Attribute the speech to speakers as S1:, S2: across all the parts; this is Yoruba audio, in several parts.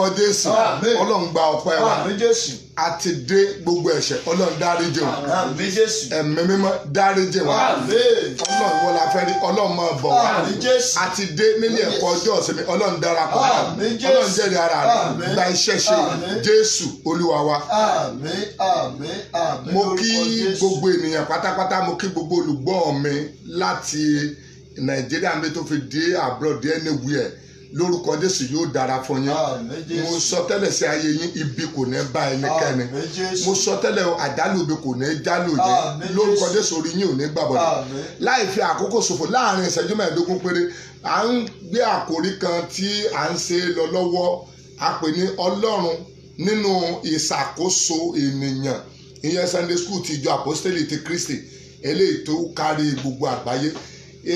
S1: lórúkọ jésù ọlọ́run gba ọpẹ́ wa àti dé gbogbo ẹ̀ṣẹ̀ ọlọ́run dáríjì wa ẹ̀mí mímọ́ dáríjì wa ọlọ́run wọ́n la fẹ́ rí ọlọ́run máa bọ̀ wá àti dé nílé ẹ̀kọ́ ọjọ́ ìsinmi ọlọ́run darapọ̀ wa ọlọ́run jẹ́rìí ara rẹ̀ gba iṣẹ́ ṣe jésù olúwa wa. mo kí gbogbo ènìyàn pátápátá mo kí gbogbo olùgbọ́ mi láti nàìjíríà mi tó fi dé abroad anywhere lórúkọ jésù yóò dára fún yín mo sọ tẹ́lẹ̀ sí ayé yín ibi kò ní bá ẹnikẹ́ni mo sọ tẹ́lẹ̀ àdálù ibi kò ní jálù yín lórúkọ jésù orí yín ò ní gbàgbọ́ láì fi àkókò ṣòfò láàrin ìṣẹ́jú mẹ́ẹ̀ẹ́dógún péré à ń gbé àkórí kan tí à ń ṣe lọ lọ́wọ́ a pè ní ọlọ́run nínú ìṣàkóso ènìyàn ìyẹn sunday school ti ìjọ apostoli ti kristi eléyìí tó kárí gbogbo àgbáyé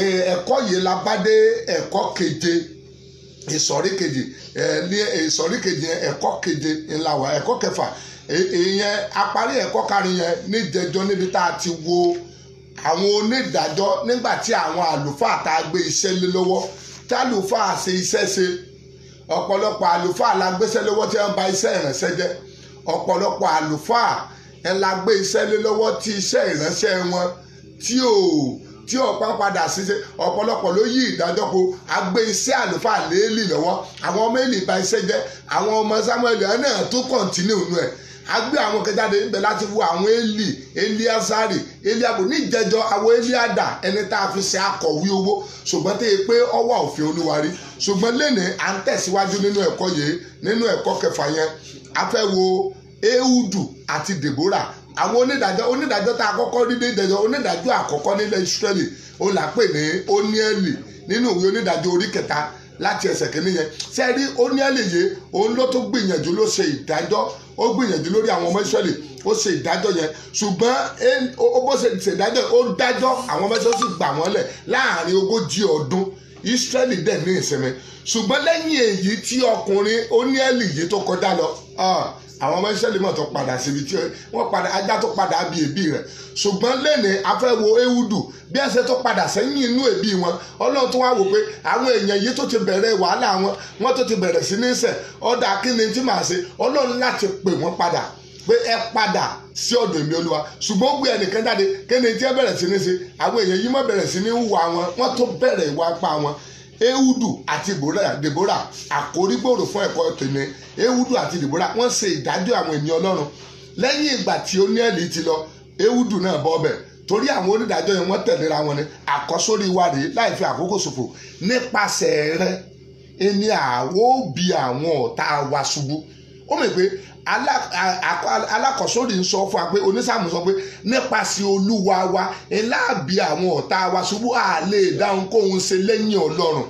S1: ẹ̀kọ́ yìí la bá dé ẹ̀kọ́ keje ìsọ̀rí kejì ẹ ní ìsọ̀rí kejì ẹ̀kọ́ keje ńlá wa ẹ̀kọ́ kẹfà ìyẹn aparí ẹ̀kọ́ karùn-ún yẹn níjẹjọ́ níbi tá a ti wo àwọn onídàájọ́ nígbà tí àwọn àlùfáà tá a gbé iṣẹ́ lé lọ́wọ́ tí àlùfáà ṣe iṣẹ́ ṣe ọ̀pọ̀lọpọ̀ àlùfáà la gbéṣẹ́ lọ́wọ́ tí wọ́n bà iṣẹ́ ìránṣẹ́ jẹ́ ọ̀pọ̀lọpọ̀ àlùfáà ẹ̀ la gbé iṣẹ́ lé lọ́wọ́ tí iṣẹ́ ìránṣẹ́ wọn tí ò tí ọ̀pá padà sí ṣe ọ̀pọ̀lọpọ̀ ló yí ìdájọ́ po agbé iṣẹ́ àlùfáà léèlì lọ́wọ́ àwọn ọmọ èlì ba iṣẹ́ jẹ́ àwọn ọmọ Samuel náà tó kọ̀ǹtínú nù ẹ̀ agbé àwọn kẹjáde ń bẹ láti wo àwọn èlì Eliasari Eliabu níjẹjọ àwọn Eliada ẹni tá a fi ṣe akọ̀wé owó ṣùgbọ́n tẹ́ ẹ pé ọwọ́ òfin olúwa rí ṣùgbọ́n lẹ́nìí à ń tẹ̀síwájú nínú ẹ̀kọ́ yìí nínú ẹ̀kọ́ kẹfà yẹn a fẹ́ wo Ehudu àti Deborah àwọn onídàájọ́ onídàájọ́ tá a kọ́kọ́ rí nídàájọ́ onídàájọ́ àkọ́kọ́ nílẹ̀ Ísírẹ́lì ó là pè ní Oníẹ́lì nínú ìwé onídàájọ́ orí kẹta láti ẹsẹ̀ kìíní yẹn ṣe rí Oníẹ́lì yìí òun ló tó gbìyànjú ló ṣe ìdájọ́ ó gbìyànjú lórí àwọn ọmọ Ísírẹ́lì ó ṣe ìdájọ́ yẹn ṣùgbọ́n ó bó ṣe ṣe ìdájọ́ ó dájọ́ àwọn ọmọ Ísírẹ́lì sì gbà wọ́n lẹ̀ láàrin ogójì ọdún Ísírẹ́lì dẹ̀ ní ìsinmi ṣùgbọ́n lẹ́yìn èyí tí ọkùnrin Oníẹ́lì yìí tó kọjá lọ ah, àwọn ọmọ ìṣẹ́lẹ̀ mọ̀ tó padà síbi tí wọ́n padà ajá tó padà bí ẹbí rẹ̀ ṣùgbọ́n lẹ́nì afẹ́wo ewudu bí ẹsẹ̀ tó padà sẹ́yìn inú ẹbí wọn ọlọ́run tó wá wò pé àwọn èèyàn yìí tó ti bẹ̀rẹ̀ wàhálà wọn wọ́n tó ti bẹ̀rẹ̀ sí ní sẹ̀ ọ̀dà kí ni tí màá ṣe ọlọ́run láti pè wọ́n padà pé ẹ padà sí ọ̀dọ̀ èmi olúwa ṣùgbọ́n ó gbé ẹnìkan jáde kí tí ẹ bẹ̀rẹ̀ sí ní ṣe àwọn èèyàn yìí mọ̀ bẹ̀rẹ̀ sí ní hùwà wọn wọ́n tó bẹ̀rẹ̀ ìwà pa wọn ehudu àti deborah àkórí gbòòrò fún ẹ̀kọ́ tèmi ehudu àti deborah wọ́n ṣe ìdájọ́ àwọn ènìyàn ọlọ́run lẹ́yìn ìgbà tí oníẹ̀lì ti lọ ehudu náà bọ́ ọbẹ̀ torí àwọn onídàájọ́ yẹn wọ́n tẹ̀léra wọn ni àkọ́sórí wa rèé láì fi àkókò ṣòfò nípasẹ̀ rẹ ẹni àwọ̀ bí àwọn ọ̀tá wa ṣubú ó mọ̀ pé alákọ̀sórí ń sọ fún wa pé onísàmù sọ pé nípasẹ̀ olúwa wa ńlá àbí àwọn ọ̀tá wa ṣubú àlè ìdáhùn kóhun ṣe lẹ́yìn ọlọ́run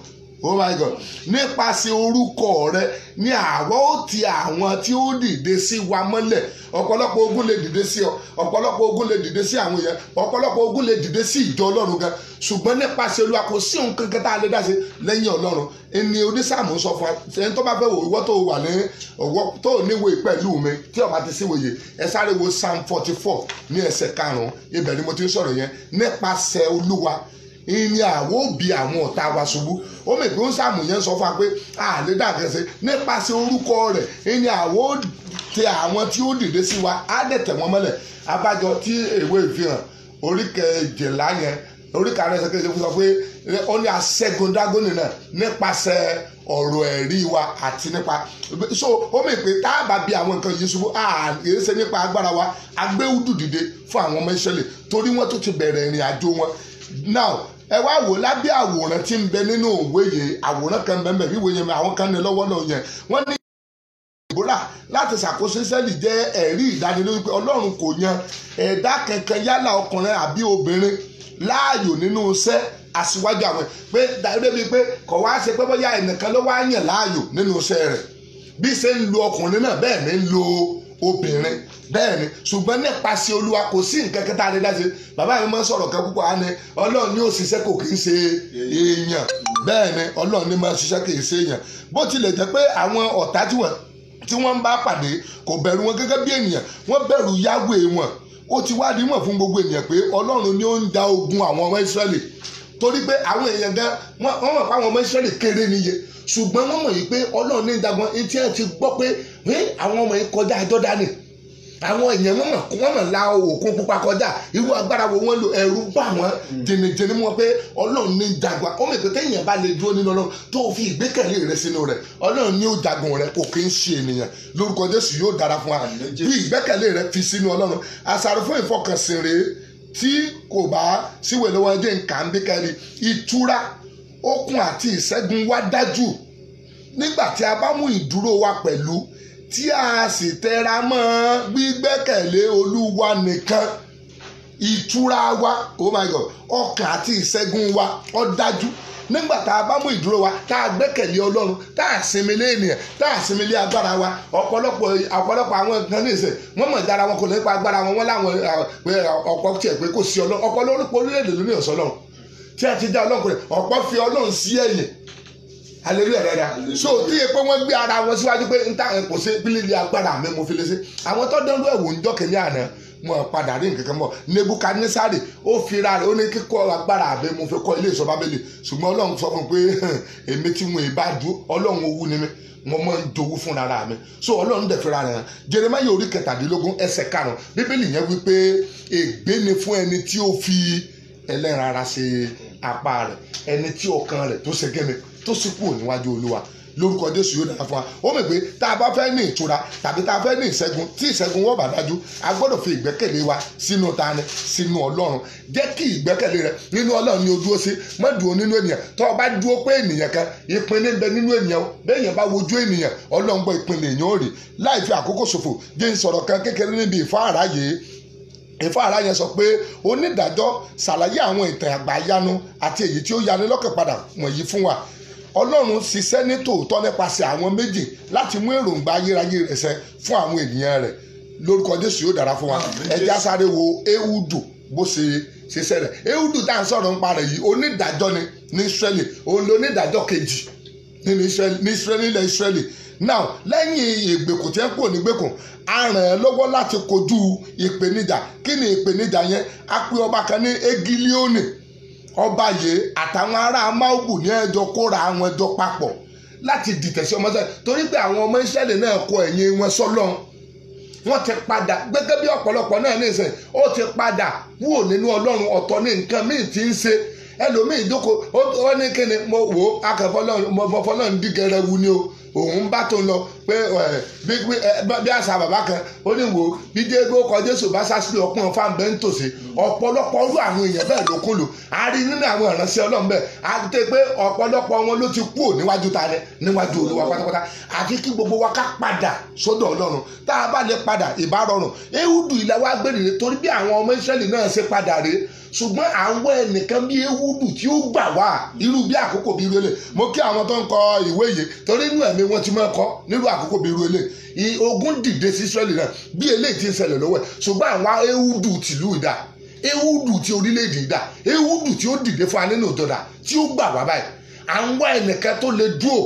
S1: oh my god nípasẹ̀ orúkọ rẹ ni àwa ó ti àwọn tí ó dìde sí wa mọ́lẹ̀ ọ̀pọ̀lọpọ̀ ogun lè dìde sí ọ ọ̀pọ̀lọpọ̀ ogun lè dìde sí àwọn èèyàn ọ̀pọ̀lọpọ̀ ogun lè dìde sí ìjọ ọlọ́run gan ṣùgbọ́n nípasẹ̀ olúwa kò sí ohun kankan tá a lè dá sí lẹ́yìn ọlọ́run ẹni onísàmù sọ fún ẹni tó bá fẹ́ wò ìwọ tó wà ní ọwọ́ tó níwò pẹ̀lú mi tí ọba ti sí wòye ẹ sáré wo psalm forty four ní ẹsẹ̀ karùn-ún ibẹ̀ ni mo ti ń sọ̀rọ̀ yẹn nípasẹ̀ olúwa ìní àwọn òbí àwọn ọ̀tá wa ṣubú ó mè pé ó ń sàmùyẹn sọ fún wa pé àlè dàgẹ́sẹ̀ nípasẹ̀ orúkọ rẹ̀ ìní àwọn tẹ àwọn tí ó dìde sí wa á dẹ̀ tẹ̀ wọ́n mọ́lẹ̀ abájọ tí èwe ìfihàn oríkẹ̀ẹ́jẹ̀lá yẹn oríkàrẹ́ ẹsẹ̀ kejì sọ pé ó ní aṣẹ́gun dágónì náà nípasẹ̀ ọ̀rọ̀ ẹ̀rí wa àti nípa so ó mì pé tá a bá bi àwọn nǹkan yìí ṣubú àyè ṣe nípa agbára wa agbéwúdù dìde fún àwọn ọmọ ìṣẹ̀lẹ̀ torí wọ́n tó ti bẹ̀rẹ̀ ìrìn àjò wọn now ẹ wá wò lábẹ́ àwòrán tí ń bẹ nínú òwe yìí àwòrán kan bẹ́ẹ̀ bẹ́ẹ̀ wíwo yẹn àwọn kan ní lọ́wọ́ náà yẹn wọ́n ní ìbúra láti ṣàkóso sẹ́ẹ̀lì jẹ́ ẹ̀rí ìdánilójú pé ọlọ́run kò yan ẹ̀dá kankan yálà ọkùnrin àbí obìnrin láàyò nínú iṣẹ́ aṣíwájú àwọn pé pé kò wá ṣe pé bóyá ẹnìkan ló wá yàn láàyò nínú iṣẹ́ rẹ̀ lo ọkùnrin náà bẹ́ẹ̀ obìnrin bẹ́ẹ̀ ni ṣùgbọ́n nípasẹ̀ olúwa kò sí nǹkan kẹta rẹ dáṣe bàbá mi máa ń sọ̀rọ̀ kan púpọ̀ àná ọlọ́run ní òṣìṣẹ́ kò kì í ṣe èèyàn bẹ́ẹ̀ ni ọlọ́run ní máa ṣiṣẹ́ kì í ṣe èèyàn bó tilẹ̀ jẹ́ pé àwọn ọ̀tá tí wọ́n tí wọ́n ń bá pàdé kò bẹ̀rù wọn gẹ́gẹ́ bí ènìyàn wọ́n bẹ̀rù Yahweh wọn ó ti wá dímọ̀ fún gbogbo ènìyàn pé ọlọ́run ni ó ń da ogun àwọn ọmọ Ísírẹ́lì torí pé àwọn èèyàn gan wọ́n mọ̀ pé àwọn ọmọ Ísírẹ́lì kéré níye ṣùgbọ́n wọ́n mọ̀ yìí pé ọlọ́run ní ìdágbọ́n etí ẹ̀ ti gbọ́ pé pé àwọn ọmọ yìí kọjá Jọ́dánì àwọn èèyàn wọn mọ wọn mọ la òkun pupa kọjá irú agbára wo wọn lo ẹ̀rù bá wọn jìnnìjìnnì wọn pé Ọlọ́run ní jagun ó mẹ pé kéèyàn bá lè dúró nínú Ọlọ́run tó fi ìgbékẹ̀lé rẹ sínú rẹ Ọlọ́run ní ó jagun rẹ kò kí ń ṣe ènìyàn lórúkọ Jésù yóò dára fún wa bí ìgbékẹ̀lé rẹ fi sínú Ọlọ́run àṣàrò fún ìfọkànsìn rèé tí kò bá síwèé lọ́wọ́ ẹdẹ nǹkan ń bí ìtura okun àti ìṣẹ́gun wá dájú nígbà tí a bá mú ìdúró wa pẹ̀lú tí a sì tẹra mọ́ gbígbẹ́kẹ̀lé olúwa nìkan ìtura wa oh my god ọkàn àti ìṣẹ́gun wa ó dájú nígbà tá a bá mú ìdúró wa tá a gbẹ́kẹ̀lé ọlọ́run tá a sinmi lé ènìyàn tá a sinmi lé agbára wa ọ̀pọ̀lọpọ̀ ọ̀pọ̀lọpọ̀ àwọn nǹkan ní ìsẹ̀ wọ́n mọ̀ dára wọn kò nípa agbára wọn wọ́n láwọn ọ̀pọ̀ tiẹ̀ pé kò sí ọlọ́run ọ̀pọ̀ lórúkọ orílẹ̀-èdè lónìí ọ̀sọ́ ọlọ́run tí a ti dá ọlọ́run kò ọ̀pọ̀ fi ọlọ́run sí ẹ̀yìn hallelujah dada so tí yẹ pé wọ́n gbé ara wọn síwájú pé nta kò ṣe bílíọ̀nù agbára mi mo fi lè ṣe àwọn tó dánwó ẹ̀wò ń jọ́kẹ́ ní àná mo padà rí nǹkan kan mọ́ nebukadnesari ó fira rẹ̀ ó ní kíkọ́ agbára mi mo fi kọ́ ilé ìsọba bẹ́lẹ̀ ṣùgbọ́n ọlọ́run sọ fún pé èmi tí mo bá dú ọlọ́run owú ni mi mo máa ń jowú fúnra mi so ọlọ́run dẹ̀ fira rẹ̀ hàn jeremaya orí kẹtàdínlógún ẹsẹ̀ karùn-ún bíbélì yẹn wípé ègbé ni fún ẹni tí ó fi ẹlẹ́ran ara ṣe apá rẹ̀ ẹni tí ọkàn rẹ̀ tó ṣe gẹ́mi tó ṣípò níwájú olúwa lórúkọ jésù yóò dára fún wa ó mọ̀ pé tá a bá fẹ́ ní ìtura tàbí tá a fẹ́ ní ìṣẹ́gun tí ìṣẹ́gun wọ́n bá dájú a gbọ́dọ̀ fi ìgbẹ́kẹ̀lé wa sínú tani sínú ọlọ́run jẹ́ kí ìgbẹ́kẹ̀lé rẹ nínú ọlọ́run ni o dúró sí má dúró nínú ènìyàn tó o bá dúró pé ènìyàn kan ìpín ní bẹ nínú ènìyàn o bẹ́ẹ̀yàn bá wojú ènìyàn ọlọ́run gbọ́ ìpín ènìyàn ó rè láì fi àkókò ṣòfò jẹ́ n sọ̀rọ̀ kan kékeré níbi ìfáàrà yìí ìfáàrà yẹn sọ pé onídàájọ́ ṣàlàyé àwọn ìtàn àgbà yanu àti èyí tí ó yani padà wọ̀nyí fún wa ọlọ́run ṣiṣẹ́ ní tòótọ́ nípasẹ̀ àwọn méjì láti mú èròǹgbà ayérayé rẹ̀ ṣẹ fún àwọn ènìyàn rẹ̀ lórúkọ jésù yóò dára fún wa ẹja sáré wo ewudu bó ṣe ṣiṣẹ́ rẹ̀ ewudu tá à ń sọ̀rọ̀ nípa rẹ̀ yìí onídàájọ́ ni ní israeli òun ló onídàájọ́ kejì ní israeli ilẹ̀ israeli now lẹ́yìn ìgbèkùn tí ẹ kúrò nígbèkùn a ràn án lọ́wọ́ láti kojú ìpèníjà kí ni ìpèníjà yẹn a pe ọba kan ní egilioni ọba yìí àtàwọn ará amáògùn ní ẹjọ́ kóra àwọn ẹjọ́ papọ̀ láti dìtẹ̀ sí ọmọ Ísírẹ́lì torí pé àwọn ọmọ Ísírẹ́lì náà kọ ẹ̀yìn wọn sọ́lọ́n wọ́n ti padà gẹ́gẹ́ bí ọ̀pọ̀lọpọ̀ náà ní ìsìn ó ti padà wúwo nínú Ọlọ́run ọ̀tọ̀ ní nǹkan míì ti ń ṣe ẹlòmíì ìdókò ó ní kíni mo wò ó akẹ́fọ́ náà mo fọ́ náà ń dí gẹrẹ wu ni o òun bá tó lọ pé eh, eh, bí àṣà bàbá kan ó ní wo bí Jégo kọ Jésù bá sásìlè ọpọ́n fáńbẹ́ ń tòsí ọ̀pọ̀lọpọ̀ ọdún àwọn èèyàn bẹ́ẹ̀ ló kún lò á rí nínú àwọn ìránṣẹ́ Ọlọ́run bẹ́ẹ̀ á ti pé ọ̀pọ̀lọpọ̀ wọn ló ti kú ò níwájú ta rẹ níwájú Olúwa pátápátá àti kí gbogbo wa ká padà sọ́dọ̀ Ọlọ́run tá a bá lè padà ìbárọ̀rùn Éhùdù ìlà wa gbèrè torí bí àwọn ọmọ Ísírẹ́lì náà ṣe padà rèé ṣùgbọ́n àwọn ẹnìkan bí ewúdù tí ó gbà wá irú bí àkókò bí rere mo kí àwọn tó ń kọ ìwé yìí torí inú ẹ̀mí wọn ti máa kọ nílùú àkókò bíi irú eléyìí ogun dìde sí Ísírẹ́lì náà bí eléyìí ti ń ṣẹlẹ̀ lọ́wọ́ ẹ̀ ṣùgbọ́n àwọn ewúdù tìlú ìdá ewúdù tí orílẹ̀-èdè ìdá ewúdù tí ó dìde fún anínú ìtọ́dà tí ó gbà wá báyìí àwọn ẹnìkan tó lè dúró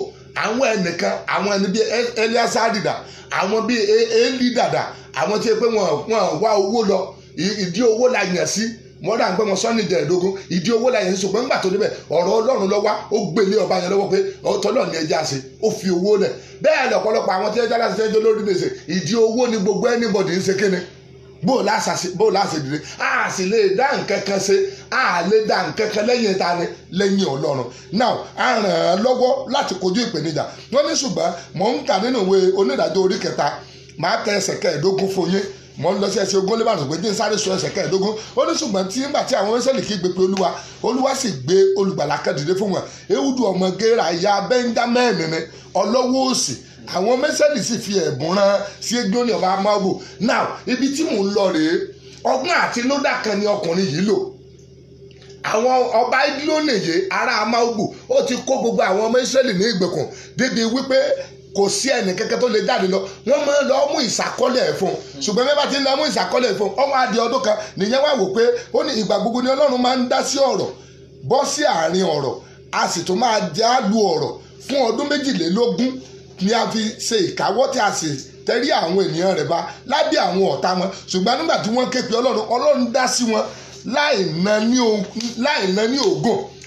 S1: àwọn ẹnìkan àwọn ẹni bíi Eliasari àwọn bíi Eli àwọn tí wọ́n wá owó lọ ìdí owó la yàn sí mọ́dà ń gbé wọn sọ́ni ìdẹ̀ẹ̀dógún ìdí owó la yẹn ń ṣùgbọ́n nígbà tó débẹ̀ ọ̀rọ̀ ọlọ́run lọ́wọ́ ó gbélé ọba yẹn lọ́wọ́ pé ọtọ́lọ́ ni ẹja ṣe ó fi owó lẹ̀ bẹ́ẹ̀ lọ́pọ̀lọpọ̀ àwọn tí ẹja láti ṣe lórí gbèsè ìdí owó ni gbogbo anybody ń ṣe kíni bó o láṣẹ dìde a sì lè dá a lè dá ni lẹ́yìn ọlọ́run a ràn án lọ́wọ́ láti kojú wọ́n ní ṣùgbọ́n nínú onídàájọ́ orí kẹta màá tẹ ẹsẹ̀ fún mọ́ lọ sí ẹsẹ̀ ogún lé márùn-ún pé dín sáré sọ ẹsẹ̀ kẹẹ̀ẹ́dógún ó ní ṣùgbọ́n tí ń bà tí àwọn mẹ́sẹ̀lì kí gbé pé olúwa olúwa sì gbé olùgbàlà kan dìde fún wọn ewúdu ọmọ gera ya benjamin ni ọlọ́wọ́ òsì àwọn mẹ́sẹ̀lì sì fi ẹ̀bùn rán sí egbóni ọba amáwò now ibi tí mò ń lọ rèé ọgbọ́n àtinúdá kan ni ọkùnrin yìí lò àwọn ọba idiloneye ará amáogbù ó ti kó gbogbo àwọn ọmọ Ísírẹ́lì ní ìgbèkùn débi wípé kò sí ẹnì kẹ́kẹ́ tó lè jáde lọ wọ́n máa ń lọ mú ìsàkọ́lẹ̀ fún un hmm. ṣùgbọ́n bí wọ́n bá ti ń lọ mú ìsàkọ́lẹ̀ fún un ọmọ adìẹ ọdún kan nìyẹn wá wò pé ó ní ìgbà gbogbo ni Ọlọ́run máa ń dá sí ọ̀rọ̀ bọ́ sí àárín ọ̀rọ̀ a sì tún máa já lu ọ̀rọ̀ fún ọdún méjìlélógún ni a fi ṣe ìkáwọ́ tí a sì tẹrí àwọn ènìyàn rẹ̀ bá lábẹ́ àwọn ọ̀tá wọn ṣùgbọ́n nígbà tí wọ́n ké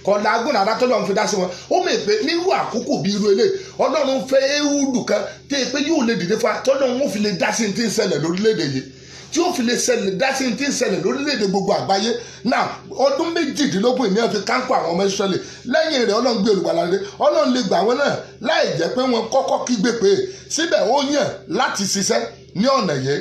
S1: kọ̀ọ̀lágùn àdá tó lọ́run fi dá sí wọn ó mọ̀ pé nírú àkókò bíi irú eléyìí ọlọ́run fẹ́ éwúdù kan tí èpè yóò lè dìde fa tọ́lọ́run ó fi lè dá sí ti ń ṣẹlẹ̀ lórílẹ̀‐èdè yìí tí ó fi lè ṣẹlẹ̀ dá sí ti ń ṣẹlẹ̀ lórílẹ̀‐èdè gbogbo àgbáyé náà ọdún méjìdínlógún ìní ọ̀fi kánkó àwọn ọmọ Ísírẹ́lì lẹ́yìn rẹ̀ ọlọ́run gbé olùgbàlà dé ọlọ́run lè gbà wọn náà láì jẹ́ pé wọn kọ́kọ́ kígbe pé síbẹ̀ ó yàn láti ṣiṣẹ́ ní ọ̀nà yẹn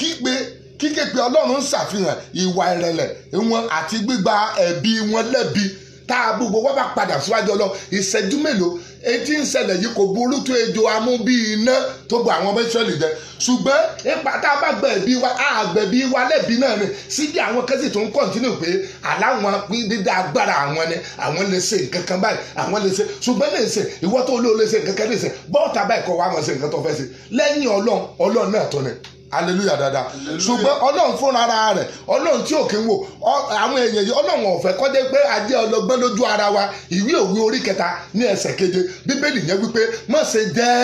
S1: kígbe kígbe pé ọlọ́run ń ṣàfihàn ìwà ìrẹ̀lẹ̀ wọn àti gbígba ẹ̀bi wọn lẹ́bi tá a gbogbo wa bá padà síwájú ọlọ ìṣẹ́jú mélòó etí ń ṣẹlẹ̀ yìí kò burú tó ejò amú bí iná tó gba àwọn ọmọ ìṣẹ́lẹ̀ jẹ ṣùgbọ́n ipa tá a bá gbẹ ẹ̀bí wa àgbẹ̀bí wa lẹ́bí náà ni síbi àwọn kẹ́sì tó ń kọ́ntínú pé aláwọn dídá agbára àwọn ni àwọn lè ṣe nǹkan kan báyìí àwọn lè ṣe ṣùgbọ́n lè ṣe ìwọ́ tó olóò lè ṣe nǹkan kan lè ṣe bọ́ọ̀tà báyìí kọ́ wa mọ̀ ṣe nǹkan tó fẹ́ ṣe lẹ́yìn ọlọ́run ọlọ́run náà tó ni hallelujah dada ṣùgbọ́n ọlọ́run fúnra rẹ̀ ọlọ́run tí òkè ń wò àwọn èèyàn yìí ọlọ́run ọ̀fẹ́ kọ́jẹ́ pé ajé ọlọ́gbọ́n lójú ara wa ìwé òwe orí kẹta ní ẹsẹ̀ keje bíbélì yẹn wípé má ṣe jẹ́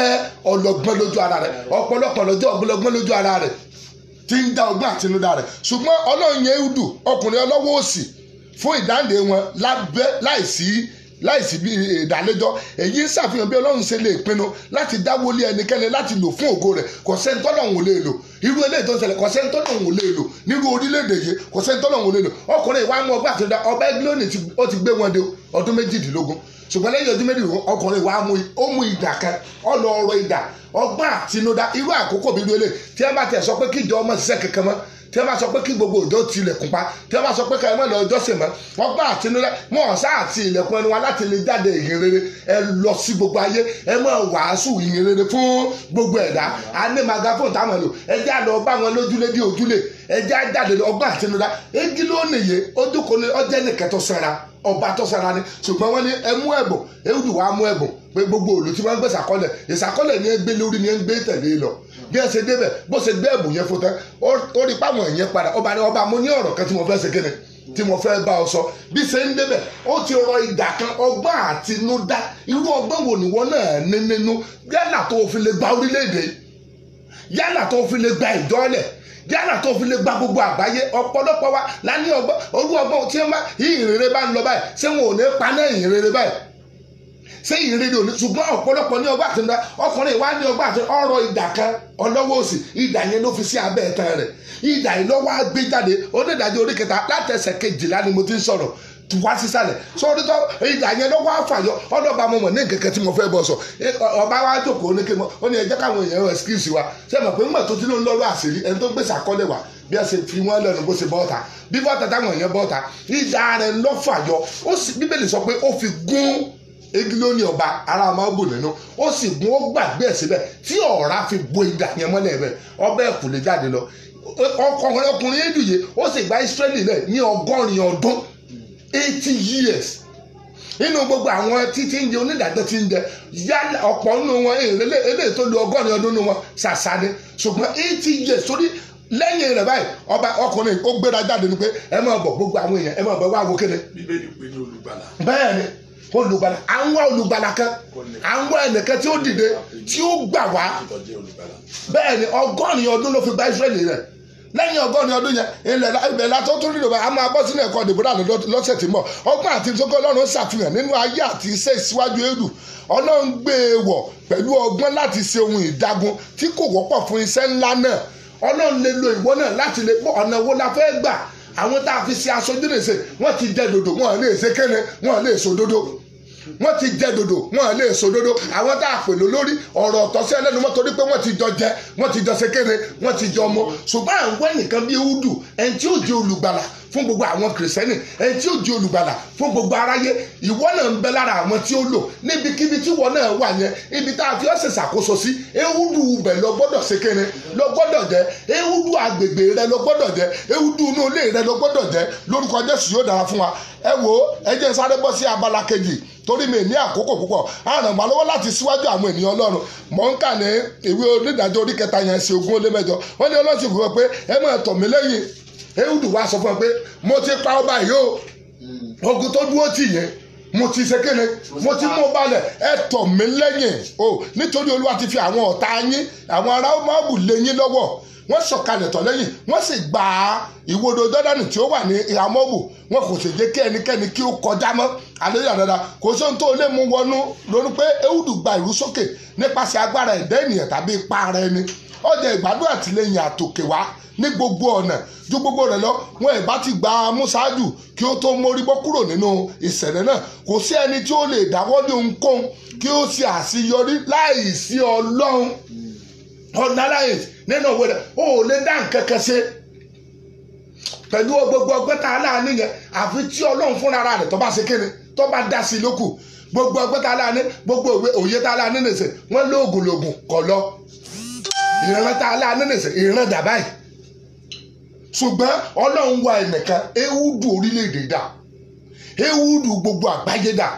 S1: ọlọ́gbọ́n lójú ara rẹ̀ ọ̀pọ̀lọpọ̀ lọ́jọ́ ọlọ́gbọ́n lójú ara rẹ̀ ti ń dá ọgbọ́n àtinúdá rẹ̀ ṣùgbọ́n ọlọ́run yẹn ń dù ọkùnrin ọlọ́wọ́ òsì fún ìdáǹdè wọn láìsí láìsí bí eh, ìdálẹ́jọ́ èyí ń ṣàfihàn bí ọlọ́run ṣe lè pinnu láti dáwọ́ lé ẹnikẹ́ni láti lò fún ògo rẹ̀ kò sẹ́ni tọ́lọ́run ò lè lò irú eléyìí tó ń ṣẹlẹ̀ kò sẹ́ni tọ́lọ́run ò lè lò nírú orílẹ̀-èdè yìí kò sẹ́ni tọ́lọ́run ò lè lò ọkùnrin ìwà mú ọgbà àtúndà ọba ẹgbẹ́lónì ó ti gbé wọn de ọdún méjìdínlógún ṣùgbọ́n lẹ́yìn ọdún méjìdínlógún ọkùnrin ìwà mú ó mú ìdà kan ó lọ ọrọ̀ ìdà ọgbọ́n àtinúdá irú àkókò bíbí olè tí ẹ bá tẹ̀ sọ pé kíjọ ọmọ ṣiṣẹ́ kankan mọ́ tí wọ́n bá sọ pé kí gbogbo òjò ti ilẹ̀kùn pa tí wọ́n bá sọ pé ká ẹ mọ̀ lọ ọjọ́sìn mọ́ wọ́n gbà àtinúdá mọ̀ ọ̀sá àti ilẹ̀kùn ẹnu wa láti lè jáde ìhìn rere ẹ lọ sí gbogbo ayé ẹ mọ̀ wàásù ìhìn rere fún gbogbo ẹ̀dá a ní magafóònù táwọn lò ẹ jẹ́ àlọ́ bá wọn lójúlé bí ojúlé ẹ jẹ́ àjáde ọgbà àtinúdá egi ló nìyẹ ojúkọ ọjẹ́ nìkẹ́tọ̀ sara ọba tó sara ni ṣùgbọ́n wọ́n ní ẹ mú ẹ̀bùn ewúdù wa mú ẹ̀bùn gbogbo olu tí wọ́n gbé sàkọ́lẹ̀ ìsàkọ́lẹ̀ ni ẹ gbé lórí ni ẹ gbé tẹ̀lé lọ bí ẹ ṣe débẹ̀ bó ṣe gbé ẹ̀bùn yẹn fún ó rí padà ọba ni ọba mo ní ọ̀rọ̀ kan tí mo ṣe kéde mo bá ọ sọ bí ṣe ń ti rọ ìdà kan ọgbọ́n àtinúdá irú ọgbọ́n wo nìwọ náà ní nínú yálà tó fi lè gba orílẹ̀ yálà gba yálà tó fi gba gbogbo àgbáyé ọ̀pọ̀lọpọ̀ wa ọgbọ́n ṣé ìrere òní ṣùgbọ́n ọ̀pọ̀lọpọ̀ ní ọgbà àtinúdá ọkùnrin wa ní ọgbà àtinúdá ọrọ̀ ìdà kan ọlọ́wọ́ òsì ìdà yẹn ló fi sí abẹ́ ẹ̀tàn rẹ̀ ìdà yìí lọ́wọ́ gbé jáde onídàájọ́ orí kẹta látẹsẹ̀ kejìlá ni mo ti ń sọ̀rọ̀ wá sísàlẹ̀ sọ́ọ́dún tó ìdà yẹn lọ́wọ́ àfàyọ ọlọ́ba mo mọ̀ ní kẹ̀kẹ́ tí mo fẹ́ bọ̀ sọ ọba wa jókòó ní kémọ́ ó ní ẹjẹ́ káwọn èèyàn ẹ̀skíìsì wa ṣé mọ̀ pé ń mọ̀ tó ti ló ń lọ́rọ̀ àṣírí ẹni tó gbèsè àkọlẹ̀ wa bí a ṣe fi wọ́n lẹ́nu bó ṣe bọ́ọ̀ta bí bọ́ọ̀ta táwọn èèyàn bọ́ọ̀ta ìdà rẹ̀ lọ́fàyọ ó sì bíbélì sọ pé ó fi gún egiloni ọba ara máa bò nínú ó sì gun ó gbàgbé ẹ̀ síbẹ̀ tí ọ̀rá fi bo ìdà yẹn mọ́lẹ̀ rẹ̀ ọbẹ̀ kò lè jáde lọ ọkùnrin ọkùnrin ó sì gba Ísírẹ́lì lẹ̀ ní ọgọ́rin ọdún eighty years nínú gbogbo àwọn títí ń jẹ onídàájọ́ tí ń jẹ yálà ọ̀pọ̀ nínú wọn eléyìí tó lu ọgọ́rin ọdún nínú wọn ṣàṣà ni ṣùgbọ́n eighty years sórí lẹ́yìn rẹ̀ báyìí ọba ọkùnrin ó gbéra jáde ni pé ẹ máa bọ̀ gbogbo àwọn èèyàn ẹ máa bọ̀ wá wo kéde.
S2: bíbélì pé ní olùgbàlà.
S1: bẹ́ẹ̀ ni olùgbàlà à ń wá olùgbàlà kan à ń wá ẹnìkan tí ó dìde tí ó gbà wá bẹ́ẹ̀ ni ọgọ́rin ọdún ló fi gba Ísírẹ́lì rẹ̀ lẹ́yìn ọgọ́rin ọdún yẹn ilẹ̀ ìbẹ̀lá tó tún nílò a máa bọ́ sínú ẹ̀kọ́ dìbòdà lọ́sẹ̀ tí mọ̀ ọgbọ́n àti ìsókè ọlọ́run ṣàfihàn nínú ayé àti iṣẹ́ ìṣíwájú èlù ọlọ́run gbé e wọ̀ pẹ̀lú ọgbọ́n láti ṣe ohun ìdágun tí kò wọ́pọ̀ fún iṣẹ́ ńlá náà ọlọ́run lè lo ìwọ náà láti lè pọ̀ ọ̀nà wo la fẹ́ gbà àwọn tá a fi ṣe aṣojú lè ṣe wọ́n ti jẹ dòdò wọ́n lè ṣe kẹ́nẹ́ wọ́n lè ṣòdodo. So wọ́n ti jẹ dòdò wọ́n lè so dòdò àwọn tá a pè ló lórí ọ̀rọ̀ ọ̀tọ̀ sí ẹlẹ́nu mọ́ torí pé wọ́n ti jọ jẹ wọ́n ti jọ sekere wọ́n ti jọ mọ́ ṣùgbọ́n à ń wá nìkan bí ewúdù ẹni tí ó di olùgbàlà fún gbogbo àwọn kìrìsẹ́nì ẹni tí ó di olùgbàlà fún gbogbo aráyé ìwọ náà ń bẹ lára àwọn tí ó lò níbikíbi tí ìwọ náà wà yẹn ibi tá a fi ọ̀sẹ̀ ṣàkóso sí ewúdù ibẹ̀ lọ gbọ́dọ̀ sekere lọ gbọ́dọ̀ jẹ ewúdù agbègbè rẹ lọ gbọ́dọ̀ jẹ ewúdù inú ilé rẹ lọ gbọ́dọ̀ jẹ lórúkọ Jésù yóò dára fún wa ẹ wo ẹ jẹ́ sáré bọ́ sí abala kejì torí mi ní àkókò púpọ̀ àrànwá lọ́wọ́ láti síwájú àwọn ènìyàn ọlọ́run mọ̀ ń kà ní ìwé onídàájọ́ orí kẹta yẹn sí ogún ó lé mẹ́jọ wọ́n ní ọlọ́sìn fún wọn pé ẹ máa tọ̀ mí lẹ́yìn Éhùdù wá sọ fún wọn pé mo ti pa ọba yìí o ogun tó dúró tì yẹn mo ti ṣe kéde mo ti mú balẹ̀ ẹ tọ̀ lẹ́yìn o nítorí olúwa ti fi àwọn ọ̀tá yín àwọn ará ọmọ ọ̀bù lé yín lọ́wọ́ wọ́n sọ̀kalẹ̀ tọ̀ lẹ́yìn wọ́n sì gba ìwodò dọ́dánù tí ó wà ní amọ́bù wọn kò sì jẹ́ kí ẹnikẹ́ni kí ó kọjá mọ́ àlejò àdáda kò sóhun tó lè mú wọnú lórí pé Éhùdù gba ìrú sókè nípasẹ̀ agbára ẹ̀dá ènìyàn tàbí ipa ara ẹni ó jẹ́ ìgbádùn àtìlẹ́yìn àtòkè wá ní gbogbo ọ̀nà ju gbogbo rẹ̀ lọ wọn ẹ̀ bá ti gba amúṣáájú kí ó tó mórí bọ́ kúrò nínú ìṣẹ̀lẹ̀ náà kò sí ẹni tí ó lè dáwọ́ ní ohunkóhun kí ó ṣe àṣeyọrí láì ọlọ́run ọ̀nà alliance nínú òwe rẹ̀ o ò lè dá nǹkan kan ṣe pẹ̀lú gbogbo ọgbẹ́ tá a láàánú yẹn àfi tí ọlọ́run fúnra rẹ̀ tó bá ṣe kéde tó bá dá sí lókù gbogbo ọgbẹ́ tá a láàánú gbogbo òye tá a láàánú nìṣe wọ́n lóògùn lògùn kọ̀ lọ ìran tá a láàánú nìṣe ìran dà báyìí ṣùgbọ́n ọlọ́run wa ẹnìkan ewúdù orílẹ̀-èdè dà ewúdù gbogbo àgbáyé dà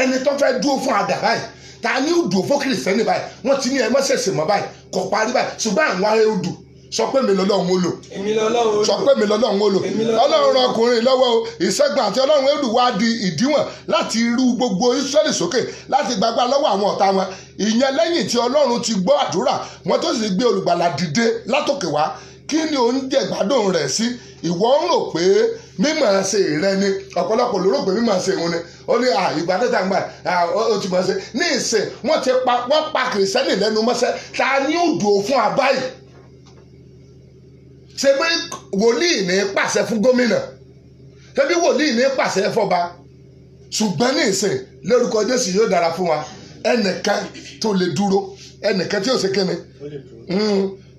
S1: ẹni tó fẹ́ dúró fún àdàbáyìí ta ní odò fún kìrìsìtẹ́nì báyìí wọ́n ti ní ẹ má ṣẹ̀ṣẹ̀ mọ́ báyìí kò parí báyìí ṣùgbọ́n àwọn ará odò sọ pé mi lọ́lọ́run ó lò sọ pé mi lọ́lọ́run ó lò ọlọ́run ran ọkùnrin lọ́wọ́ o ìṣẹ́gun àti ọlọ́run èlù wá di ìdíwọ̀n láti rú gbogbo Ísírẹ́lì sókè láti gbagba lọ́wọ́ àwọn ọ̀tá wọn ìyẹn lẹ́yìn tí ọlọ́run ti gbọ́ àdúrà wọn tó sì gbé olùgbàlà dìde látòkè wá kí ni òun jẹ gbádùn rẹ̀ sí ìwọ ń rò pé mímọ̀ ṣe rẹ ni ọ̀pọ̀lọpọ̀ ló rò pé mímọ̀ ṣe òun ni ó ní ah, ìgbà tó tà ń gbà ah, ó ti mọ̀ ṣe ní ìsìn wọ́n ti pa wọ́n pa kìrìsẹ́nì lẹ́nu mọ́ṣẹ́ ta ni ó dùn fún abáyì ṣe pé wòlíì ní pàṣẹ fún gómìnà ṣe bí wòlíì ní pàṣẹ fọba ṣùgbọ́n ní ìsìn lórúkọ Jésù yóò dára fún wa ẹnìkan tó lè dúró ẹnìkan tí yóò ṣe kíni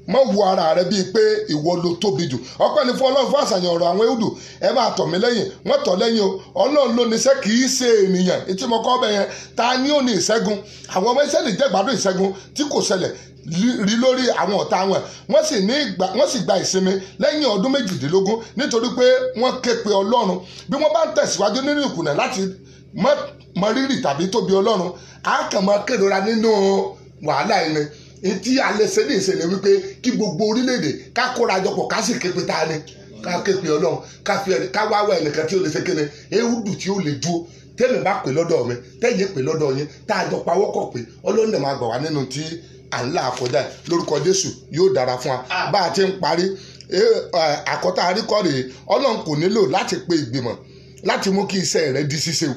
S1: má wo ara rẹ bíi pé ìwọ ló tóbi jù ọpẹ́ ní fún ọlọ́run fún àṣàyàn ọ̀rọ̀ àwọn ewúdù ẹ máa tọ̀ mí lẹ́yìn wọ́n tọ̀ lẹ́yìn o ọlọ́run ló ní iṣẹ́ kì í ṣe ènìyàn etí mo kọ́ bẹ́ẹ̀ yẹn ta ni ó ní ìṣẹ́gun àwọn ọmọ ìṣẹ́lẹ̀ jẹ́ ìgbádùn ìṣẹ́gun tí kò ṣẹlẹ̀ rí lórí àwọn ọ̀tá wọn wọ́n sì ní ìgbà wọ́n sì gba ìsinmi lẹ́yìn ọdún méjìdínlógún nítorí pé wọ́n ké pe ọlọ́run bí wọ́n bá ń tẹ̀síwájú nínú ìkùnà láti mọ rírì tàbí tóbi ọlọ́run á kàn máa kérora nínú wàhálà ẹni etí alẹ́sẹ̀ ní ìṣẹ̀lẹ̀ wípé kí gbogbo orílẹ̀-èdè ká kóra jọpọ̀ ká sì képe ta ni ká képe ọlọ́run ká fi ẹni ká wáwá ẹnìkan tí ó lè ṣe kéne ewúdù tí ó lè dúró tẹ́mi bá pè lọ́dọ̀ mi tẹ́yẹ pè lọ́dọ̀ yín tá a jọ pawọ́ kọ̀ pé ọlọ́run náà máa gbà wá nínú tí à ń là kọjá lórúkọ jésù yóò dára fún wa bá a ti ń parí àkọ́tà àríkọ́ rèé ọlọ́run kò nílò láti pe ìgbìmọ̀ láti mú kí iṣẹ́ rẹ di ṣíṣe o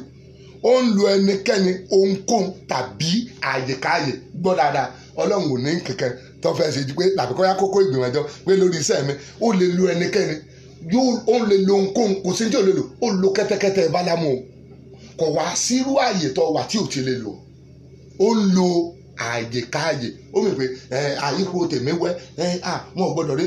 S1: ó ń lo ẹnikẹ́ni ohunkóhun tàbí àyèkáyè gbọ́ dáadáa ọlọ́run ò ní kankan tó fẹ́ ṣe ju pé làbíkọ́ yá kókó ìgbìmọ̀ ẹjọ́ pé lórí iṣẹ́ mi ó lè lo ẹnikẹ́ni yóò ó lè lo nǹkan kò sí tí ò lè lò ó lo kẹ́tẹ́kẹ́tẹ́ bálámù o kò wá sírú àyè tó wà tí ò ti lè lò ó ń lo àyè káàyè ó mì pé àyípo tèmi wẹ́ wọn ò gbọ́dọ̀ rí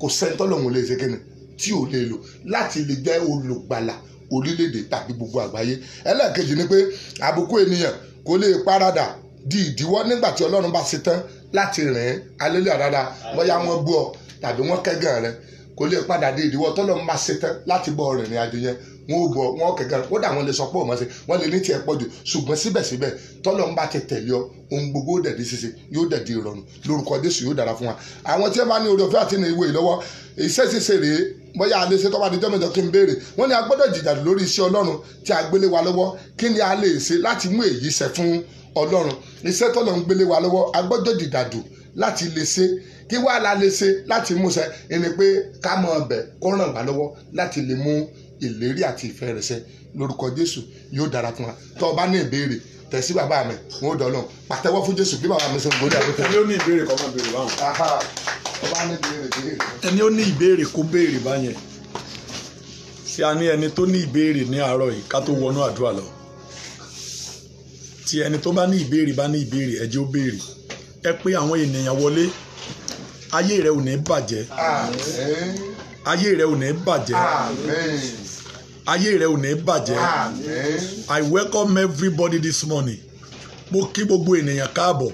S1: kò sẹ́ńtọ́lọ́hún lè ṣe kíni tí ò lè lò láti lè jẹ́ olùgbàlà orílẹ̀-èdè tàbí gbogbo àgbáyé ẹlẹ́ẹ̀kejì ni pé àbùkù ènìyàn kò lè paradà di ìdíwọ́ nígbà tí ọlọ́run bá ṣe tán láti rìn alẹ́lẹ́ àdáda bóyá wọ́n bú ọ tàbí wọ́n kẹ́gàn rẹ kò lè padà di ìdíwọ́ tọ́lọ́run bá ṣe tán láti bọ́ ọ rìnrìn àjò yẹn wọn ò bọ̀ wọn kẹ̀kẹ́ rẹ̀ kódà wọn lè sọ pé òun ṣe wọn lè ní tiẹ̀ pọ̀ jù ṣùgbọ́n síbẹ̀síbẹ̀ tọ́lọ̀ ń bá ti tẹ̀lé ọ ohun gbogbo dẹ̀dí ṣiṣe yóò dẹ̀dí ìrọ̀rùn lórúkọ Jésù yóò dára fún wa. àwọn tí wọn bá ní orí ọ̀fẹ́ àti ní ìwé ìlọ́wọ́ iṣẹ́ ṣíṣe rèé bóyá a lè ṣe tọ́ba àdéjọ́ mẹ́jọ kí n béèrè wọ́n ní a gbọ́dọ̀ jìjà lórí iṣẹ́ Ọlọ́run tí a gbélé wa lọ́wọ́ kí ni a lè ṣe láti mú èyí ṣẹ fún ọlọ́run iṣẹ́ tọ́lọ̀ ń gbélé wa lọ́wọ́ agbọ́jọ́ dìdàdù láti lè ṣe kí wàá la lè ṣe láti mú ṣẹ ẹni pé ká mọ ọbẹ̀ kó ràn wá lọ́wọ́ láti lè mú ìlérí àti ìfẹ́ rẹ̀ ṣẹ lórúkọ jésù yóò dára fún wa tó o bá ní ìbéèrè tẹ̀sí bàbá mi n ó dọ̀lọ́ pàtẹ́wọ́ fún jésù bí bàbá mi ṣe ń gbódà ló tẹ̀. ẹni ó ní ìbéèrè kó má béèrè báwọn. ọba ní ìbéèrè béèrè. ẹni ó ní ìbéèrè kó béèrè báyẹn
S2: ṣé a ní ẹni tó ní ìbéèrè ní àárọ̀ yìí ká tó wọnú àdúrà lọ tí ẹni tó bá ní ìbéèrè bá ní ìbéèrè ẹ jẹ́ ó béèrè ẹ pé àwọn ènìyàn wọlé ayé rẹ ò ní bàjẹ́ ayé rẹ ò ní bàjẹ́ ayé rẹ ò ní bàjẹ́ I welcome everybody this morning mo kí gbogbo ènìyàn káàbọ̀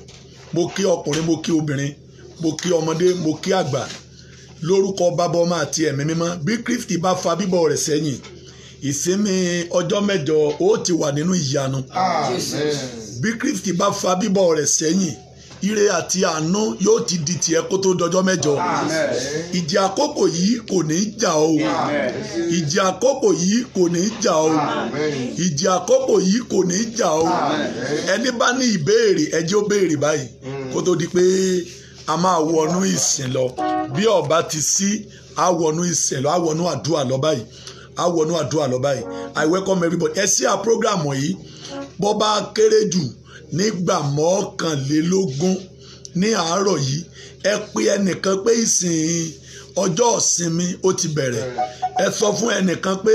S2: mo kí ọkùnrin mo kí obìnrin mo kí ọmọdé mo kí àgbà lórúkọ bàbá ọmọ àti ẹ̀mí mímọ́ bí Kristi bá fa bíbọ̀ rẹ̀ sẹ́yìn ìsinmi ọjọ́ mẹ́jọ ó ti wà nínú ìyanu bí kristi bá fa bíbọ̀ rẹ̀ sẹ́yìn ire àti àánú yóò ti di tiẹ̀ kó tó dọjọ́ mẹ́jọ ìjì àkókò yìí kò ní í jà o ìjì àkókò yìí kò ní í jà o ìjì àkókò yìí kò ní í jà o ẹni bá ní ìbéèrè ẹ ó béèrè báyìí mm. kó tó di pé a máa wọnú ìsìn lọ bí ọba ti sí a wọnú ìsìn lọ a wọnú àdúrà lọ báyìí á wọnú àdúrà lọ báyìí i welcome everybody ẹ sí à program yìí bọ́ bá kéré jù nígbà mọ́kànlélógún ní àárọ̀ yìí ẹ pe ẹnìkan pé ìsìn ọjọ́ ìsinmi ó ti bẹ̀rẹ̀ ẹ sọ fún ẹnìkan pé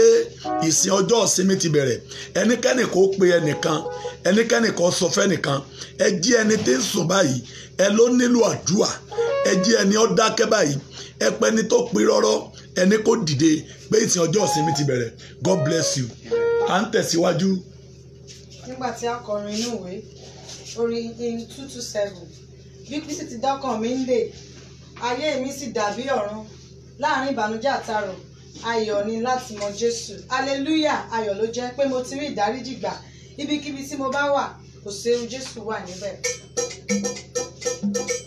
S2: ìsìn ọjọ́ ìsinmi ti bẹ̀rẹ̀ ẹnikẹ́ni kò pe ẹnìkan ẹnikẹ́ni kò sọ fẹ́nìkan ẹ jí ẹni tí ń sùn báyìí ẹ ló nílò àdúà ẹ jí ẹni ó dákẹ́ báyìí ẹ pẹ́ni tó pin rọ́rọ́ ẹni kò dìde pé ìsìn ọjọ́ ìsinmi ti bẹ̀rẹ̀ God bless you à ń tẹ̀síwájú.
S3: nígbà tí a kọrin inú ìwé orin in two two seven bí Kristi ti dọ́kàn mi ń lè ayé mi sì dàbí ọ̀run láàrin ìbànújẹ́ àtàrò ayọ̀ ni láti mọ Jésù hallelujah ayọ̀ ló jẹ́ pé mo ti rí ìdáríjì gbà ibikíbi tí mo bá wà kò séwu Jésù wà níbẹ̀. thank you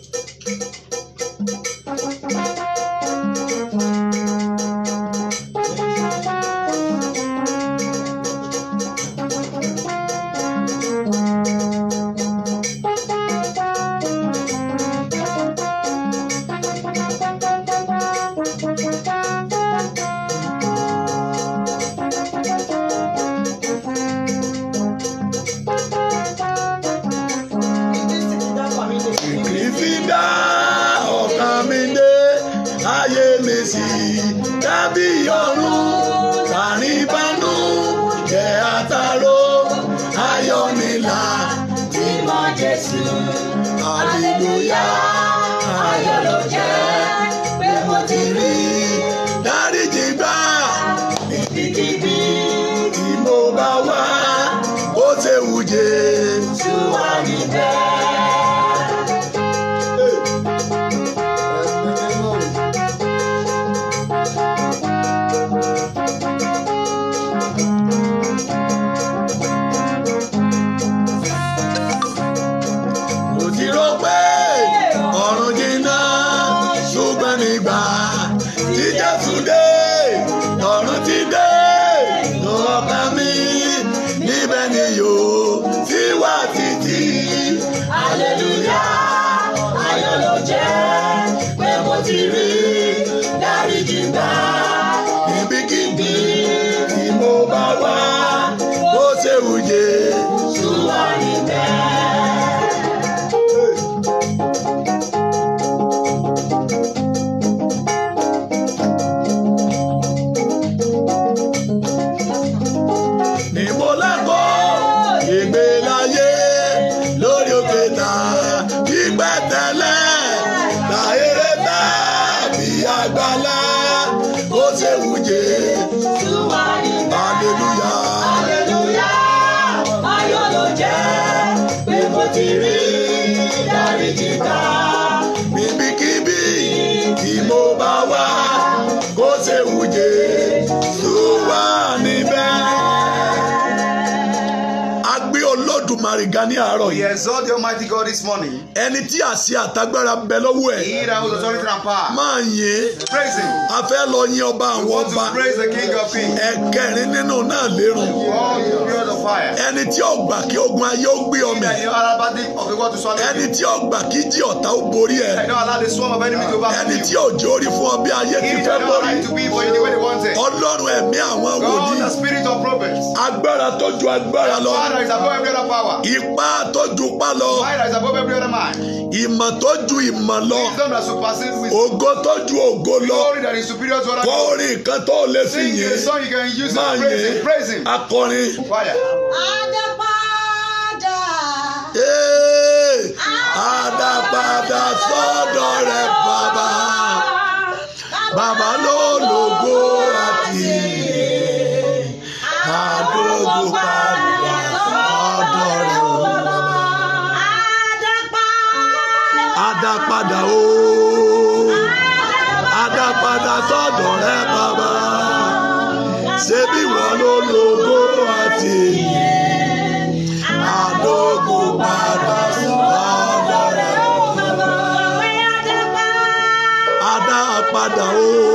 S2: yìn a fẹ́ lọ yìn ọba àwọn ọba ẹ̀kẹrin nínú náà lérò ẹni tí ó gbà kí ogun ayé ó gbé ọmọ ẹni tí ó gbà kí jí ọ̀tá ó borí ẹ ẹni tí ó jórí fún ọbẹ̀ ayé ti fẹ́ borí ọlọ́run ẹ̀mí àwọn wòlíì agbára tó ju agbára lọ ipá tó ju ipá lọ ìmọ̀ tó ju ìmọ̀ lọ ògo tó ju ògo lọ kọ orin kan tó lè fi yẹn máa yẹn akọrin.
S3: Adapada. Adapada sọ́dọ̀ rẹ̀ bàbá. Bàbá ló lògo àti àdógó padà sọ́dọ̀ rẹ̀ bàbá.
S2: Adapada o. Oh padà sọ́dọ̀ rẹ bàbá ṣebí wọn ló lógo àti àdógò padà sọ́dọ̀ rẹ bàbá. Adá padà ó.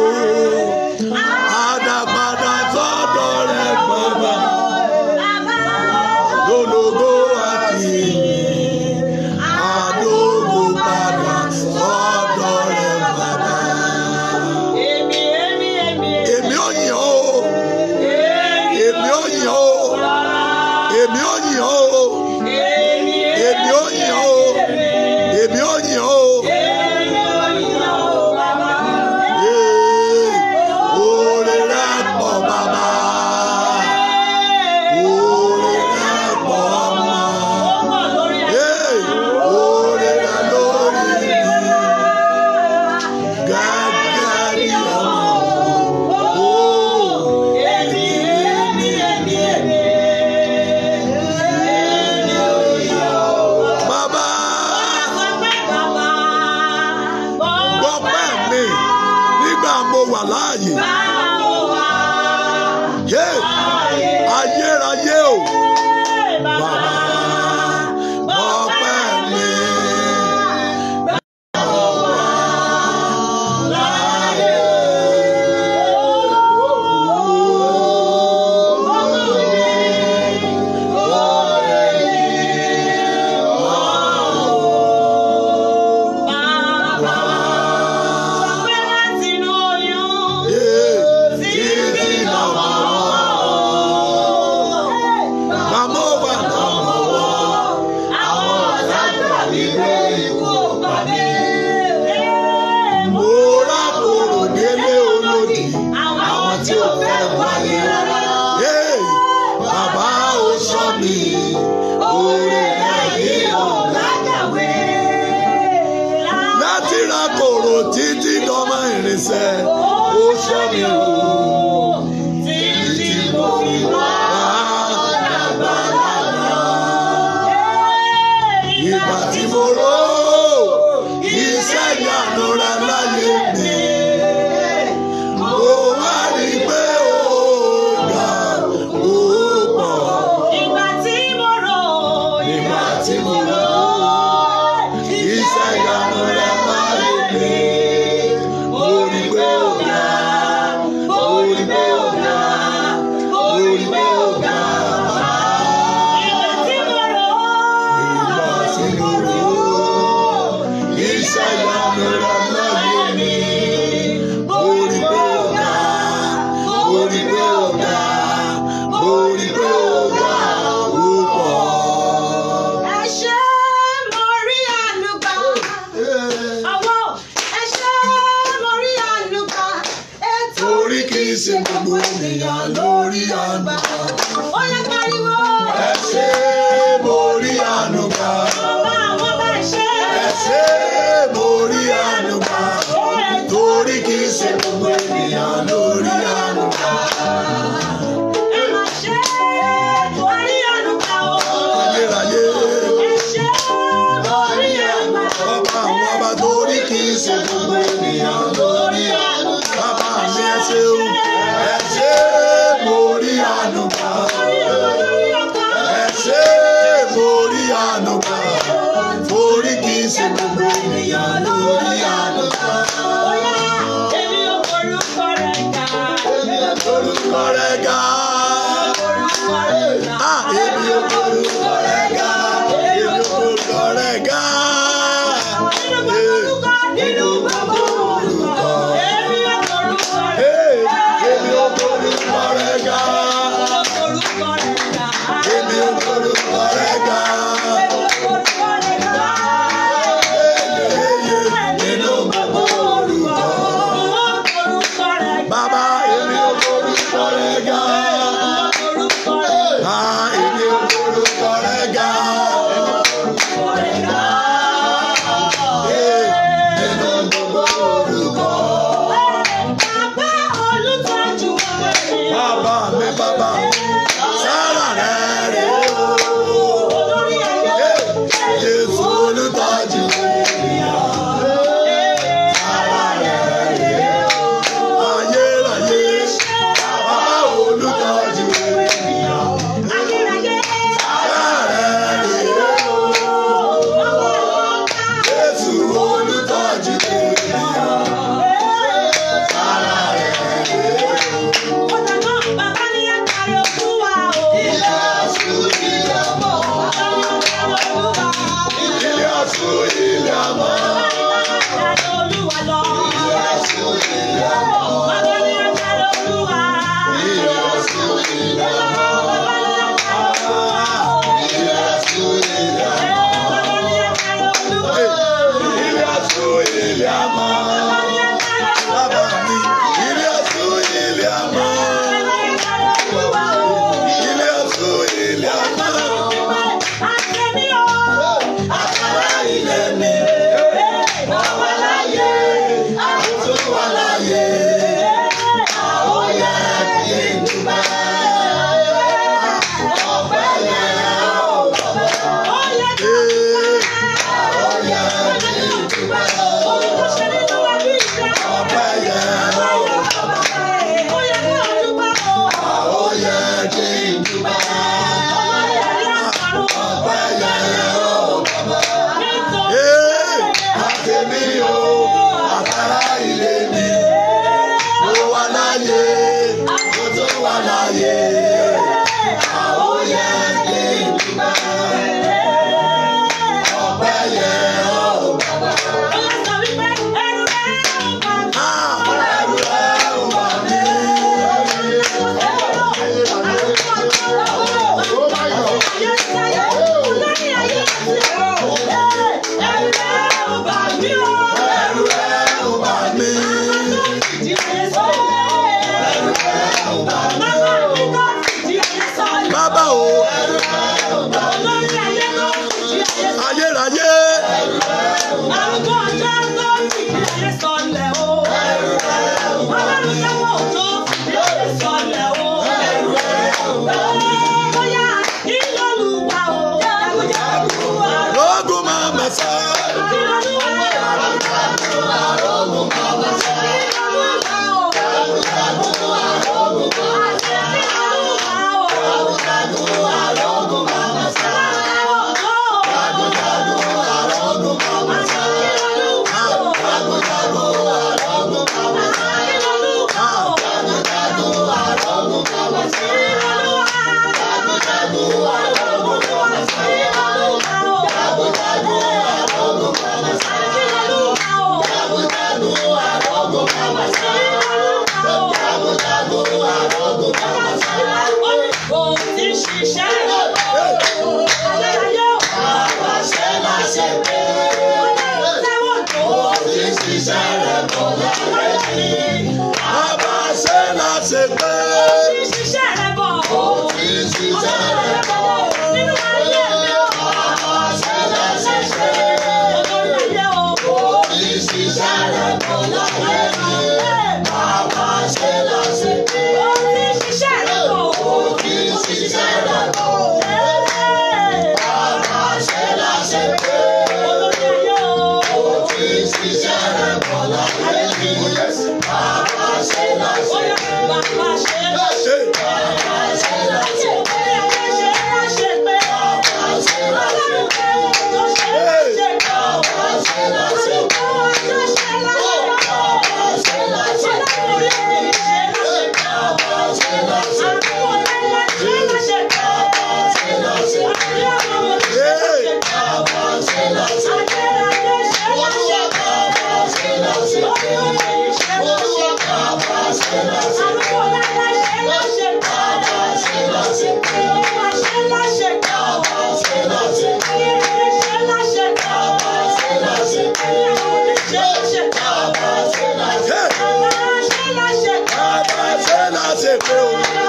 S2: você, recebeu.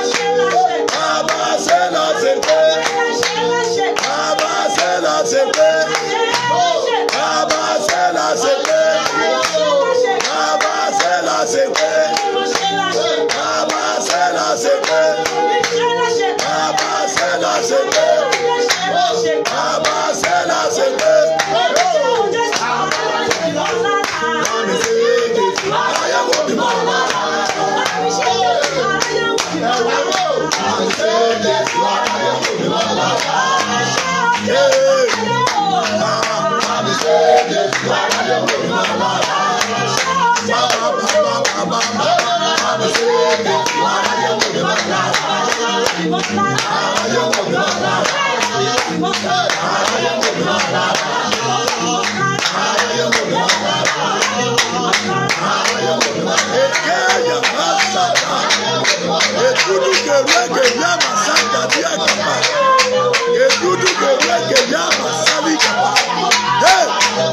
S2: Hey! ètò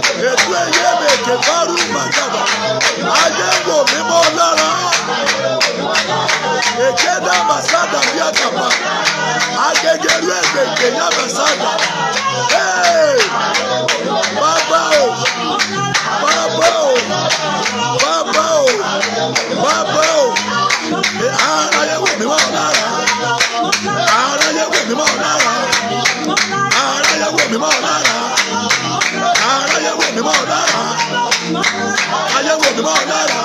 S2: ẹ̀yẹ mèké bárú màgàbà ayé wo mímọ́ lára èké dàbà sádà bí àkàbà agẹgẹrú ẹgbẹgbẹ yàbà sádà bàbá o bàbá o bàbá o bàbá o ara yẹ wò mímọ́ lára ara yẹ wò mímọ́ lára ara yẹ wò mímọ́ lára. mi mọ́ lára.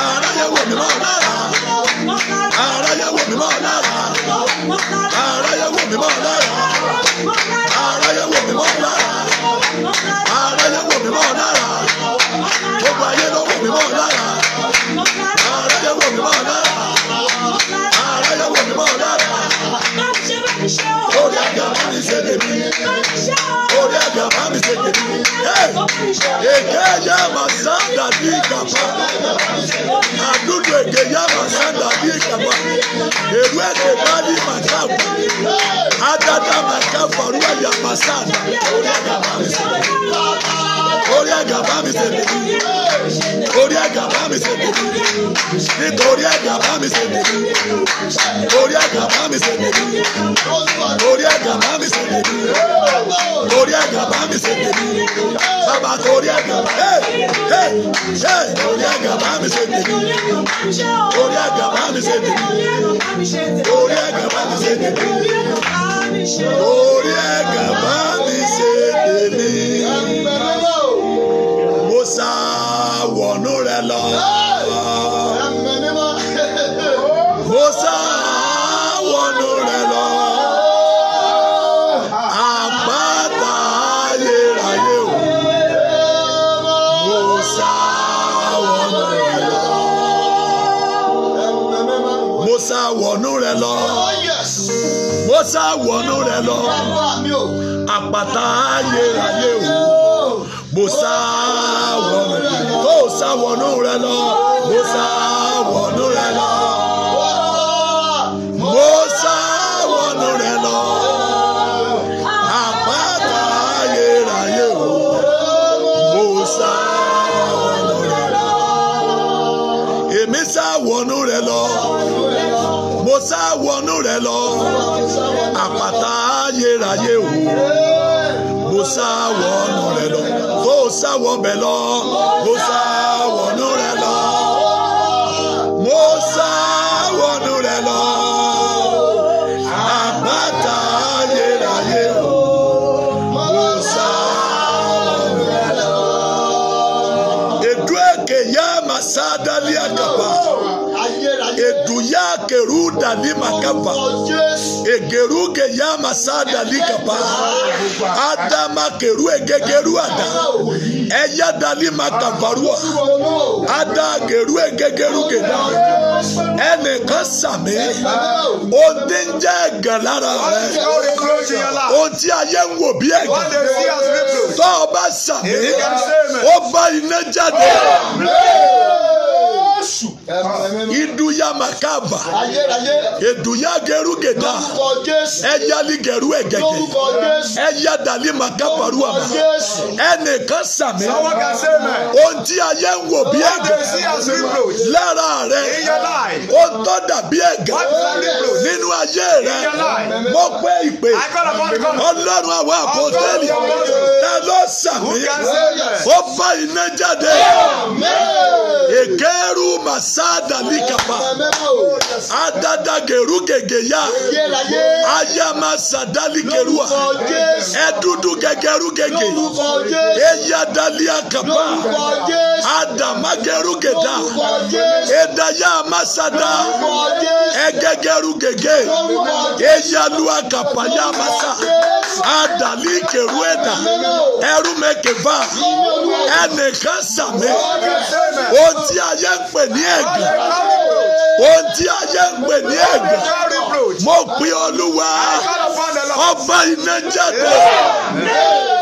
S2: Aráyé wò mí mọ́ lára. Aráyé wò mí mọ́ lára. Aráyé wò mí mọ́ lára. Aráyé wò mí Gbogbo ayé ló
S3: wò mí mọ́ lára.
S2: Ekeya masanda di kapa. Adudu ekeya masanda di kapa. Eru eke bali makabu. Adada makabu aru ya masanda nítorí ẹ̀gà bá mi ṣe bèbè nítorí ẹ̀gà bá mi ṣe bèbè nítorí ẹ̀gà bá mi ṣe bèbè nítorí ẹ̀gà bá mi ṣe bèbè nítorí ẹ̀gà bá mi ṣe bèbè nítorí ẹ̀gà bá mi ṣe bèbè bàbá torí ẹ̀gà
S3: torí ẹ̀gà bá mi ṣe bèbè torí ẹ̀gà bá mi ṣe bèbè torí ẹ̀gà bá mi ṣe bèbè torí ẹ̀gà bá
S2: mi ṣe bèbè kó sá wọnú rẹ lọ. kó sá
S3: wọnú rẹ lọ. àpáta ayérayé o. kó sá
S2: wọnú rẹ lọ. kó sá wọnú o mo sá wọnú tó sá wọnú rẹ lọ mo sá wọnú rẹ lọ mo sá wọnú rẹ lọ
S3: àpáta
S2: ayérayé o mo sá wọnú rẹ lọ èmi sá wọnú mo sá wọnú wọ bẹ̀ lọ mo sá wọnú rẹ lọ
S3: mo sá wọnú rẹ lọ
S2: àpáta ayérayé mo sá wọnú rẹ lọ. Èdú èkè yá màsá dálé àkàbà èdú kẹrù dàdí màkàbà egeru ke ya masada likapa adama keru egegeru ada ẹ̀yà dalí ma tàfàrúà ada gèrú egégerú gèdá ẹnìkan sàmì ó ti ń jẹ́ ẹ̀gàn lára rẹ̀ ó ti ayé ń wò bí ẹ̀gàn tó o bá sàmì ó bá iná jáde jésù iduya makaba eduya geru geda ẹyali geru ẹgẹgẹ ẹya dali makabaru ama ẹnìkan sàmì ohun tí ayé ń wò bí ẹ̀gẹ́ lára rẹ ohun tó dàbí ẹ̀gẹ́ nínú ayé rẹ mo pé ìpè ọlọ́run àwọn àpótẹ́lì ẹ lọ sàmì ó bá iná jáde èkéru. Luma sada likapa. Adada geru gegeya. Ayama sadali gerua. Edudu gegeru gege. Eya dali kapa. Adama geru geda. Edaya masada. Egegeru gege. Eya lua kapa ya masa. Adali geru eda. Eru mekeva. Ẹnìkan sàmì. Ó ti ayé ń pè ní ẹ̀gàn
S3: ohun
S2: tí ayé ń pè ní ẹ̀gàn mo pe olúwa ọba iná jáde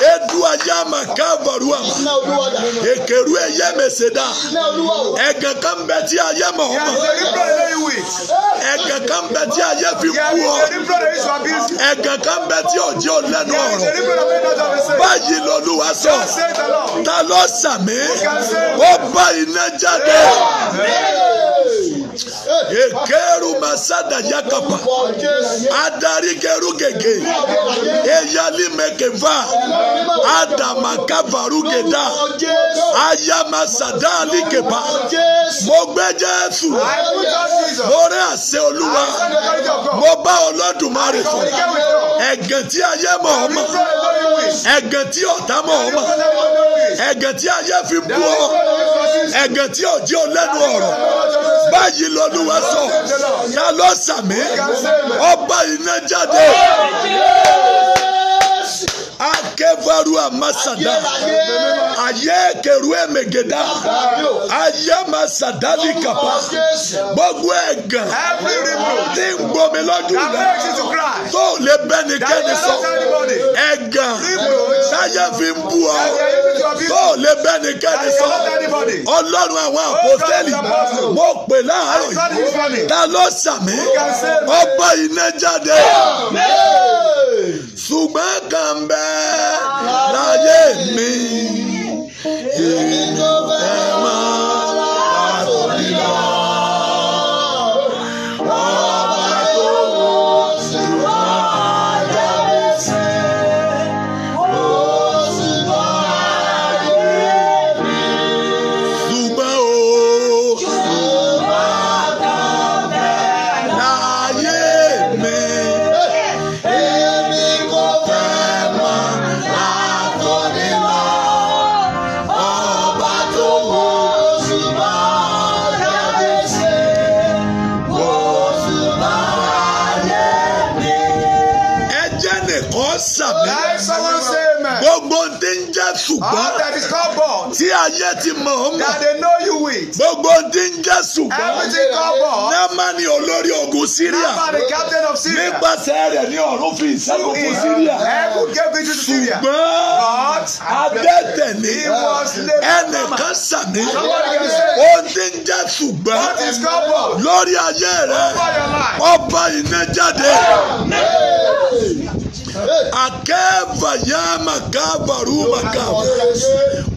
S2: edu ayama kabarua ekeru eyeme seda ẹ̀kankan bẹ tí ayé mọ̀ ọ́ mọ̀ ẹ̀kankan bẹ tí ayé fi kú ọ ẹ̀kankan bẹ tí ọjọ́ lẹ́nu ọ̀rọ̀ báyìí lọ́lúwa sọ ta ló sàmì ó bá iná jáde ekeru masada yakapa adari keru gege eyali mekeva adama kavaru geda ayama sada alikepa mo gbé jésù mo rí àṣẹ olúwa mo bá olódùmarè fọ ẹ̀gàn tí ayé mọ̀ ọ́ mọ̀ ẹ̀gàn tí ọ̀tá mọ̀ ọ́ mọ̀ ẹ̀gàn tí fi bú ọ ẹ̀gàn tí ọ̀jẹ́ ọlẹ́nu ọ̀rọ̀
S3: báyìí kí lolúwa sọ
S2: ta ló sàmì ọba iná jáde akevaru amasada aye keru emegeda aye masada ni kapa gbogbo ẹgàn tí ń gbomi lọ́dún rẹ tó lè bẹ́nikẹ́ni sọ ẹ̀gàn táyé fi ń bú ọ tó lè bẹ́ni kẹ́ni sọ ọlọ́run àwọn àpọ́sẹ́lì mo pè láàárọ̀ yìí ta ló sàmì ọba iná jáde ṣùgbọ́n kan bẹ́ẹ̀ láyé mi. ayé ti mọ̀ ọ́ mọ̀. that they know you wait. gbogbo ti ń jẹ́ ṣùgbọ́n. everything come on. Námánì olórí ogun Syria. Námánì captain of Syria. nípasẹ̀ rẹ̀ ní ọ̀run fi ìṣẹ́gun fún Syria. heaven gave victory to Syria. ṣùgbọ́n adẹ́tẹ̀ ni ẹnìkan sàmì. ó ti ń jẹ́ ṣùgbọ́n. lórí ayé rẹ̀ ọba ìnẹ́jáde. akẹ́fà yá màkà bàrú màkà.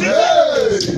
S2: Yeah.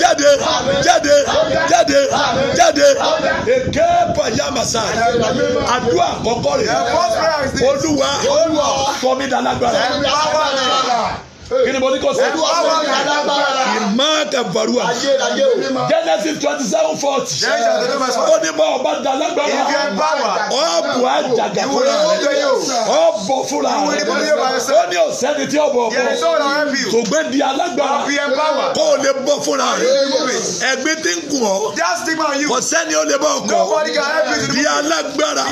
S2: jáde jáde jáde jáde èké pàjámasà àdúrà àkọ́kọ́ rẹ̀ olúwa sọmi dalagbara
S3: kí ni mo ní kó ṣe. ìmọ̀
S2: kẹfàrúwà Genesis twenty seven forty ó ní bá ọba da lágbára a bù àjàgà fúnra rẹ ọ bọ fúnra rẹ ó ní ọ̀sẹ́ni tí ọ bọ̀ bọ̀ ṣùgbọ́n di alágbára kó o lè bọ́ fúnra rẹ ẹgbẹ́ tí ń gùn ọ́ kò sẹ́ni ó lè bọ́ ọkọ̀ di alágbára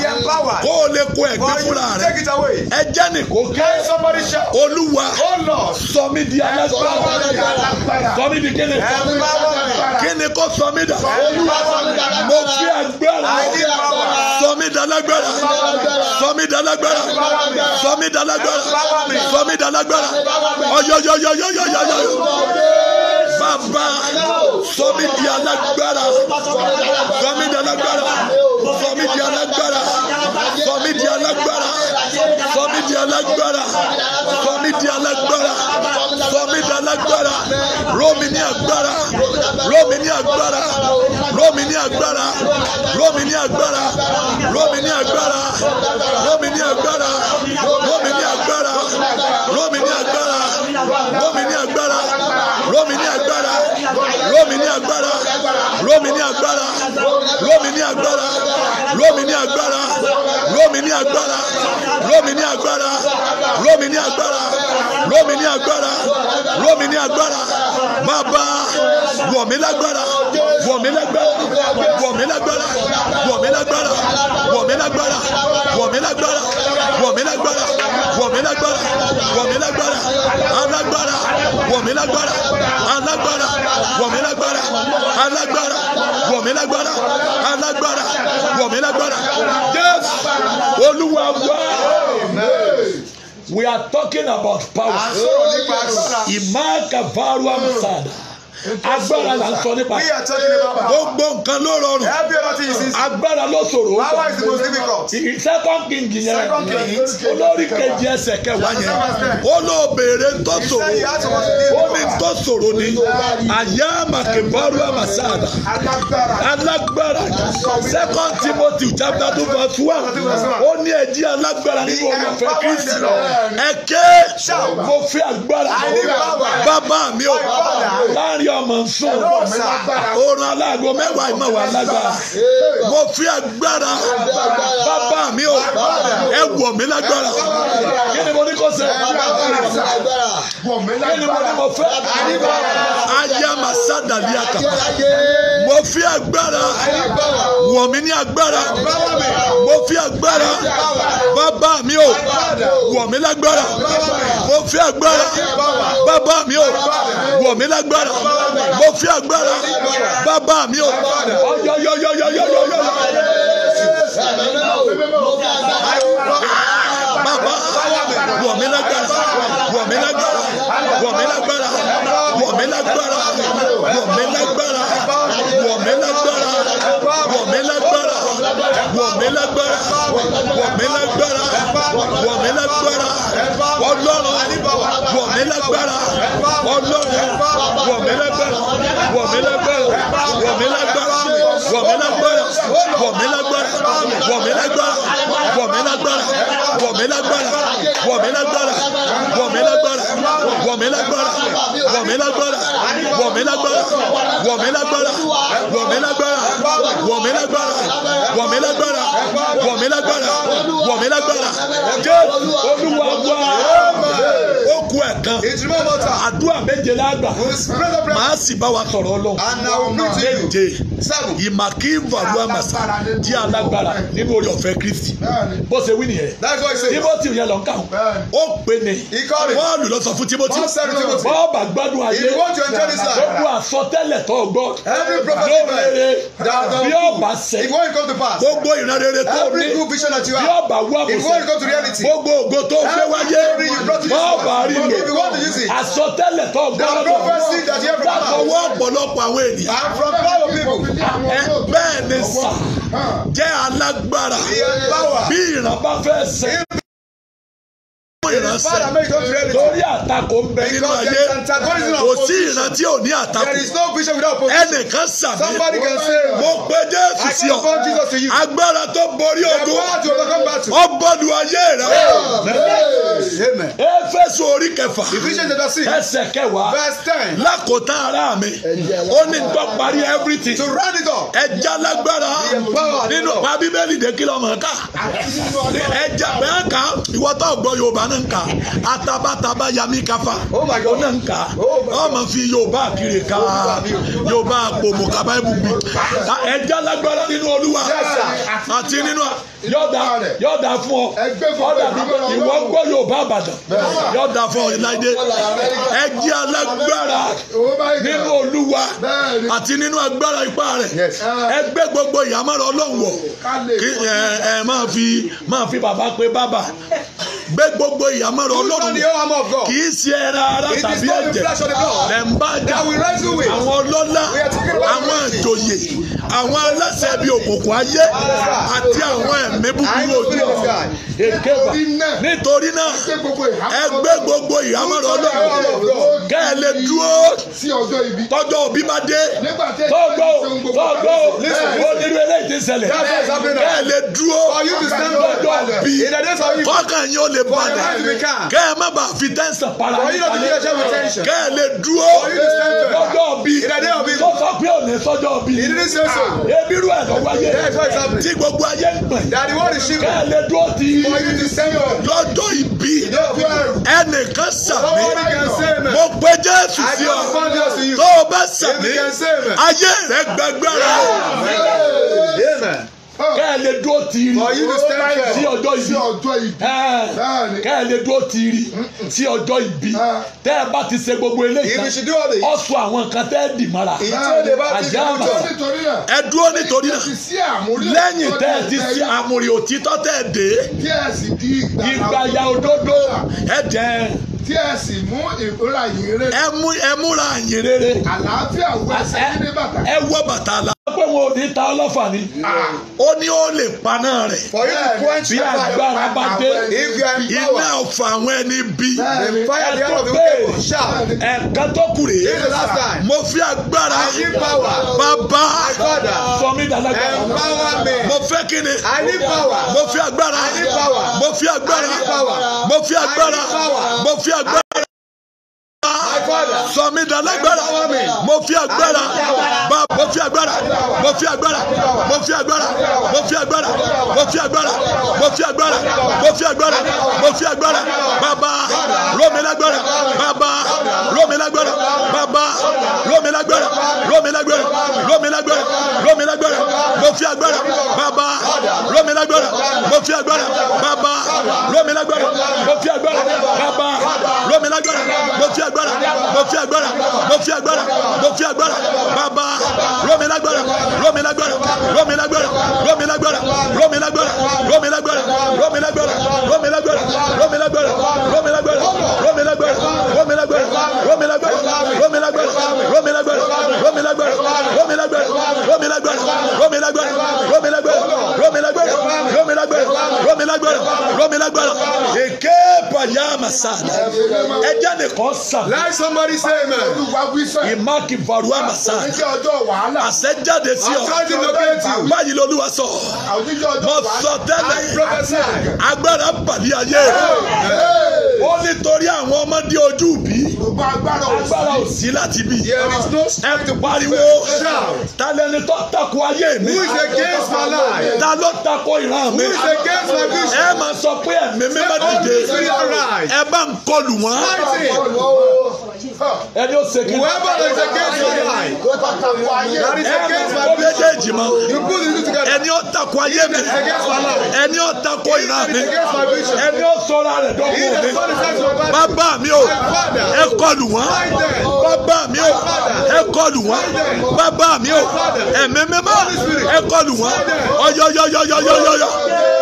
S2: kó o lè kó ẹgbẹ́ fúnra rẹ ẹ jẹ́ nìkó kẹ́ olúwa. Oh, sọ mí di alágbára sọ mí di kíni kíni kó sọ mí dà mo fi agbára sọ mí dalágbára sọ mí dalágbára sọ mí dalágbára sọ mí dalágbára ọyọyọyọyọyọyọ bàbá sọmi di alágbára sọmi di alágbára sọmi di alágbára sọmi di alágbára sọmi di alágbára sọmi di alágbára lágbára rómi ní agbára rómi ní agbára rómi ní agbára rómi ní agbára rómi ní agbára rómi ní agbára rómi ní agbára rómi ní agbára rómi ní agbára rómi ní agbára
S1: rómi ní agbára
S2: rómi ní agbára rómi ní agbára rómi ní agbára rómi ní agbára rómi ní agbára rómi ní agbára rómi ní agbára rómi ní agbára bàbá wọ̀mí lágbára wọ̀mí lágbára wọ̀mí lágbára wọ̀mí lágbára wọ̀mí lágbára wọ̀mí lágbára wọ̀mí lágbára wọ̀mí lágbára wọ̀mí lágbára alágbára wọ̀mí lágbára alágbára wọ̀mí lágbára alágbára wọ̀mí lágbára alágbára wọ̀mí lágbára olúwa wá. We are talking about power. Ìmáàkà Bárúwá Mùsàdà agbára là ń sọ nípa gbogbo nǹkan ló rọrùn agbára ló ṣòro second king yẹn olórí kejì ẹsẹ̀ kẹwàá yẹn ó ló béèrè tó ṣòro ó ní tó ṣòro ní àyà màkìbọ́rù àmàsáàdà alágbára second timothy chapter two verse one ó ní ẹ̀jí alágbára nínú olùfẹ́ kristi ẹ ké mo fi agbára bàbá mi ò láàrin ọmọ ń sùn oorun aláàgọ mẹ́wàá ìmọ̀ wà lágbára mo fi agbára bàbá mi o ẹ wọ̀ mí lágbára kí ni mo ní kó ṣe kí ni mo ní mo fẹ́ ayé màsá dàbí àkàtà mo fi agbára wọ̀ mí ní agbára mo fi agbára bàbá mi o wọ̀ mí lágbára mo fi agbára bàbá mi o wọ̀ mí lágbára mo fi agbára bàbá mi o bàbá wọ̀ mí lágbára wọ̀ mí lágbára wọ̀ mí lágbára wọ̀ mí lágbára wọ̀ mí lágbára. wọ̀ mí lágbára wọ̀ mí lágbára wọ̀ mí lágbára ọlọ́run wọ̀ mí lágbára ọlọ́run wọ̀ mí lágbára wọ̀ mí lágbára wọ̀ mí lágbára wọ̀ mí lágbára
S3: wọ̀ mí lágbára wọ̀ mí lágbára
S2: wọ̀ mí lágbára wọ̀ mí lágbára wọ̀ mí lágbára wọ̀ mí lágbára lágbára. alágbára. wọ̀ mí lágbára wọ̀ mí lágbára jẹ́ olúwa wá ó ku ẹ̀kan àdúrà méje lágbà màá sì bá wa tọ̀rọ̀ lọ méje ìmàkí ìvàlú àmàsà di alágbára nínú orí ọ̀fẹ́ Kristi bó ṣe wí nìyẹn Timothy yẹn lọ ń kàwọn ó pè ní Pọ́ọ̀lù lọ fún Timothy bọ́ọ̀bà gbádùn ayé gbogbo àsọtẹ́lẹ̀ tó gbọ́ lóore bí ọ̀bà sẹ́ gbogbo ìrẹ́rẹ́ rere tó ní yóò bá wá mùsùlùmí gbogbo ògo tó fẹ́ wáyé wọ́n bá rí lò àsọtẹ́lẹ̀ tó gbọ́dọ̀ látọwọ́ ọ̀pọ̀lọpọ̀ àwọn ènìyàn bẹ́ẹ̀ ni sà jẹ́ alágbára bí ìrànbá fẹ́ sẹ́ ẹsẹ̀ lórí àtakò ń bẹ nínú ayé kò sí ìrántí ò ní àtakò ẹnìkan sàmì mo pe Jésù sí ọ agbára tó borí ogun ọgbọ́dù ayé rẹ wọ Éfésù orí kẹfà ẹsẹ̀ kẹwàá lákòótá ara mi ó ní tó parí everything ẹja lágbára nínú bábí bẹ́ẹ̀ ni dèkìlọ́ mọ̀ ká ẹja bẹ́ẹ̀ ká ìwọ́tọ̀ gbọ́ Yorùbá náà ká atabataba yami kafa òun náà ń ọmọ fi yorùbá kiri oh ká yorùbá àpòmù kaba ibùgbé ẹja lágbára nínú olúwa àti nínú yọ̀dà yọ̀dà fún ọ ọ̀dà ìwọ gbọ́ yorùbá àbàdàn yọ̀dà fún ọ ìlàjẹ ẹja lágbára nínú olúwa àti nínú agbára ipá rẹ̀ ẹgbẹ́ gbogbo ìyàmọ́ra ọlọ́wọ̀ kí ẹ máa fi máa fi bàbá pé bàbá gbé gbogbo ìyàmọ́ ìdámọ̀ràn ọlọ́run kì í ṣe ẹran ara tàbí ẹ̀jẹ̀ lẹ́ ń bá jà àwọn ọlọ́lá àwọn ìjòyè àwọn aláṣẹ bíi òkùnkùn ayé àti àwọn ẹ̀mí búburú ojú ọ̀run èkéwà nítorí náà ẹ gbé gbogbo ìhámọ́rọ̀ ọlọ́run
S1: kẹ́ ẹ lè dúró tọ́jọ́ òbí bá dé tọ́gbọ́ tọ́gbọ́ onírú eléyìí ti ṣẹlẹ̀ kẹ́
S2: ẹ lè dúró tọ́jọ́ òbí kọ́kàn yín ó lè balẹ̀ kẹ́ ẹ má bàa fi tẹ́sán para yín kalẹ̀ kẹ́ ẹ lè dúró lọ́jọ́ bí tó sọ pé ò lè sọ́jọ́ bí ah. ebi rú ẹ̀ lọ́wọ́ ayé tí gbogbo ayé ń pè kẹ́ ẹ lè dúró ti lọ́jọ́ ìbí ẹnìkan sàmì mo pe Jésù sí ọ tó o bá sàmì ayé rẹ gbẹgbẹrẹ kẹ́ ẹ lè dúró tìrì sí ọjọ́ ìbí kẹ́ ẹ lè dúró tìrì sí ọjọ́ ìbí tẹ́ ẹ bá ti ṣe gbogbo eléyìí ọ sọ àwọn nǹkan tẹ́ ẹ dì mọ́ra àjẹ́ àmàlà
S1: ẹ dúró nítorí
S2: náà lẹ́yìn tẹ́ ẹ ti ṣe àmúrí òtítọ́ tẹ́ ẹ dé ìgbàyà òdodo ẹ dẹ́ tí ẹ
S1: sì mú ìmúra yìí rere. ẹ múra yìí rere. àlàáfíà
S2: wọ ẹsẹ̀ ní bàtà. ẹ wọ bàtà la pé wọn ò ní ta ọlọ́fà ah. ó ní ó lè paná rẹ̀. bí agbára bá dé iná ọ̀fà àwọn ẹni bí. ẹ̀tọ́ pé ẹ̀ka tó kù rè é. mo fi agbára bàbá mo fẹ́ kí ni. mo fi agbára. mo fi agbára. mo fi agbára. mo fi agbára sọmi dalagbara mo fi agbára ba mo fi agbára mo fi agbára mo fi agbára mo fi agbára mo fi agbára mo fi agbára mo fi agbára mo fi agbára baba romi lágbára baba romi lágbára baba romi lágbára romi lágbára fi agbára bàbá lómi lágbára mo fi agbára bàbá lómi lágbára mo fi agbára bàbá lómi lágbára mo fi agbára mo fi agbára mo fi agbára mo fi agbára bàbá lómi lágbára lómi lágbára lómi lágbára lómi lágbára lómi lágbára lómi lágbára lómi lágbára. lẹ́gbẹ̀ẹ́ rómi lẹ́gbẹ̀ẹ́ rómi ó nítorí àwọn ọmọdé ojú bí agbára ò sí láti bí ẹ pariwo ta lẹni tó tako ayé mi ta ló tako ìran mi ẹ máa sọ pé ẹ̀mí mi má dìde ẹ bá ń kọlù wọn
S3: ẹni ó ṣe kí. whoever is against your life. tó bá takò ayé. that is against my méjèèjì you put the together.
S2: ẹni ó takò ayé mi. ẹni ó takò ìran mi. ẹni ó sọra rẹ̀ dọ́kun mi. bàbá mi o ẹ kọlù wọn. bàbá mi o ẹ kọlù wọn. bàbá mi o ẹ̀mí mímọ́ ẹ kọlù wọn. ọyọyọyọyọyọyọ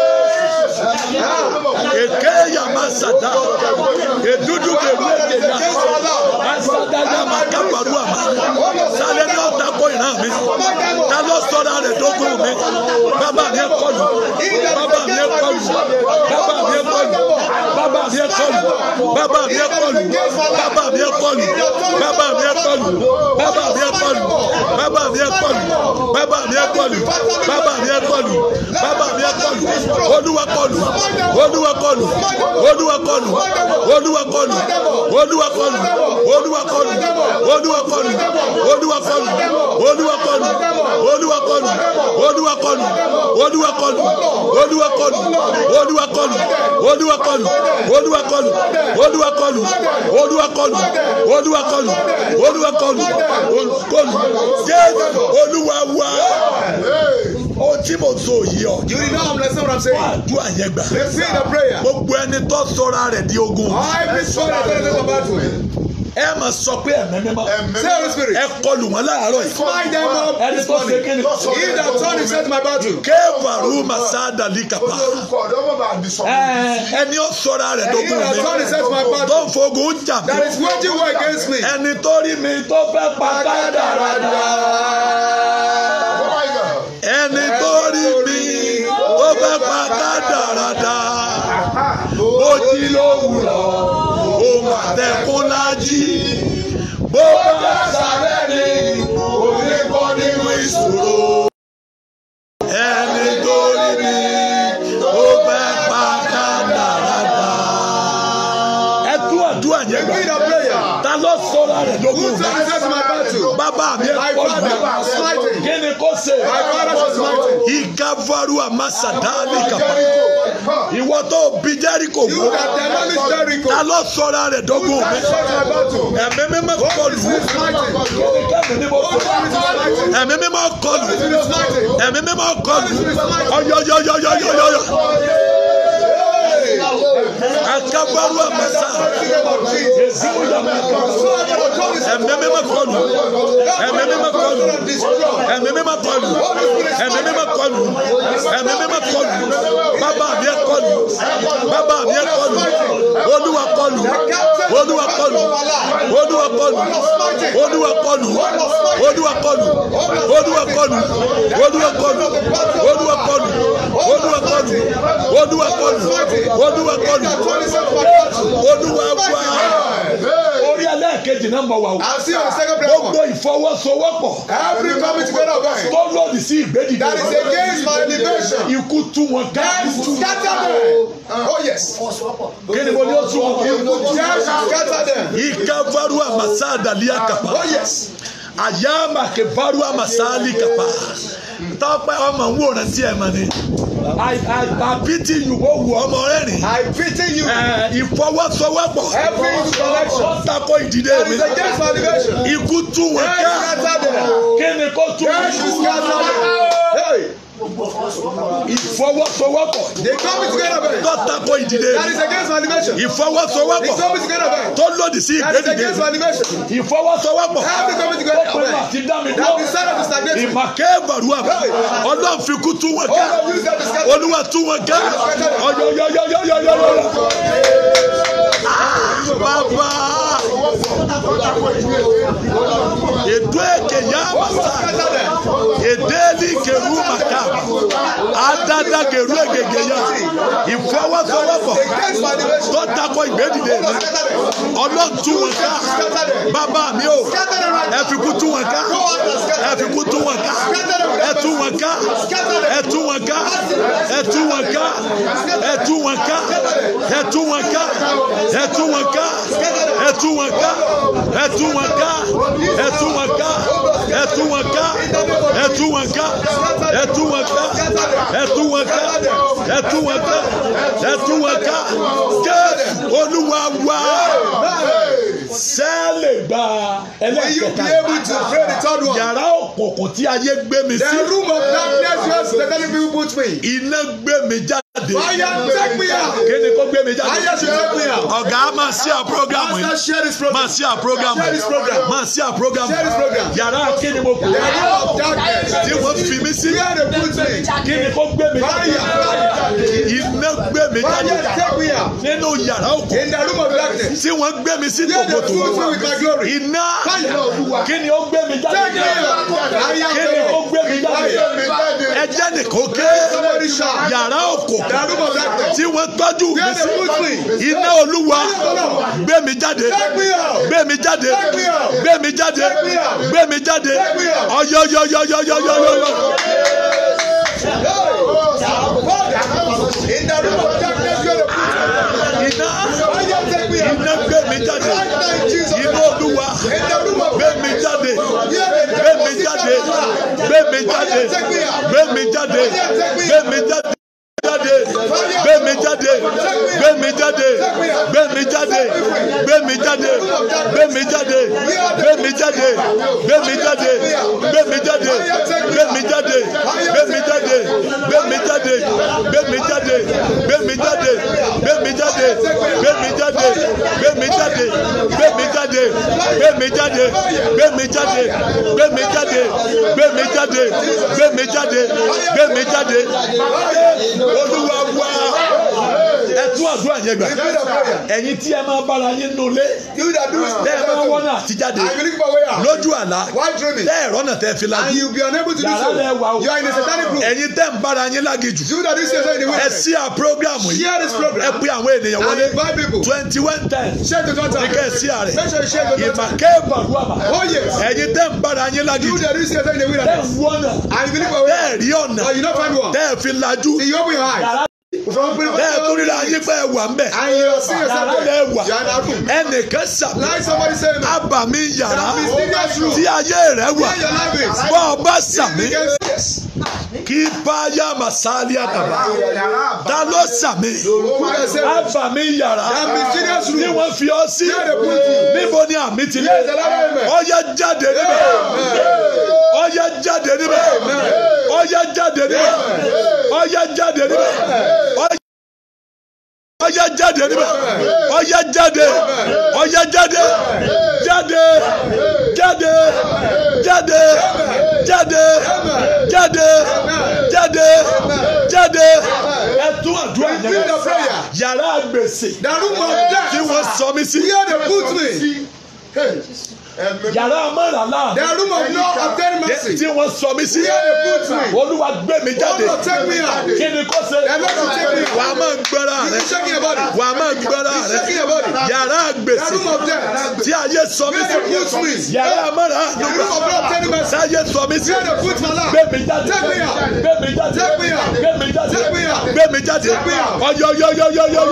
S3: eke
S2: ya masada, edudu kewu eke ya masata ya makaparu ama sale ni ọta ìran mi ta ló sọra rẹ̀ dógún mi bàbá mi kọlù bàbá mi kọlù bàbá mi kọlù bàbá mi kọlù bàbá mi kọlù bàbá mi kọlù bàbá mi kọlù bàbá mi kọlù bàbá mi kọlù bàbá mi kọlù bàbá mi kọlù bàbá mi kọlù olúwa kọlù olúwa kọlù olúwa kọlù olúwa kọlù olúwa kọlù olúwa kọlù olúwa kọlù olúwa kọlù olúwakọlù olúwakọlù olúwakọlù olúwakọlù olúwakọlù olúwakọlù olúwakọlù olúwakọlù olúwakọlù olúwakọlù olúwakọlù olúwakọlù olúwakọlù jésù olúwa wa ohun tí mo sọ yìí ọ. you dey know I'm listening what I'm saying. wàá dùn àyẹ̀ gbà. they say the prayer. gbogbo ẹni tó sọra rẹ̀ di ogun. I be sure that I don't know about you ẹ máa sọ pé ẹ̀mẹ́ mímọ́ ẹ kọlù wọn láàárọ̀ yìí ẹni tó ṣe kí ni ìdá tó ní sẹ́tì máa bá jù. kéèfàrú masada likapa
S1: eh, ẹni ó sọra rẹ̀ dógún
S2: mi tó ń fogun ń jà mí ẹni tó rí mi tó fẹ́ pa kádàrádà
S3: oh ẹni tó rí mi
S2: tó fẹ́ pa kádàrádà bó ti lówùrọ̀
S3: ó máa tẹ kó lájí bó bá sáré ni kò ní bọ́ nínú ìṣòro. ẹni tó rí mi ó fẹ́ pa kádàrádà.
S2: ẹ tú àdúrà yẹn gbà ló sọ̀rọ̀ rẹ̀ lógún. Bàbá mi ẹ̀kọ́ gbà. Kí ni kò ṣe? Ìgavaru àmàsàdáàlì
S3: kàpá.
S2: Ìwọ tó bí Jẹ́ríkò wò. Ta ló sọ̀rọ̀ rẹ̀ dógún mi? Ẹ̀mí mímọ́ kọlù. Ẹ̀mí mímọ́ kọlù. Ẹ̀mí mímọ́ kọlù. Ọyọyọyọyọyọyọ akabaru amasa ezimu yamaka ɛmɛmɛ ma kɔlu ɛmɛmɛ ma kɔlu ɛmɛmɛ ma kɔlu ɛmɛmɛ ma kɔlu ɛmɛmɛ ma kɔlu baba mi kɔlu baba mi kɔlu Olúwa kọlù Olúwa kọlù Olúwa kọlù Olúwa kọlù Olúwa kọlù Olúwa kọlù Olúwa kọlù Olúwa kọlù Olúwa kọlù Olúwa kọlù Olúwa kọlù bọ́ọ̀lù olúwa wá orí ẹlẹ́ẹ̀kejì náà mọ̀ wá o gbogbo ìfọwọ́sowọ́pọ̀ tó lòdì sí ìgbédìde ikú tú wọn ká ah.
S3: oh, kí ni mo ní o tú wọn ikabaru
S2: amasada liakapa oh, ayama kebaru amasali kapa tọ́pẹ́ ọmọ ń wòran sí ẹ̀ mọ̀ ni. I I I pity you. Ó wù ọmọ rẹ̀ rìn. I pity you. Ìfọwọ́sowọ́pọ̀. Every insurrection. Ó tako ìdìde mi. That is against salvation. Ikú tú wọn ká. Kí ni kó tú wọn. Kí ni kó tú ìfọwọ́sowọ́pọ̀. they come together bẹ́ẹ̀. tó tako ìdílé rẹ̀. that is against animation. ìfọwọ́sowọ́pọ̀. they come together bẹ́ẹ̀. tó lòdì sí ìgbé dìde. that is against animation. ìfọwọ́sowọ́pọ̀. have they come together bẹ́ẹ̀. ó pè láti dá mi dúró. that is sign of stagnation. ìmàkẹ́ ìbàrúwà bẹ́ẹ̀. ọlọ́run fi kú tú wọn ká. olúwa tú wọn ká. ọ̀yọ̀yọ̀yọ̀yọ̀yọ̀
S3: Baba,
S2: ètò èkè yá màsà èdè ní kèrú màkà àdàdà kèrú ègègè yá ìfọwọ́sowọ́pọ̀ tó takọ ìgbédìde rẹ ọlọ́tú wọn ká bàbá mi ò ẹ̀fìkú tú wọn ká ẹ̀fìkú tú wọn ká ẹ̀tú wọn ká ẹ̀tú wọn ká ẹ̀tú wọn ká ẹ̀tú wọn ká ẹ̀tú wọn ká ẹ tú wọn ká ẹ tú wọn ká ẹ tú wọn ká ẹ tú wọn ká ẹ tú wọn ká ẹ tú wọn ká ẹ tú wọn ká ẹ tú wọn ká ẹ tú wọn ká ẹ tú wọn ká jẹ́ olúwa wá sẹ́ẹ̀lì gba ẹlẹ́kẹta yàrá òkùnkùn tí ayé gbé mi sí. the room of darkness where satanic people put me. iná gbé mi jáde. fire take me out. kéde kó gbé mi jáde. fire should take me out. ọ̀gá máa ṣí à program yìí. master share this program. máa ṣí à program. share this program. máa ṣí à program. share this program. yàrá kíni mo kù. yàrá darkness. tí wọ́n fi mí sí. where they put me. kíni kó gbé mi jáde. iná gbé mi jáde. fire take me out. nínú in the room of darkness. tí wọ́n gbé mi sí go to war iná kí ni ó gbé mi jáde kí ni ó gbé mi jáde ẹjẹ́ nìkan ké yàrá òkò tí wọ́n tọ́jú mi sí iná olúwa gbé mi jáde gbé mi jáde gbé mi jáde gbé mi jáde ọyọyọyọyọyọyọ. In the room of darkness. jáde inú olúwa gbé mi jáde gbé mi jáde gbé mi jáde gbé mi jáde gbé mi jáde jáde gbé mi jáde gbé mi jáde gbé mi jáde gbé mi jáde gbé mi jáde gbé mi jáde gbé mi jáde gbé mi jáde. jáde gbé mi jáde gbé mi jáde gbé mi jáde gbé mi jáde gbé mi jáde gbé mi jáde gbé mi jáde olúwa wá tún àdúrà yẹn gbà ẹ̀yin tí ẹ máa bára yín nulẹ̀ bẹ́ẹ̀ máa wọ́nà àtijáde lójú àlá bẹ́ẹ̀ rọ́nà tẹ́ fi lagi yàrá lẹ wà o ẹ̀yin tẹ́ ń bára yín lagi jù ẹ sí à programu yìí ẹ pé àwọn ènìyàn wọlé twenty one times ní kẹ́ ẹ sí à rẹ̀ ìmọ̀ kẹ́ẹ̀bà ló àmà ẹ̀yin tẹ́ ń bára yín lagi jù tẹ́ ń wọ́nà bẹ́ẹ̀ rí ọ̀nà tẹ́ fi lajú yàrá bẹ́ẹ̀ torí la yí pé wà ń bẹ̀ ẹ wà ẹnìkan sàmì abàmì yàrá tí ayé rẹ wà bọ́ọ̀ bá sàmì kí báyà màsáálì àdàbà ta ló sàmì àfàmì yàrá ni wọ́n fi ọ́ sí níbo ni àmì ti lé ọyẹ jáde níbẹ̀ ọyẹ jáde níbẹ̀ ọyẹ jáde níbẹ̀ ọyẹ jáde níbẹ̀ ọyẹ jáde níbẹ̀ ọyẹ jáde ọyẹ jáde jáde jáde jáde jáde jáde jáde jáde ẹtú àdúrà yẹn yàrá gbèsè tí wọ́n sọ mí sí yàrá amáràlá. the room of no obtain mercy. tí wọ́n sọ mi sí. where they put me. olúwa gbé mi jáde. olúwa take me out. kí ni kò ṣe. ẹ̀rọ tó take me out. wàá máa ń gbẹ́ra rẹ. he's shaking your body. wàá máa ń gbẹ́ra rẹ. you, shaking your body. yàrá gbèsè. the room of death. tí ayé sọ mi sí. where they put me. yàrá amáràlá. the room of no obtain mercy. tí ayé sọ mi sí. where they put my life. gbé mi jáde. take me out. gbé mi jáde. take me out. gbé mi jáde. take me out. gbé mi jáde. take me out. ọyọ yọ yọ yọ yọ yọ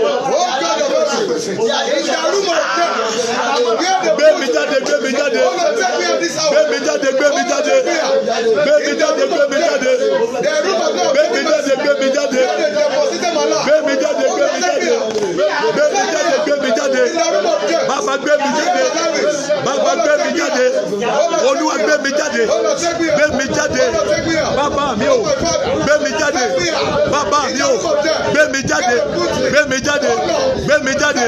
S3: yọ ìdàrúmọ̀
S2: tẹ̀ gbé mi jáde gbé mi jáde gbé mi jáde gbé mi jáde gbé mi jáde gbé mi jáde gbé mi jáde gbé mi jáde gbé mi jáde gbé mi jáde gbé mi jáde gbé mi jáde bàbá gbé
S3: mi jáde bàbá gbé mi jáde olúwa gbé mi jáde gbé mi jáde bàbá
S2: mi o gbé mi jáde bàbá mi o gbé mi jáde gbé mi jáde gbé mi jáde.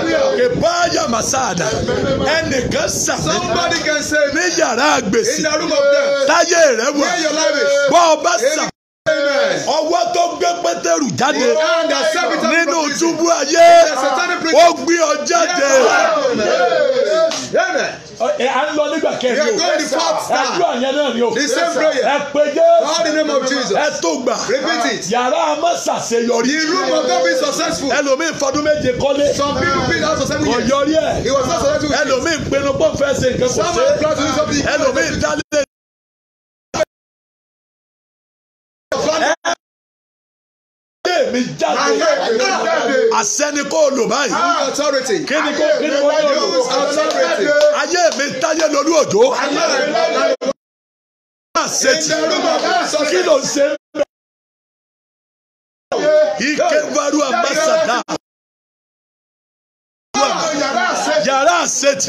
S2: kì bá yà má sáàdà ẹnìkan sàmì ní yàrá gbèsè táyé rẹ wà bọ́ ọ bá sàmì ọwọ́ tó gbé pétérù jáde nínú túbú ayé ó gbé ọ jáde. ẹ à ń lọ nígbà kẹrin o ẹjọ àyẹn náà ni o ẹ pe Jésù ẹ tó gbà yàrá má ṣàṣeyọrí ẹlòmíín fọdún méje kọ́lé kò yọrí ẹ ẹlòmíín pinnu pọ̀ fẹ́ ṣe nǹkan kò ṣe ẹlòmíín
S3: dálé. ayé mi jáde àṣẹni
S2: kò lò báyìí kíni kò kíni kò lò ayé mi táyé
S3: lórí òjò kí ló ń ṣe bẹ́ẹ̀ ike varu ambassador yàrá àṣetì.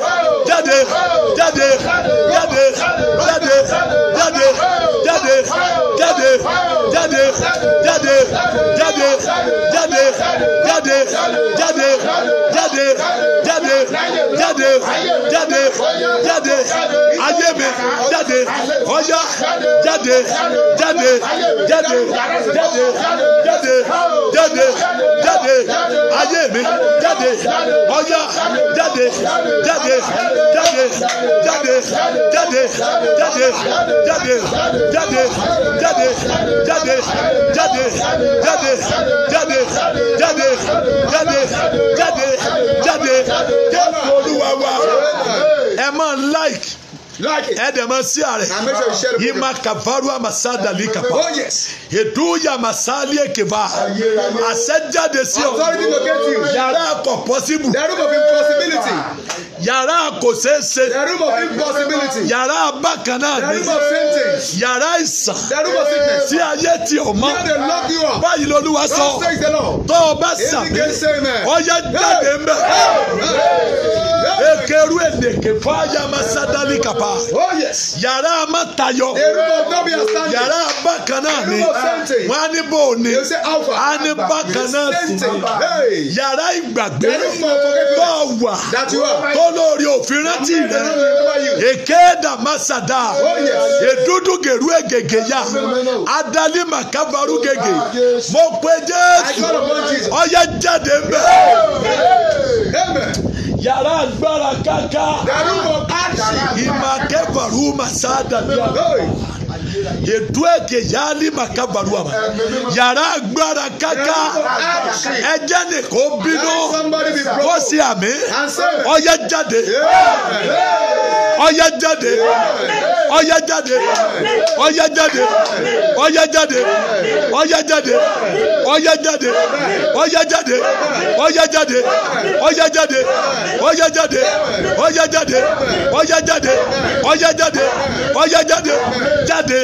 S2: jáde jáde jáde jáde jáde jáde jáde jáde jáde jáde jáde jáde jáde jáde jáde jáde jáde jáde jáde ayé mi jáde ọyá jáde jáde jáde jáde jáde jáde jáde ayé mi jáde ọyá jáde jáde jáde jáde jáde jáde jáde jáde jáde jáde jáde jáde jáde jáde jáde jáde jáde jáde olúwa wa ẹ máa like ɛdɛ ma si are yima kavaru amasa dali kapa eduya masali ekeva asɛdja de si ɔ yàrá kɔ pɔsibu yàrá kò sese yàrá bákanná ni yàrá ìsàn tí ayé ti ọ̀ mọ́ báyìí lolúwa sọ tó o bá sàmì ọyẹ jáde ń bẹ ekeru èdèké fáyà masadali kapa àgbà oh, yàrá amátayọ yàrá bákanná ni wọn á ní bò ní á ní bákanná sí ni yàrá ìgbàgbé tó wà tó lórí òfin rántí rẹ èké dàmásàdà oh, èdúdú gèrú ègègè yá adalí màkàbàrú gègè mo pe jésù ọyẹ jáde mbẹ yàrá agbára kaka ìmọ̀ akẹ́kọ̀ọ́ rúmà sáà dàbí àgbà yèdú èkè yálì màkà balùwà ma yàrá agbára kàkà ẹjẹ ni kò bínú kò sí àmì jade, jáde jade, jáde jade, jáde jade, jáde jade, jáde jade, jáde jade, jáde jade, jáde jade, jáde jade, jáde jade, jáde jade, jáde jade, jáde jade, jáde jade, jáde jáde.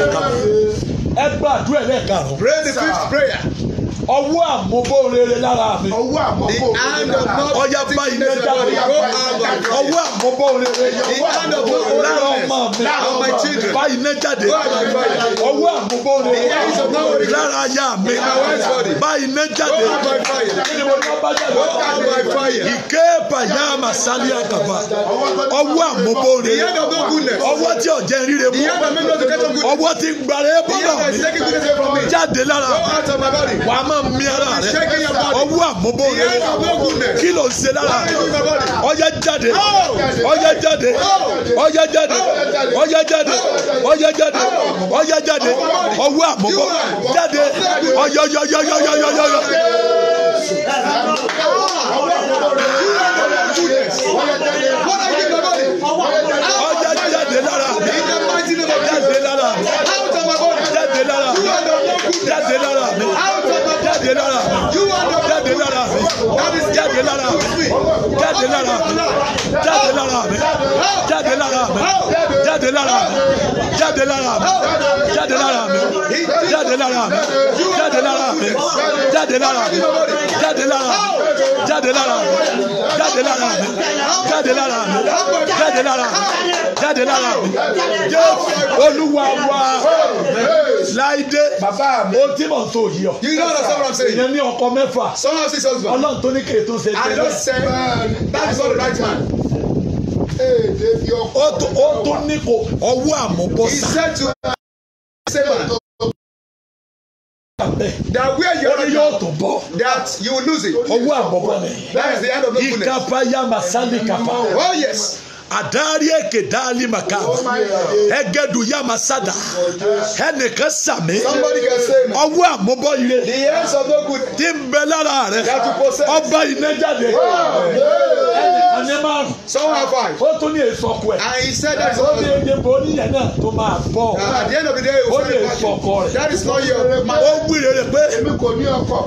S2: ẹ gbàdúrà lẹ́ẹ̀kan. pray the fifth prayer ọwọ́ àmúbó rere lára mi. ọwọ́ àmúbó rere lára mi. ọjà bá iná jáde. ọwọ́ àmúbó rere lára ọmọ mi. bá iná jáde. ọwọ́ àmúbó rere lára aya mi. bá iná jáde. ìké bàyá màsálí àtàbà. ọwọ́ àmúbó rere. ọwọ́ tí ọ̀jẹ̀ ríre mú. ọwọ́ tí ń bọ́lá mi. jáde lára wàá máa ọlọ́run mi ara rẹ ọwọ́ àmúbò rẹ kí ló ń ṣe lára ọyẹ jáde oh. ọyẹ jáde oh. ọyẹ jáde oh. ọyẹ jáde ọyẹ jáde ọyẹ jáde ọwọ́ àmúbò jáde ọyọyọyọyọyọyọ. Ọjà jáde lára mi, jáde lára mi, jáde lára mi, jáde lára mi. You are the jáde lára mi dábì jáde lára mi jáde lára mi jáde lára mi jáde lára mi jáde lára mi jáde lára mi jáde lára mi jáde lára mi jáde lára mi jáde lára mi jáde lára mi jáde lára mi jáde lára mi jáde lára mi jáde lára mi jáde lára mi jésù olúwa wa láìdé o tí mo sọ yìí ọ ìyẹn ní ọkọ mẹ́fà don't have six husbands. ọlọ́run tó ní kèrè tó ń ṣe. and don't say
S1: that is not the right man. ó tún ó tún ní kò ọwọ́ àmúbọ́sà. he said to say man. that where you are yóò that you lose it. owó àbọ̀bọ̀ that is the end of the
S2: goodness. ìkàpá yamasa ní kàpá. oh yes adarí èké dálí màkà ẹgẹdù yá ma sádà ẹnìkan sàmì ọwọ́ àmúbọ̀ ire tí ń bẹ lára rẹ ọba iná jáde ẹnìkan ní márùn ó tún ní èso ọkọ ẹ ó ní èdè
S1: bò níyẹn náà tó máa bọ̀ ó ní èso ọkọ rẹ ó wúre rẹ pé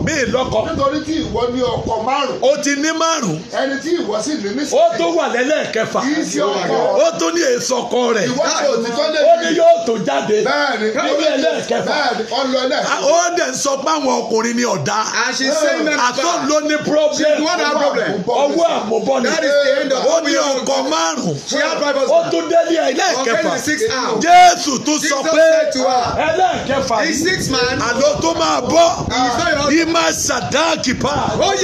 S1: mi lọ́kọ nítorí tí ìwọ ní ọkọ márùn ó ti ní márùn ẹni tí ìwọ sì ní nísìnyí ó tó wà lẹ́lẹ́kẹfà ó tún ní èso ọkọ rẹ̀
S2: ó ní yóò tó jáde níbi ẹlẹ́ẹ̀kẹfà ó dẹ̀ sọ pé àwọn ọkùnrin ni ọ̀dá àtọ́n ló ní problem ọwọ́ àmúbọ́ ni ó ní ọkọ márùn-ún ó tún délé ẹlẹ́ẹ̀kẹfà Jésù tún sọ pé ẹlẹ́ẹ̀kẹfà àlọ́ tó máa bọ́ ìmá sàdáàkì pa oh,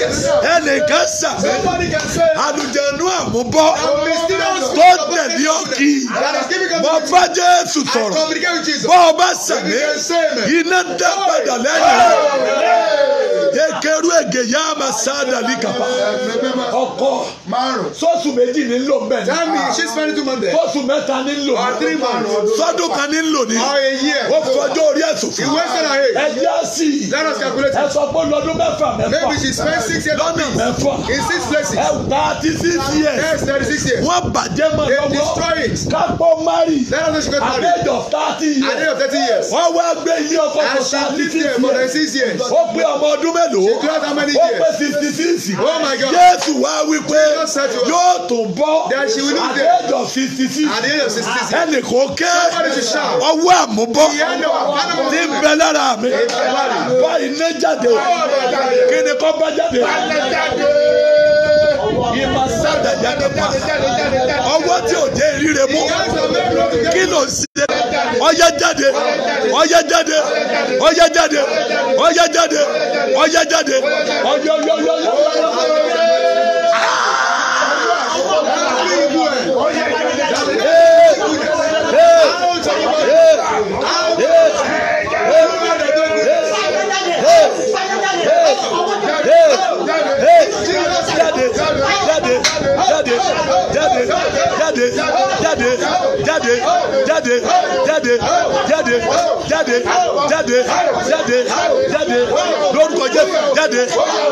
S2: ẹnìkan sà alùjẹ̀nu àmúbọ́ tó tẹ̀lé ọ̀kì mo fẹ́ Jésù sọ̀rọ̀ bọ́ọ̀ bá sẹ̀mí iná dá padà lẹ́yìn rẹ̀ ekeru ege ya ama sada likapa ọkọ sọ́ọ̀sù méjì ní lò mbẹ́ ní sọ́ọ̀sù mẹ́ta ní lò ní sọ́dún kan ní lò ní ó fọjọ́ orí ẹ̀sùn fún ẹ̀jẹ̀ àsì ẹ̀sọ́ pé lọ́dún mẹ́fà mẹ́fà lọ́nà mẹ́fà ẹ̀gbà àti six years wọ́n bàjẹ́ mọ́ lọ́wọ́ kápọ́ mari àbẹ́jọ thirty years wọ́n wá gbé ilé ọkọ̀ for thirty six years ó pé ọmọ ọdún mẹ́fà mélòó ó pé fifty six oh jésù wá wípé yóò tún bọ́ àdéjọ fifty six ẹnìkan ké ọwọ́ àmúbọ́ ní bẹ lára mi báyìí ní jáde oh, kí ni kò bá jáde jáde jáde pa ọwọ́ tí ò dé ríre mú kí ló ń ṣe ọyẹ jáde ọyẹ jáde ọyẹ jáde ọyẹ jáde ọyẹ jáde ọyẹ ọyẹ ọyẹ. Hey! jáde jáde jáde jáde jáde jáde jáde jáde jáde jáde jáde jáde jáde jáde lórúkọ jẹ jáde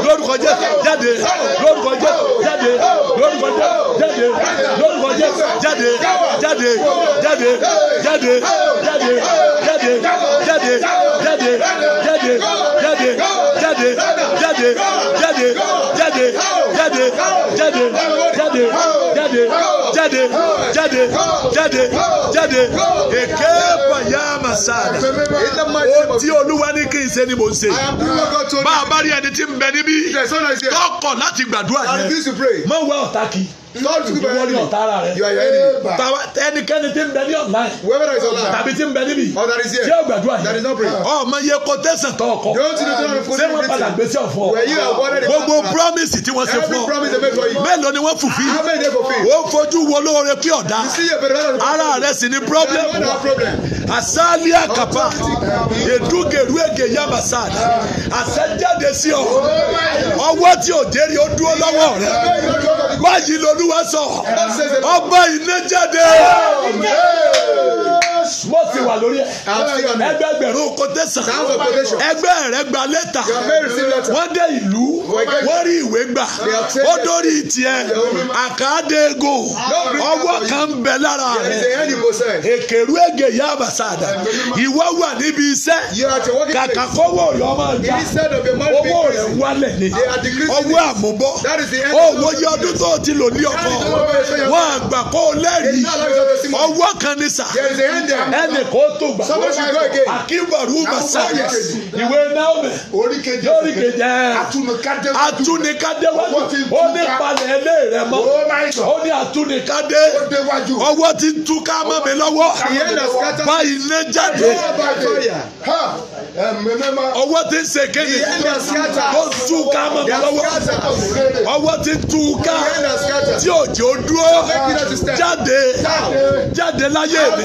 S2: lórúkọ jẹ jáde lórúkọ jẹ jáde lórúkọ jẹ jáde lórúkọ jẹ jáde jáde jáde jáde jáde jáde jáde jáde jáde jáde jáde jáde jáde jáde jáde jáde jáde jáde jáde jáde jáde jáde èké pàyà màsáàdà ó tí olúwa ní kí n ṣe ni mò ń ṣe bá a bá rí ẹni tí ń bẹ níbí kọ́kọ̀ láti gbàdúrà yẹn mọ̀ wá ọ̀tá kìí sọ́ọ̀tù kí wọ́n ní tara rẹ̀ ẹnikẹ́ni tí ń bẹ ní online tàbí tí ń bẹ níbi oh, tí ó gbàdúrà yìí ọmọ yẹ kó tẹ̀sán tọ̀ ọkọ ṣé wọ́n padà gbé sí ọ̀fọ́ gbogbo promise tí wọ́n ṣe fún ọ mélòó ni wọ́n fùfí ó fojú wo lóore pé ọ̀dà ara rẹ̀ sì ni problem asali akapa edugeru ege yabasad asẹjáde sí ọ oh ọwọ́ tí ò dérí ó dúró lọ́wọ́ rẹ̀ má yí lórí olúwa sọ ọba iná jáde jésù ó ti wà lórí ẹ ẹgbẹgbẹ̀rún ẹgbẹ́ rẹ gba lẹ́tà wọ́n dé ìlú wọ́n rí ìwé gbà ó dórí tiẹ̀ àkàdégo ọwọ́ kan bẹ lára rẹ èkèrú ègè yá àbàsàdà ìwọ wà níbi iṣẹ́ kàkà kọ́wọ́ rẹ ọmọ ìjà owó rẹ wálẹ̀ ni ọwọ́ àmúbọ́ owó yẹ ọdún tó ti lò ní ọkọ wọn àgbà kó lẹ́rìí ọwọ́ kan ní sà ẹnì kó tó gbà. akínbàrú masaya ìwé náwó orí kejì ẹ atúnikadé wájú ó ní palẹ̀ ilé rẹ mọ́ oh ó ní atúnikadé ọwọ́ ti tú ká mọ́ mi lọ́wọ́ báyìí lé jáde ọwọ́ ti ṣe kéde ó tú ká mọ́ mi lọ́wọ́ ọwọ́ ti tú ká oh tí òjò dúró jáde jáde láyé mi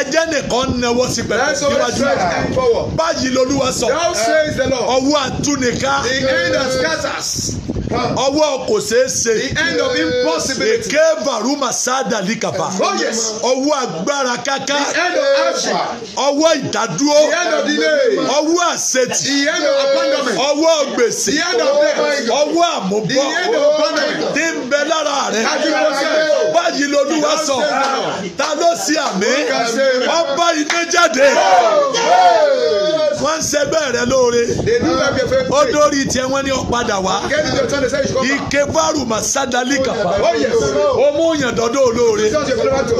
S2: ẹjẹ́ nìkan náwó sí pẹ̀lú síwájú
S1: báyìí lolúwa sọ
S2: ọwọ́ àtúnìká. the end ọwọ́ kò ṣeé ṣe. the end of impossibility. èké varuma sada likaba. oh yes. ọwọ́ agbára káká. the end of action. ọwọ́ ìdádúró. the end of delay. ọwọ́ àṣetì. the end of abandonment. ọwọ́ gbèsè. the end of death. ọwọ́ àmúbọ̀. the end of abandonment. tí ń bẹ lára rẹ̀. báyìí lolúwa sọ. ta ló ṣe àmì. ọba iná jáde. wọ́n ń ṣẹgbẹ́ rẹ lóore. ó dórí tiẹ̀ wọ́n ní ọ̀padà wá ìkẹfàrù màsádàlì kàfà ọmú yàn dọ́dọ̀ olóore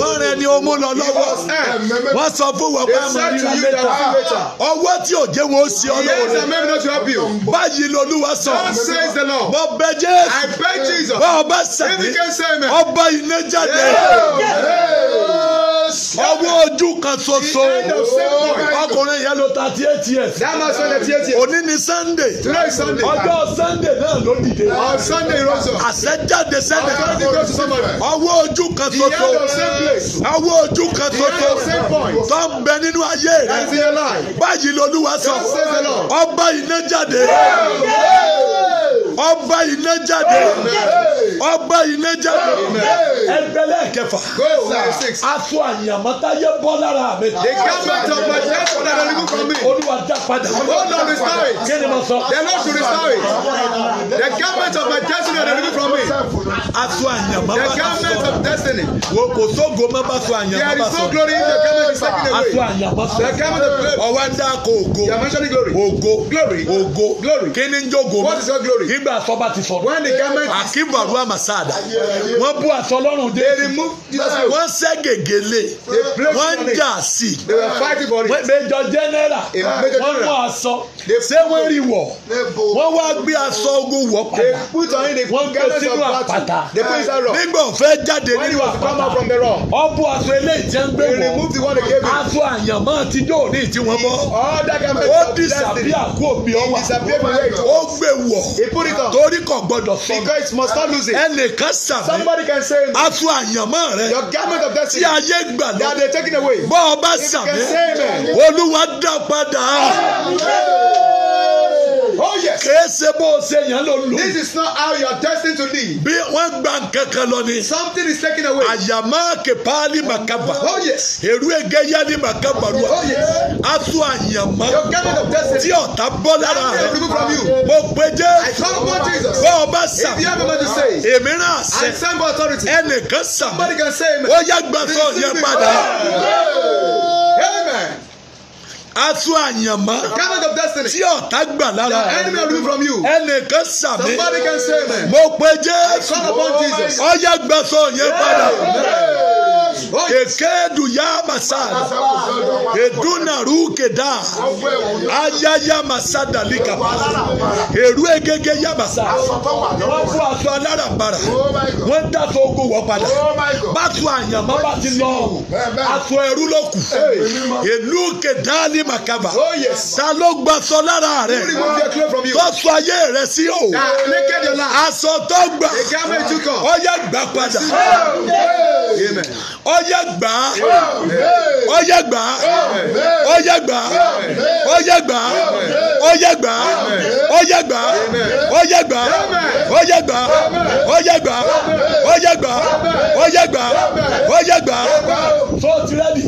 S2: wọ́n rẹ ni ọmú lọ lọ́wọ́ eh, wọ́n sọ fún wọn pé àmọ́ ní ìlẹ́ta ọwọ́ tí ò jẹ́ wọn ó sí ọlọ́run báyìí lolúwa sọ bọ́ bẹ jésù bọ́ ọba sẹ́ni ọba ilé jáde ọwọ́ ojú kan ṣoṣo ọkùnrin yẹn ló ta thirty years òní ni sunday ọjọ́ sunday náà ló dìde on Sunday rose up. àṣẹjáde sẹ́dẹ̀. authority goes to somebody. ọwọ́ ojú kan tó tó. the same place. ọwọ́ ojú kan tó tó. the same point. tó ń bẹ nínú ayé rẹ. as in your life. báyìí lolúwa sọ. God says the Lord. ọba iná jáde. ọba iná jáde. ọba iná jáde. ẹgbẹ́lẹ́ kẹfà. aṣọ àyàmọ́táyé bọ́ lára mi. the government of my church for that legal committee. olúwa dá padà. the Lord restore it. kí ni mo sọ. the Lord should restore it. the government government of my destiny are removed from me. aṣọ the government of destiny. wo kò sógo má bá there is no glory in the government is taken away. aṣọ the government of glory. ọwọ́ ń dá ko ògo. you are mentioning glory. glory ògo glory. kí ni ń jogo. what is your glory. nígbà aṣọ bá ti sọ. when the government. akimbo abu masada. wọ́n bú aṣọ lọ́rùn dé. they remove the aṣọ. wọ́n ṣẹ́ gègéle. they jà sí. they were fighting for it. major general. a major general. wọ́n mú aṣọ. ṣé wọ́n rí wọ̀. wọ́n wá gbé aṣọ ogun wọ̀ pa they put on him the garment of battle they put inside rock. nígbà òfé jáde nínú àpáta ọ̀bù aṣọ eléyìí jẹ́ ń gbé wọn aṣọ àyànmọ́ àtijọ́ òní tí wọ́n mọ́ ó disappear àkó òbí ọwà ó gbé wọ̀ torí kò gbọdọ̀ sọ ẹ lè kán sàmì aṣọ àyànmọ́ rẹ tí ayé gbà lọ bọ́ ọ bá sàmì olúwa dá padà oh yes. kèé ṣe bó o ṣe yàn ló lò. this is not how you are destined to live. bí wọ́n gba nǹkan lọ ni. something is taken away. àyàmá kèpáálí màkàbà. oh yes. èrú ege yálí màkàbàrúwà. oh yes. aṣọ àyàmá. your garment of destiny. tí ọ̀tá bọ́ lára rẹ̀. I will remove from you. mo pe jẹ́. I call upon Jesus. bọ́ bá sà. if you have a man to say. èmi náà sẹ. I send for authority. ẹnìkan sà. somebody can say amen. ó yá gbàsọ̀ yẹn padà. amen a tú àyànmọ́ tí ọ̀tá gbà lára ẹnìkan sàmì mo pe jésù ọ̀yá gbẹ̀sọ̀ yẹn padà kekedu ya masada eduna rukeda aya ya masada likapa eru egege ya masada wọn fún aṣọ alárànbarà oh, wọn dáṣọ ogo wọ padà oh, bàtú àyànmọ́ bá ti lọ aṣọ ẹrú ló kù ìlú ni makaba. oh yes. ta ló gba sọ lára rẹ. tó sọ ayé rẹ sí o. aṣọ tó gbà. ọyẹ gbà padà. ọyẹ gbà. ọyẹ gbà. ọyẹ gbà. ọyẹ gbà. ọyẹ gbà. ọyẹ gbà. ọyẹ gbà. ọyẹ gbà. ọyẹ gbà. ọyẹ gbà. ọyẹ gbà. ọyẹ gbà. so ti rẹ́dì.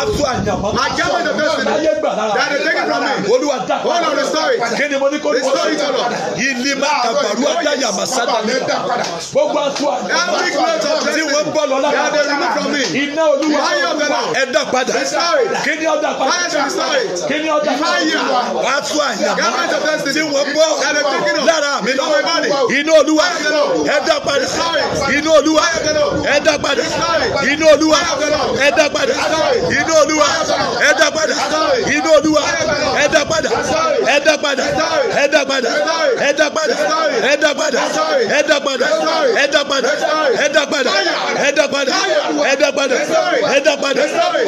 S2: a fún àyàmọ́. àjẹmọ́ ìdọ̀gbẹ́sẹ̀ láyé gbà lára olúwa dà padà kí ni mo ní kó ní wọ́n sọ ìlí máa kàbàrú àdáyà màsádà nígbà gbogbo àtú àdúrà tí wọ́n ń bọ̀ lọ lára iná olúwa ẹ dà padà kí ni ọ̀dà padà kí ni ọ̀dà padà wà á olúwa ẹ padà iná olúwa ẹ padà iná olúwa ẹ̀dá padà ẹ̀dá padà ẹ̀dá padà ẹ̀dá padà ẹ̀dá padà ẹ̀dá padà ẹ̀dá padà ẹ̀dá padà ẹ̀dá padà ẹ̀dá padà ẹ̀dá padà ẹ̀dá padà ẹ̀dá padà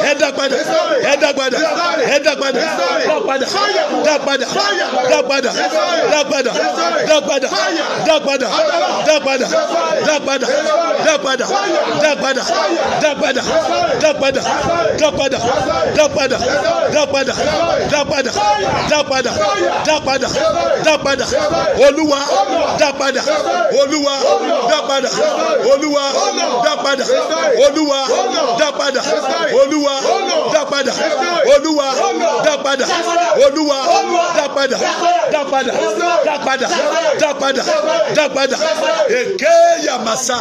S2: ẹ̀dá padà dá padà dá padà dá padà dá padà dá padà dá padà dá padà dá padà dá padà dá padà dá padà dá padà dá padà dá padà dá padà dá padà dá padà dá padà dá padà olúwa dá padà olúwa dá padà olúwa dá padà olúwa dá padà olúwa padà olúwa dá padà olúwa dá padà dá padà dá padà dá padà dá padà èké yamasa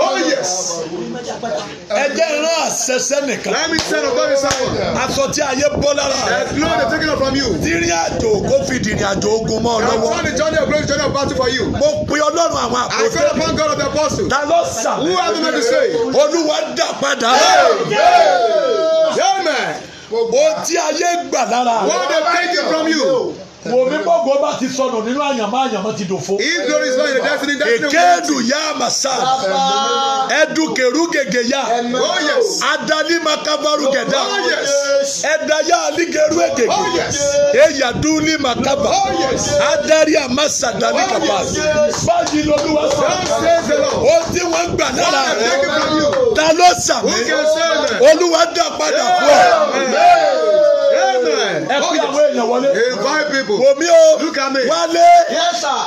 S2: oh yes
S3: ẹ jẹ́ rán
S2: àṣẹṣẹ́ nìkan aṣọ tí ayé bọ́ lára dìrín àjò kó fi dìrín àjò ogun mọ́ ọ lọ́wọ́ mo pe ọlọ́run àwọn àpòtẹ́ ta ló sà olúwa dá padà. Amen ó ti ayé gbà lára. wọ́n dey fight it from you wo mi gbọ́ngàn bá ti sọnù nínú àyàmọ́ àyàmọ́ ti dòfo. if there is no destiny destiny. èkéèdù yá màsà ẹdùkèrú gègé yá oh, oh, adani makabaru gẹ̀dá oh, ẹ̀dá yá alígẹ̀rú ègègè eyàdú makaba adarí àmàsà dání kaba. báyìí lolúwa sọ o tí wọ́n gbà lára rẹ̀ ta ló sàmì olúwa dá padà fún ọ ẹ kú ìyàwó invite people. wòmí o look at me. wálé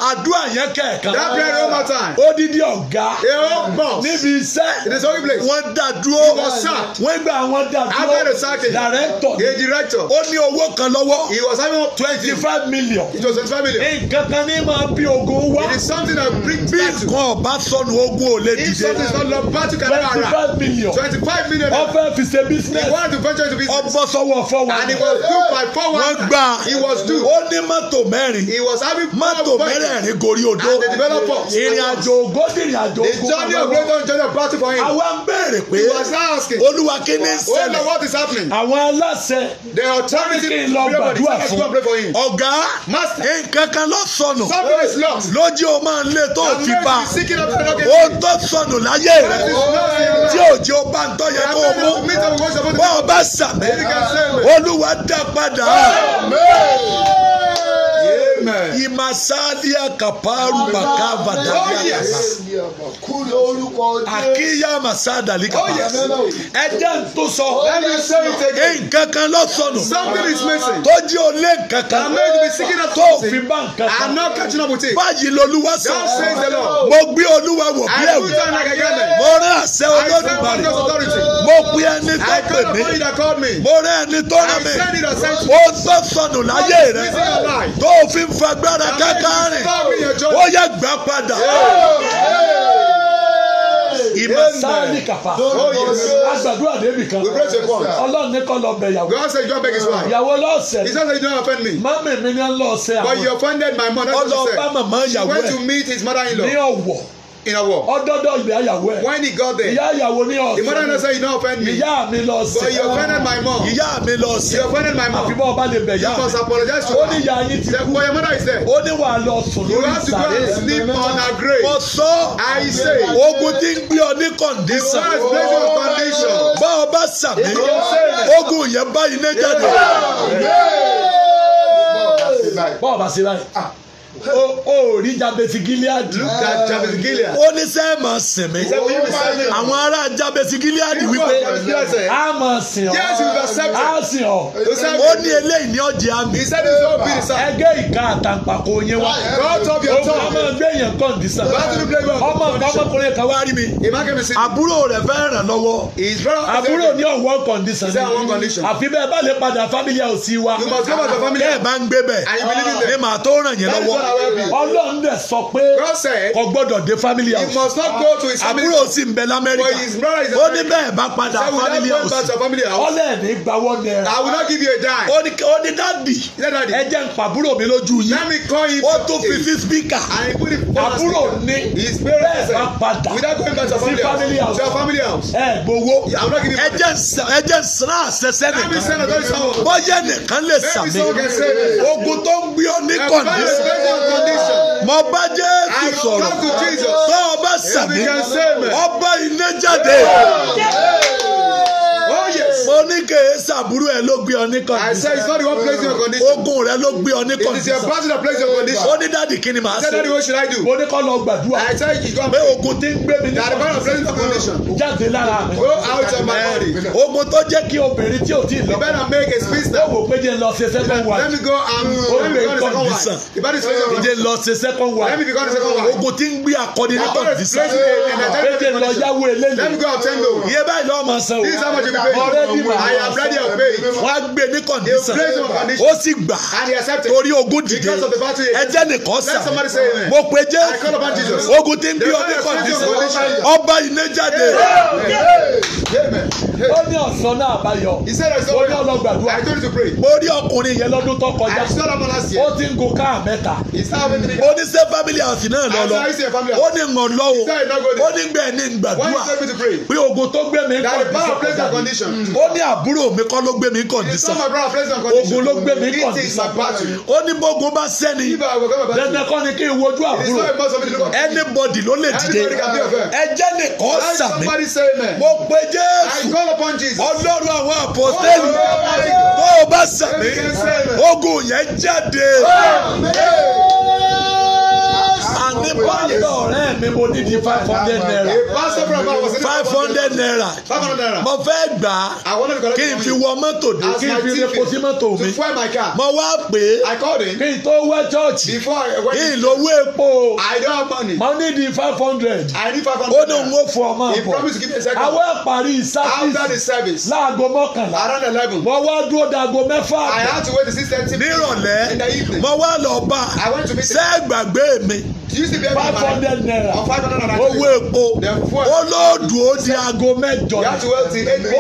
S2: àdúrà yẹn kẹ̀ẹ̀kan. that prayer no matter. odidi ọ̀gá. èrò pọ̀. níbi iṣẹ́. it is only place. wọ́n dà dúró. he was sacked. wọ́n gbà wọ́n dà dúró. after the sacking. director. the director. ó ní owó kan lọ́wọ́. he was having twenty five million. it was twenty five million. nǹkan kan ní máa bí ogun wá. it is something that brings back to. bí nǹkan ọba sọnù ogun ò lè dìde. if something is not love back to canada. twenty five million. twenty five million. ọfẹ́ fi ṣe business. he wanted to venture into business. ọgbọ́sọ̀wọ́ fọwọ́. and he was duped by poor workers. wọ́n gbà he was duped. ó ní mọ́tò mẹ́rin. he was having mọ́tò mẹ́rẹ̀ẹ̀rin gorí odó. and the developers. ìrìn àjò ògo ní ìrìn àjò ògo. the journey of great for him. àwa ń bẹ̀rẹ̀ pé. asking. olúwa kí ni ṣẹlẹ̀. what is happening. àwọn aláṣẹ. the authority in law gbàdúrà fún. ọ̀gá nǹkan kan ló sọnù. something is lost. lójú o máa ń lé tó fi bá. o tó sọnù láyé rẹ. Oh, tí òjò bá ń tọ́ yẹ kó o mú. bọ́ọ̀ bá sàmẹ́. olúwa dá padà.
S3: Amen
S2: imasadia kaparu makava oh, dalia
S1: akiya
S2: masada likapa oh, ẹjẹ n tó sọ nǹkan kan lọ sọnù tó jí o lé nǹkan kan tó fi bá nǹkan kan báyìí lolúwa sọ mo gbé olúwa wò bí ẹwù mo rán àṣẹ olódùmarè mo pe ẹni tó pè mí mo rán ẹni tó rán mi ó sọ sọnù láyé rẹ tó fi fagbára kankan rìn ó yẹ gbà padà
S3: ìmọ̀ sáàlì kàfà agbàdúrà
S2: débi kan ọlọ́run ní kọ́ lọ bẹ̀ yàwó yàwó lọ́sẹ̀ mọ́mì mi ni ọlọ́sẹ̀ àwọn ọlọ́ọ̀bá màmá yàwó ẹ̀ ní ọ̀wọ̀ in a war. ọdọọdọ ìyá ìyàwó ẹ. when he got there. ìyá ìyàwó ní ọ̀sán. the mother now say you no offend me. ìyá mi lọ sí. but you offended my mom. ìyá mi lọ sí. you offended my mom. àfibọ́ ọba lè bẹ̀ yá. you must apologize to her. ó ní ìyá yín ti kú. therefore your mother is there. ó ní wàá lọ sùn lórí ìsàlẹ̀. you have to go and sleep on her grave. mo sọ. I say. ogun ti ń gbé ọ ní condition. the world place your condition. bá ọba sàmì. ogun yẹn báyìí ní jáde. bọ́ọ̀ bá ṣe báyìí o rí jabesi gileadi. luka jabesi gileadi. ó ní sẹ́ẹ̀ máa sìn mí. àwọn ará jabesi gileadi wípé a máa sìn ọ́ a sìn ọ́ ó ní eléyìí ní ọ̀jẹ̀ àmì. ẹgẹ́ ìka àtàǹpàkò yẹn wá. ogun ọmọ ẹgbẹ́ yẹn kọ́ndísà. ọmọ ọmọkùnrin kan wá rí mi. àbúrò rẹ̀ fẹ́ ràn lọ́wọ́. àbúrò ní ọ̀wọ́ kọ́ndísà ni. àfi bẹ́ẹ̀ bá lè padà fámílì àwòsí wa. kẹ́ ẹ̀ bá ń gbé bẹ̀ ẹ̀ máa tó ràn yẹn lọ́wọ́ ọlọ́run dẹ̀ sọ pé kò gbọ́dọ̀ dé family house àbúrò sì ń bẹ lamẹ́ríkà ó ní bẹ́ẹ̀ bá padà family house ọlẹ́ ní gbawọ́ náírà ó ní dáàdì ẹ jẹ́ n pa àbúrò mi lójú yín ó tún fi sí spíkà àbúrò ní bẹ́ẹ̀ bá padà sí family house ẹ gbowó ẹ jẹ́ sàn àṣẹṣẹ́ nìkan bọ́yẹ̀ nìkan lè sàmì ogun tó ń gbé ọ ní kọ̀ọ̀dẹ́sì mo bá jésù sọ̀rọ̀ tó o bá sàmì ọba iná jáde mo ní kèé sàbúrú ẹ ló gbé ọ ní condition. I said it's not the one placing your condition. ogun rẹ ló gbé ọ ní condition. it is your place that placed your condition. ó ní dáàdì kí ni màá ṣe. I said daddy what should I do. mo ní kọ́ lọ gbàdúrà. I said you don't. pé ogun ti ń gbé mi ní condition. jáde lára mi. go out of my body. ogun tó jẹ́ kí obìnrin tí ò tí lọ. you make a speech ó wò pé jẹ́ um, lọ ṣe second wife. let me go and let me go to second wife. the jẹ́ lọ ṣe second wife. let me go to second wife. ogun ti ń gbé akọni ní condition. pé jẹ́ lọ yáwó eléyìí. let me go obtain loan. iye báyìí lọ́ọ́ máa san o. this is how much you be wọ́n á gbé ní kọ̀ndísàn ó sì gbà torí ogun dìde ẹjẹ́ nìkan sà mo pe jésù ogun ti ń bí ọ ní kọ̀ndísàn ọba ilé jáde ó ní ọ̀sán náà àbáyọ ó to ọlọ́gbàdúrà mo rí ọkùnrin yẹn lọ́dún tó kọjá ó ti ń gun káà mẹ́ta ó ní ṣé family house náà lọ lọ ó ní ń lọ o ó ní gbẹ ní gbàdúrà pé ogun tó gbé mi ń condition ó ní àbúrò mi kọ́ ló gbé mi ń condition ogun ló gbé mi ń condition ó ní bógun bá sẹ́ni dandan kọ́ ni kí n wojú àbúrò anybody ló lè dìde ẹjẹ́ nìkan sàmì mo pe Jésù call upon Jesus. Ọlọ́run àwọn àpọ́sẹ́lì tó o bá sàmì ogun yẹn jáde
S3: and ní pálí
S2: ọ̀rẹ́ mi mo ní di five hundred naira five hundred naira mo fẹ́ gbà á kí n fi wọ mọ́tò dé kí n fi epo sí mọ́tò mi mo wá pé kí n tó wá chọ́ọ̀chì kí n lo owó epo mo ní di five hundred ó ní òun ó fún ọmọ àbọ̀ àwọn àparí service láago mọ́kànlá mo wá dúró dago mẹ́fà àbọ̀ nírọ̀lẹ́ mo wá lọ bá sẹ́gbàgbé mi five hundred naira owó epo olóòdù ó di aago mẹ́jọ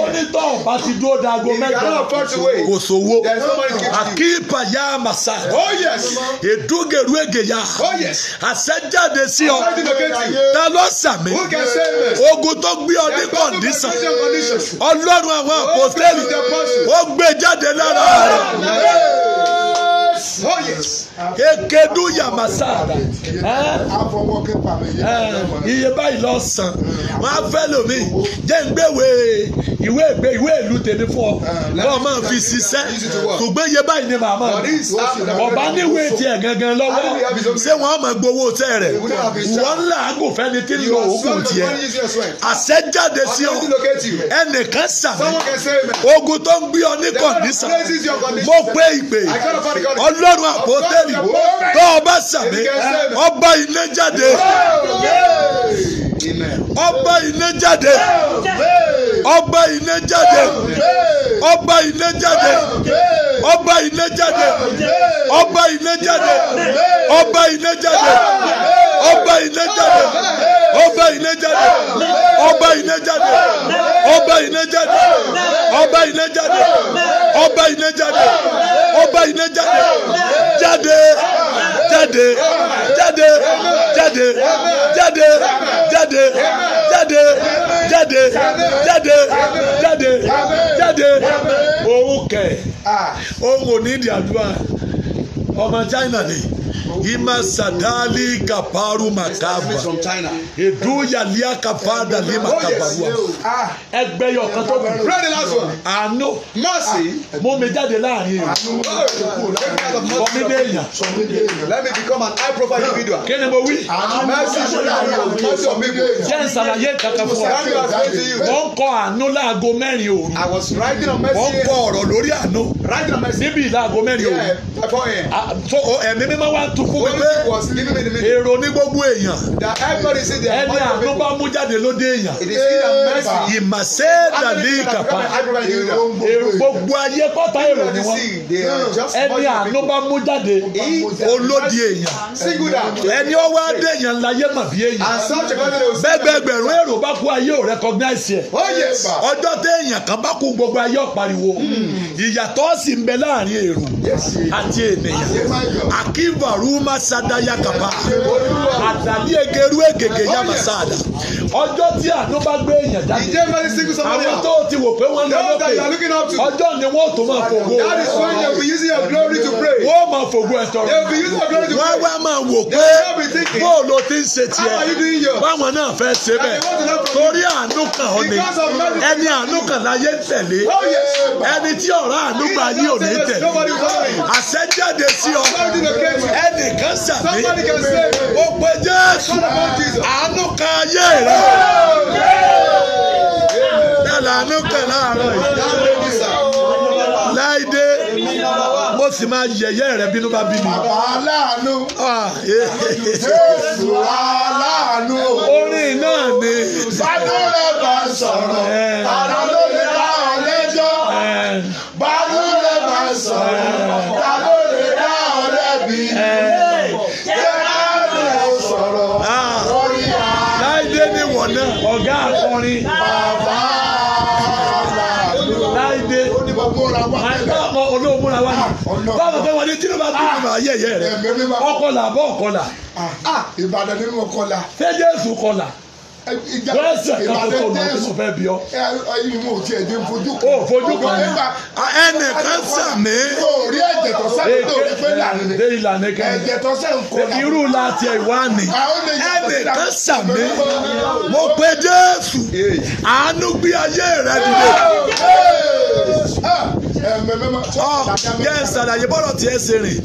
S2: onítọ̀ bá ti dúró di aago mẹ́jọ kò sówó àkíyèpà yá màsà oh, èdúgèrúgè oh, yá àṣẹjáde sí ọ ta ló sàmì ogun tó gbé ọ ní kọ̀ǹdísàn ọlọ́run àwọn àpòtẹ́lì oh, ó gbé jáde lára rẹ yes oh yes kekedu yamasada iye báyìí lọ sàn wọn á fẹ́ lómi jẹ́ ń gbéwé ìwé ìgbé ìwé ìlú tèmi fún ọ kọ́ ọ máa fi ṣiṣẹ́ ṣùgbọ́n iye báyìí ni màmá ọba níwé tiẹ̀ gangan lọ́wọ́ ṣé wọn á máa gbowó tẹ́ rẹ̀ wọ́n là á kò fẹ́ni tí ń lo oògùn tiẹ̀ àṣẹ jáde sí ọ ẹnìkan sàmì ogun tó ń gbé ọ ní kọ̀ǹdísà mo pé ìpè ọ ọlọ́run àpótẹ́rì tó ọba sàmì ọba ilé jáde ọba ilé jáde ọba ilé jáde ọba ilé jáde ọba ilé jáde ọba ilé jáde ọba ilé jáde ọba ilé jáde ọba ilé jáde ọba ilé jáde ọba ilé jáde ọba ilé jáde ọba ilé jáde ọba ilé jáde jáde jáde jáde jáde jáde jáde jáde jáde jáde jáde jáde òun kẹ òun ò ní ìdí àdúrà ọmọ China ni ima sadali kaparu makaba edu yalia kapada lima oh, kabarua ah. ẹgbẹ́ yọ kan tó kù àánú ah. mo mercy. jáde láàrin yìí kọ́mí dé èèyàn. let me become an high profile individual. kí ni mo wí. jẹ́ n ṣàlàyé kankan fún ọ. wọ́n kọ àánú láago mẹ́rin òru. wọ́n kọ ọ̀rọ̀ lórí àánú níbi ìlàago mẹ́rin òru. Ah, oh, ẹ̀mí mímọ́ wá tú fún mi pé èrò ní gbogbo èèyàn ẹni àánú bá mú jáde ló dé èèyàn ìmàṣẹ́ dàbí ìkàpá èrò gbogbo ayé pátá èrò ni wọ́n ẹni àánú bá mú jáde olódi èèyàn ẹni ó wá dé èèyàn láyé mà bí èèyàn bẹ́gbẹ̀gbẹ̀rún èrò bá kú ayé ò rẹ́kọ̀gnáìsì ẹ̀ oh, ọjọ́ téèyàn kan bá kú gbogbo ayé ọ̀pariwo hmm. ìyàtọ̀ sì ń bẹ láàrin èrò àti ènìyàn akínbàrú ruma sada yakapa àtàlí egeru egege yamasada ọjọ́ tí àánú bá gbé èèyàn jáde àwọn tó ti wò pé wọ́n lọ lókè ọjọ́ ni wọ́n tó máa fògo wọ́n máa fògo ẹ̀tọ́ rẹ̀ wọ́n wá máa wò pé bóòlù ti ń ṣe tiẹ̀ báwọn náà fẹ́ ṣe bẹ́ẹ̀ torí àánú kan ọ ni ẹni àánú kan láyé ń tẹ̀lé oh, ẹni tí ọ̀rá àánú gba yí ò ní tẹ̀lé àṣẹ jáde sí ọ ẹni ẹnìkan sàmì ó pe jésù àánú kan ayé rẹ dáadáa àánú kan láàárọ̀ yìí láìdé mo sì máa yẹ̀yẹ́ rẹ bínú bá bí mi. àwa aláàánú ah, jésù aláàánú orin náà ni. fàdúrà bá sọ̀rọ̀ eh. àlọ́. ọkùnrin. bàbá
S1: àlàlù. láìdé àìsàn olóògùn ra wá ní. Ah, báwo pé wọn ní tí ló bá tún ah, ìmọ̀ ayé yẹ rẹ ọkọlà àbọ̀ ọkọlà. Ah, Ìbàdàn nínú ọkọlà. ṣé Jésù kọlà lọ́sẹ̀ kan tó lọ tí mo o fojú kan ní. Ah, ẹnì kan sàmì. orí ẹ̀jẹ̀ tó sẹ́yìn
S2: tó rí lànà. dé ẹ̀jẹ̀ tó sẹ́yìn kò lànà. irú láti ẹ̀wá ni.
S1: Ah, ẹnì kan sàmì.
S2: mo pe Jésù. àánú gbé ayé rẹ dìde. Ah!
S1: ọ jẹ́
S2: ẹ ṣàlàyé bọ́lọ̀ tí ẹ ṣe rìn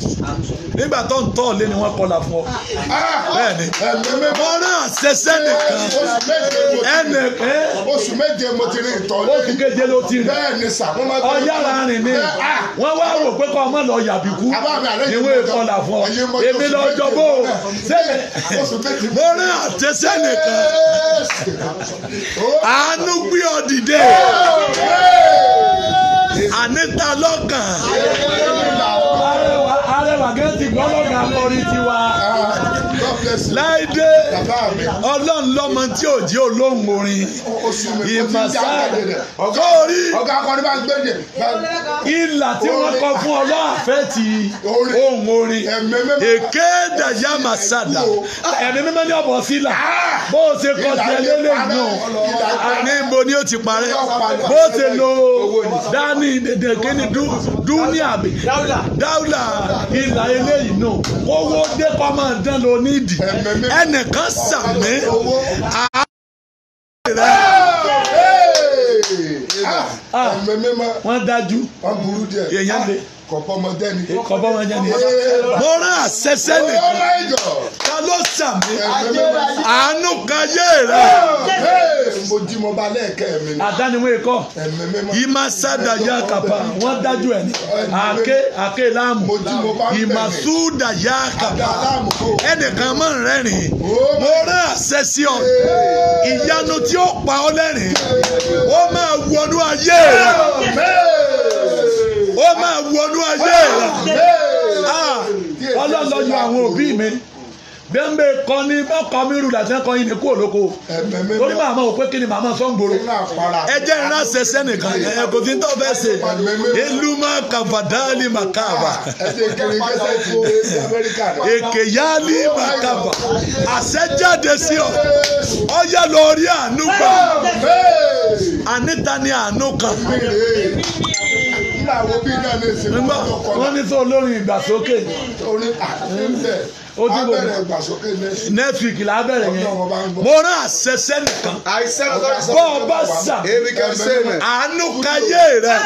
S2: nígbà tó ń tọ́ lé ni wọ́n kọlà fún ọ bẹ́ẹ̀ ni wọ́n náà ṣẹṣẹ́ nìkan ẹnì pé oṣù méje mo ti rìn tọ́ lé oṣù méje ló ti rìn bẹ́ẹ̀ ni sà wọ́n máa tọ́ ọ̀yára rìn ni wọ́n wá rò pé kọ́ ọmọ lọ yàbí kú ìwé kọlà fún ọ èmi lọ jọ bó o sẹ́lẹ̀ mo náà ṣẹṣẹ́ nìkan àánú gbé ọ dìde àníta lọ́gàn. arẹwà arẹwà gẹ́gẹ́ ti gbọ́ tiwa láìdé ọlọ́run lọ́mọ tí ò jí olóhùn orin ìmọ̀sá kọ́ orí ìlà tí wọ́n kọ fún ọlọ́run àfẹ́ ti ohùn orin èké dàjà màsàdà ẹ̀mí mímọ́ ní ọ̀bọ̀ sílà ah! bó o ṣe kọ tiẹ̀ lélẹ̀ yàn àní ibo ni ó ti parẹ́ bó o ṣe lo dání dèkéni dúníà dáúlà ìlà eléyìí náà owó dé kọ́ máa dán lọ nídìí ẹnìkan sàmì
S1: àárẹ̀ rẹ̀ wọ́n dájú èèyàn ah, lè kọ̀bọ́mọdé ni. kọ̀bọ́mọdé ni. mo rán àṣẹṣẹ nìkan.
S2: ta ló sàmì. àánú kan yé rẹ. mo jí mo ba lẹ́ẹ̀kẹ́ mi. àdánimọ̀ ikọ̀. ìmọ̀ sádàjà kàpà wọ́n dájú ẹ̀ ní. àké àké láàmù. ìmọ̀ súdàjà ẹnìkan mọ̀ rẹ́rìn. mo rán àṣẹṣẹ ọ̀. ìyanu tí ó pa ọ́ lẹ́rìn. ó máa wọnú ayé rẹ ó máa wọnú ayé rẹ ah, ọlọ́lọ́ yọ àwọn òbí mi bẹ́ẹ̀mbẹ́ kọ́ ní bọ́kọ́ mi rú làtí ẹ̀kọ́ yìí ní kú òlóko torí màmá ò pé kí ni màmá sọ ń gbòòrò ẹ jẹ́ ìránṣẹ́ sẹ́nìkan ẹ kò fi ń tọ́ bẹ́ẹ̀ ṣe ìlú máa kàfà dáálì máa kàfà èkè yálì máa kàfà àṣẹjáde sí ọ ọyẹ lọ àánú gbà àníta ni àánú kan
S1: làwọn bí náà lè ṣe. wọ́n
S2: ní sọ olórin ìgbàsókè ó ti gbogbo next week la bẹ̀rẹ̀ yẹn mo rán àṣẹṣẹ nìkan bọ́ ọ bá sà àánú kayé rẹ̀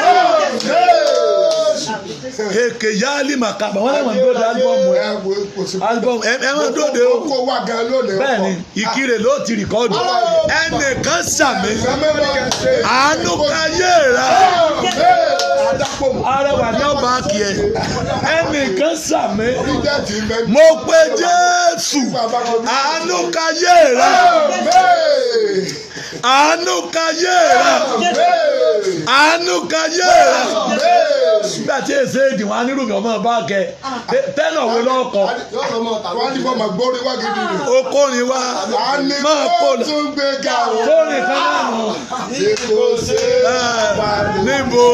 S2: kèké yáálì màkàbà wọn làwọn dóde álbọ̀mù ẹ álbọ̀mù ẹ wọn dóde o bẹ́ẹ̀ni ìkirè ló ti rìkọ́dù ẹnìkan sàmì àánú kayé rẹ̀ arẹwà ní ọba kìí ẹ ẹnìkan sàmì mo pé Jésù àánú kayé rẹ àánú kayé rẹ àánú kayé rẹ nígbà tí èsè èdè wọn anírùmí ọmọ bá kẹ
S3: tẹ́nà wo lọ́kọ̀
S2: okòrin wa máa kó lọ kórin kan náà nù níbo.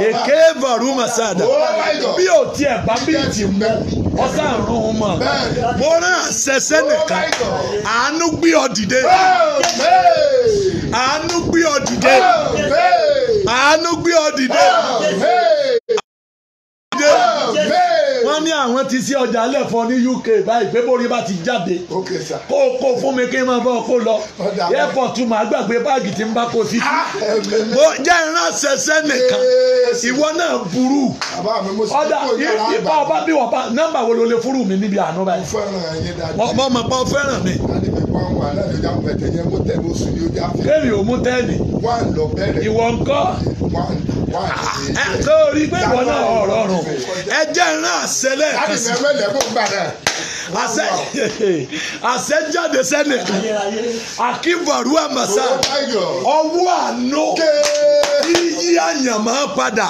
S2: èké bàrú sada. Bi o tiẹ̀ bá bí ti mú ọ̀sán àrùn òun mọ̀ mo rán Anu nìkan àánú Anu ọ dìde Anu gbé ọ àwọn ti ṣí ọjà lẹ́fọ́ ní UK báyìí pé bórí bá ti jáde kó kó fún mi kí n máa bọ́ kó lọ airport mà gbàgbé báàgì tí n bá kó sí. Ah, jẹ́ ìránṣẹ́ sẹ́nìkan ìwọ náà burú
S1: ọ̀dà ìbá
S2: ọba bí wọ́n bá nọ́mbà wo ló lè fúrú mi níbi àánú báyìí mo mọ̀ pé o fẹ́ràn mi
S1: kéèmì ò mú tẹ́ẹ̀lì ìwọ ńkọ́ tó rí pé ìwọ náà ọ̀rọ̀ ọ̀rọ̀
S2: ẹ jẹ́ ìran àṣẹlẹ̀ kan sí àṣẹ àṣẹ jáde sẹ́nẹ̀ akínbọ̀rú àmàṣà ọwọ́ àánú yíyí àyàmọ́ padà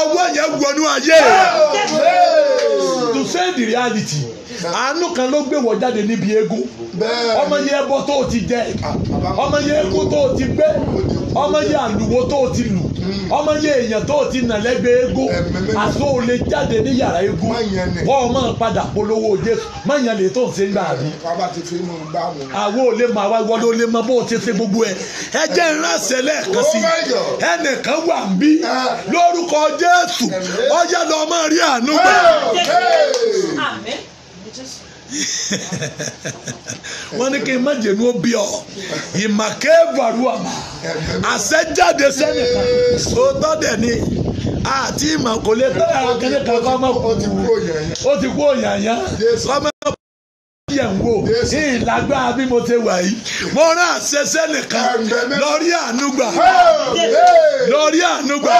S2: ọwọ́ yẹn gbọ́nú ayé to say the reality àánú kan ló gbé wọ jáde níbi eégún ọmọ yẹ ẹbọ tó o ti jẹ ah, ọmọ yẹ eégún tó ti gbé ọmọ yẹ àlùwò tó ti lù ọmọ yẹ èèyàn tó ti nà lẹ́gbẹ̀ẹ́ eégún àṣọ ò lè jáde ní yàrá eégún wọ́n ọmọ padà polówó jésù mọ̀nyẹn lè tó ń ṣe gbà rí. àwọn ò lè mọ àwa ìwọ ló bó o ti ṣe gbogbo ẹ ẹ jẹ́ ìránṣẹ́ sí ẹnìkan wà ń bí ah. lórúkọ jésù ọjà lọ́mọ rí àánú gbà wọ́n ní kí n má jẹ̀nu ó bí ọ ìmàkẹ́ varuama àṣẹjáde sẹ́nì sótọ́ dẹ̀ ni àti ìmàkòlé tẹ́lẹ̀ àkẹ́lẹ́ kankan ọmọ ó ti kú òyàyà yẹ̀ ń wò ìlágbára bí mo ti wà yìí mo rán àṣẹṣẹ nìkan lórí ànúgbà lórí ànúgbà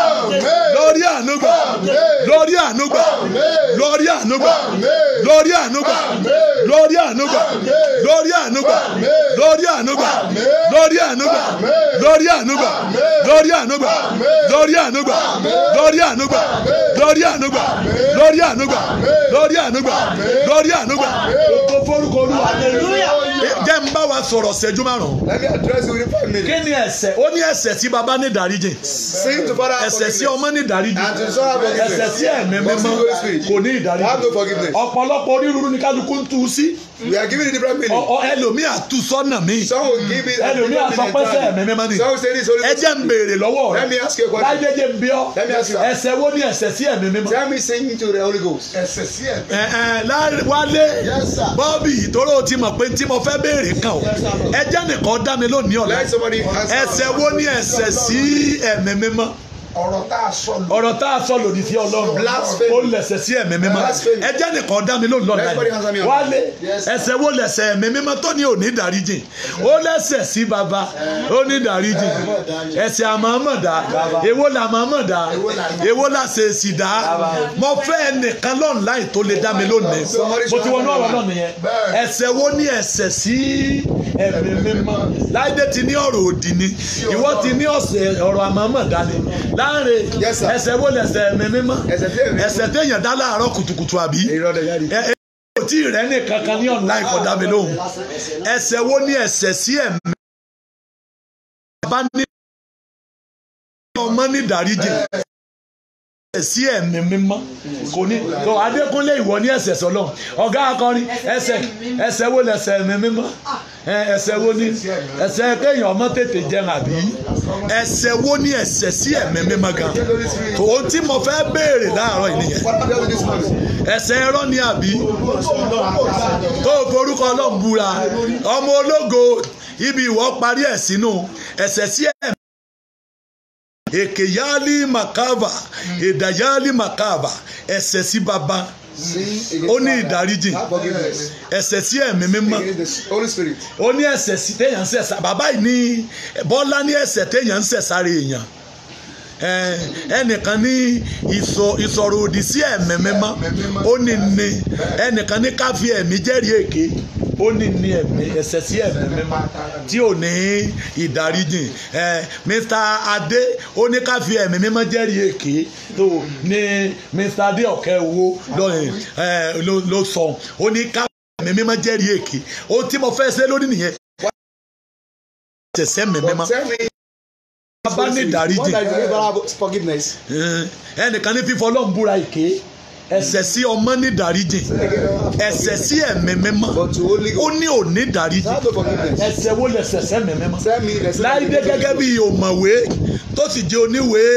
S2: lórí ànúgbà lórí ànúgbà lórí ànúgbà lórí ànúgbà lórí ànúgbà lórí ànúgbà lórí ànúgbà lórí ànúgbà lórí ànúgbà lórí ànúgbà lórí ànúgbà lórí ànúgbà lórí ànúgbà lórí ànúgbà lórí ànúgbà lórí ànúgbà gbogbo fóró orúkọ olúwa. jẹ́ n wá sọ̀rọ̀ ṣẹ́jú márùn-ún. let me address you in five minutes. kí ni ẹ̀ṣẹ̀. ó ní ẹ̀ṣẹ̀ tí baba ní ìdáríjì. sin to father forgiveness. ẹ̀ṣẹ̀ tí ọmọ ní ìdáríjì. and to son have forgiveness. ẹ̀ṣẹ̀ tí ẹ̀mí mímọ́ kò ní ìdáríjì. have no forgiveness. ọ̀pọ̀lọpọ̀ onírúurú ni kálukú ń tu sí. we are giving it different meaning. ọ ẹlòmíà tu sọ́nà mi. some will give it different meaning. ẹlòmíà sọ pé sẹ́ ẹ̀mí mímọ́ ni. some will say this only. ẹ jẹ́ let me ask you let me ask you a question. ẹ̀ṣẹ̀ wo ni ẹ̀ṣẹ̀ sí ẹ̀mí me sin to the holy ghost. ẹ̀ṣẹ̀ sí ẹ̀mí. ẹ ẹ wálé bọ́ọ̀bì ìtòrò ti mọ̀ pé ẹjẹ́ nìkan dá mi lónìí ọ̀la ẹ̀ṣẹ̀ wo ni ẹ̀ṣẹ̀ sí ẹ̀mí ọ̀rọ̀ tá a sọ lòdì ọ̀rọ̀ tá a sọ lòdì sí ọlọ́run ó lẹ̀sẹ̀ sí ẹ̀mí mímọ́ ẹjẹ́ nìkan dá mi lónìí lọ́la yìí wálé ẹ̀ṣẹ̀ wo lẹ̀ṣẹ̀ ẹ̀mí mímọ́ tó ní òní dáríjì ó lẹ̀ṣẹ̀ sí baba ó ní dáríjì ẹ̀ṣẹ̀ àmọ́mọ́dá èwo là àmọ́mọ́dá èwo là ṣe èsì dá mo fẹ́ ẹnìkan lọ́n láì tó lè dá mi lónìí mo ti wọnú ọ̀rọ̀ lọ́nìí yẹn ẹ̀ṣẹ̀ wo ní ẹ̀ṣẹ̀ sí ẹ̀mí mímọ́ láìdé ti ní ọ̀rọ̀ òdì ni ìwọ ti ní ọ̀rọ̀ àmọ́mọ́dá ni lá dáre ẹsẹ̀ wo lẹsẹ̀ mi mímọ́ ẹsẹ̀ téèyàn dá láàárọ̀ kùtùkùtù àbí ẹ tí rẹ ní kankan ní ọ̀nà ìkọ̀dá mi lóhùn
S3: ẹsẹ̀ wo ni ẹsẹ̀ sí ẹ̀mí bá ní ọmọ ní ìdáríjì
S2: sí ẹ̀mí mímọ́ kò ní Adékúnlé ìwọ ní ẹsẹ̀ sọ́lọ́ ọ̀gá akọrin ẹsẹ̀ ẹsẹ̀ wo lẹsẹ̀ ẹ̀mí mímọ́ ẹsẹ̀ wo ni ẹsẹ̀ kéèyàn ọmọ tètè jẹun àbí ẹsẹ̀ wo ni ẹsẹ̀ sí ẹ̀mí mímọ́ gan òun tí mo fẹ́ béèrè láàárọ̀ yìí ẹsẹ̀ ẹ̀rọ ni àbí tó forúkọ Ọlọ́run búra ọmọ ológo ibi ìwọ parí ẹ̀ sínú ẹsẹ̀ sí ẹ̀mí èkèyálì makava ìdàyálì makava ẹ̀ṣẹ̀ sí baba ó ní ìdáríjì ẹ̀ṣẹ̀ sí ẹ̀mí mímọ́ ó ní ẹ̀ṣẹ̀ sí téèyàn ń ṣẹ̀ sá bàbá yìí ní bọ́lá ní ẹ̀ṣẹ̀ téèyàn ń ṣẹ̀ sáré èèyàn ẹnìkan ní ìsọ̀rọ̀ òdì sí ẹ̀mí mímọ́ ó ní ní ẹnìkan ní káfí ẹ̀mí jẹ́rìí èké ó ní ní ẹ̀mí ẹ̀ṣẹ̀ sí ẹ̀mí mímọ́ tí ò ní ìdáríjìn ẹ̀ Mr Adé ó ní káfí ẹ̀mí mímọ́ jẹ́rìí èké tó ní Mr Adé ọ̀kẹ́ owó ló sọ ó ní káfí ẹ̀mí mímọ́ jẹ́rìí èké ó tí mo fẹ́ ṣe lórí nìyẹn bá ní ìdáríjì eh, ẹnìkan ní fífọ́ ọlọ́run búra ìké ẹ̀ṣẹ̀ sí ọmọ ní ìdáríjì ẹ̀ṣẹ̀ sí ẹ̀mí mímọ́ ó ní òní ìdáríjì ẹ̀ṣẹ̀ wo lè ṣẹ̀ṣẹ̀ ẹ̀mí mímọ́ láìdé gẹ́gẹ́ bí òmọ̀wé tó sì jẹ́ oníwèé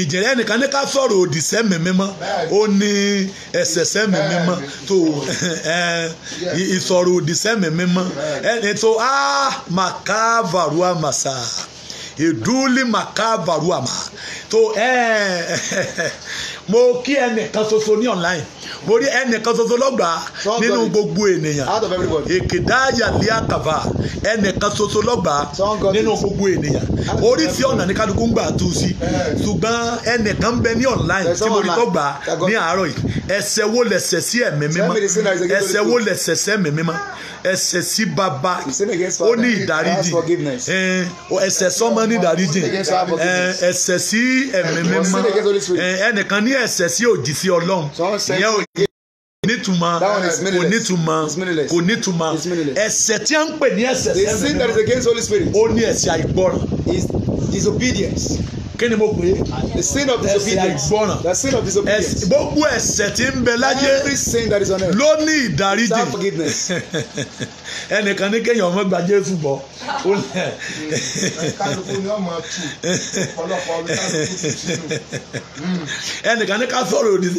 S2: ìjìnlẹ̀ ẹnìkan ní ká sọ̀rọ̀ òdì sẹ́mi mímọ́ ó ní ẹ̀ṣẹ̀ sẹ́mi mímọ́ tó ìsọ̀rọ̀ òdì sẹ́mi mímọ́ ẹni tó á màkà varua màsà ìdúlí màkàbàrú àmà tó mo kí ẹnìkan ṣoṣo ní online mo rí ẹnìkan ṣoṣo lọ́gbàá nínú gbogbo ènìyàn èkìdáyà lé àkàfà ẹnìkan ṣoṣo lọ́gbàá nínú gbogbo ènìyàn oríṣi ọ̀nà ní kálukú ń gbà tú sí eh. ṣùgbọ́n ẹnìkan ń bẹ ní online tí mo rí tọ́gbà ní àárọ̀ yìí ẹ̀ṣẹ̀ wo lẹ̀ṣẹ̀ sí ẹ̀mí mímọ́ ẹ̀ṣẹ̀ wo lẹ̀ṣẹ̀ sí ẹ̀mí mímọ́ ẹ̀ṣẹ̀ sí baba ó ní ìdáríjì eh, ẹ̀ṣẹ̀ sọ́mọ ní ìdáríjì eh, ẹ̀ṣẹ̀ sí ẹ̀mí mímọ́ ẹnìkan ní ẹ̀ṣẹ̀ sí òjì sí ọlọ́run ìyẹn onítùmọ̀ onítùmọ̀ onítùmọ̀ ẹ̀ṣẹ̀ tí a ń pè ní ẹ̀ṣẹ̀ sẹ́mi náà o ní ẹ̀ṣẹ̀ àìgbọràn. is disobedience kí ni mo pè é. the sin of disobedience. ẹ̀ṣẹ̀ àìgbọràn. the sin of disobedience. gbogbo ẹ̀ṣẹ̀ tí ń bẹ láyé. every sin that is on earth. ló ní ìdáríjì. without forgiveness. ẹnìkan ní kéèyàn ọmọ gba Jésù bọ̀. kálukú ni ọmọ tù ọ̀pọ̀lọpọ̀ kálukú ti tù. Hmm. ẹnìkan ní ká sọ̀rọ̀ òdì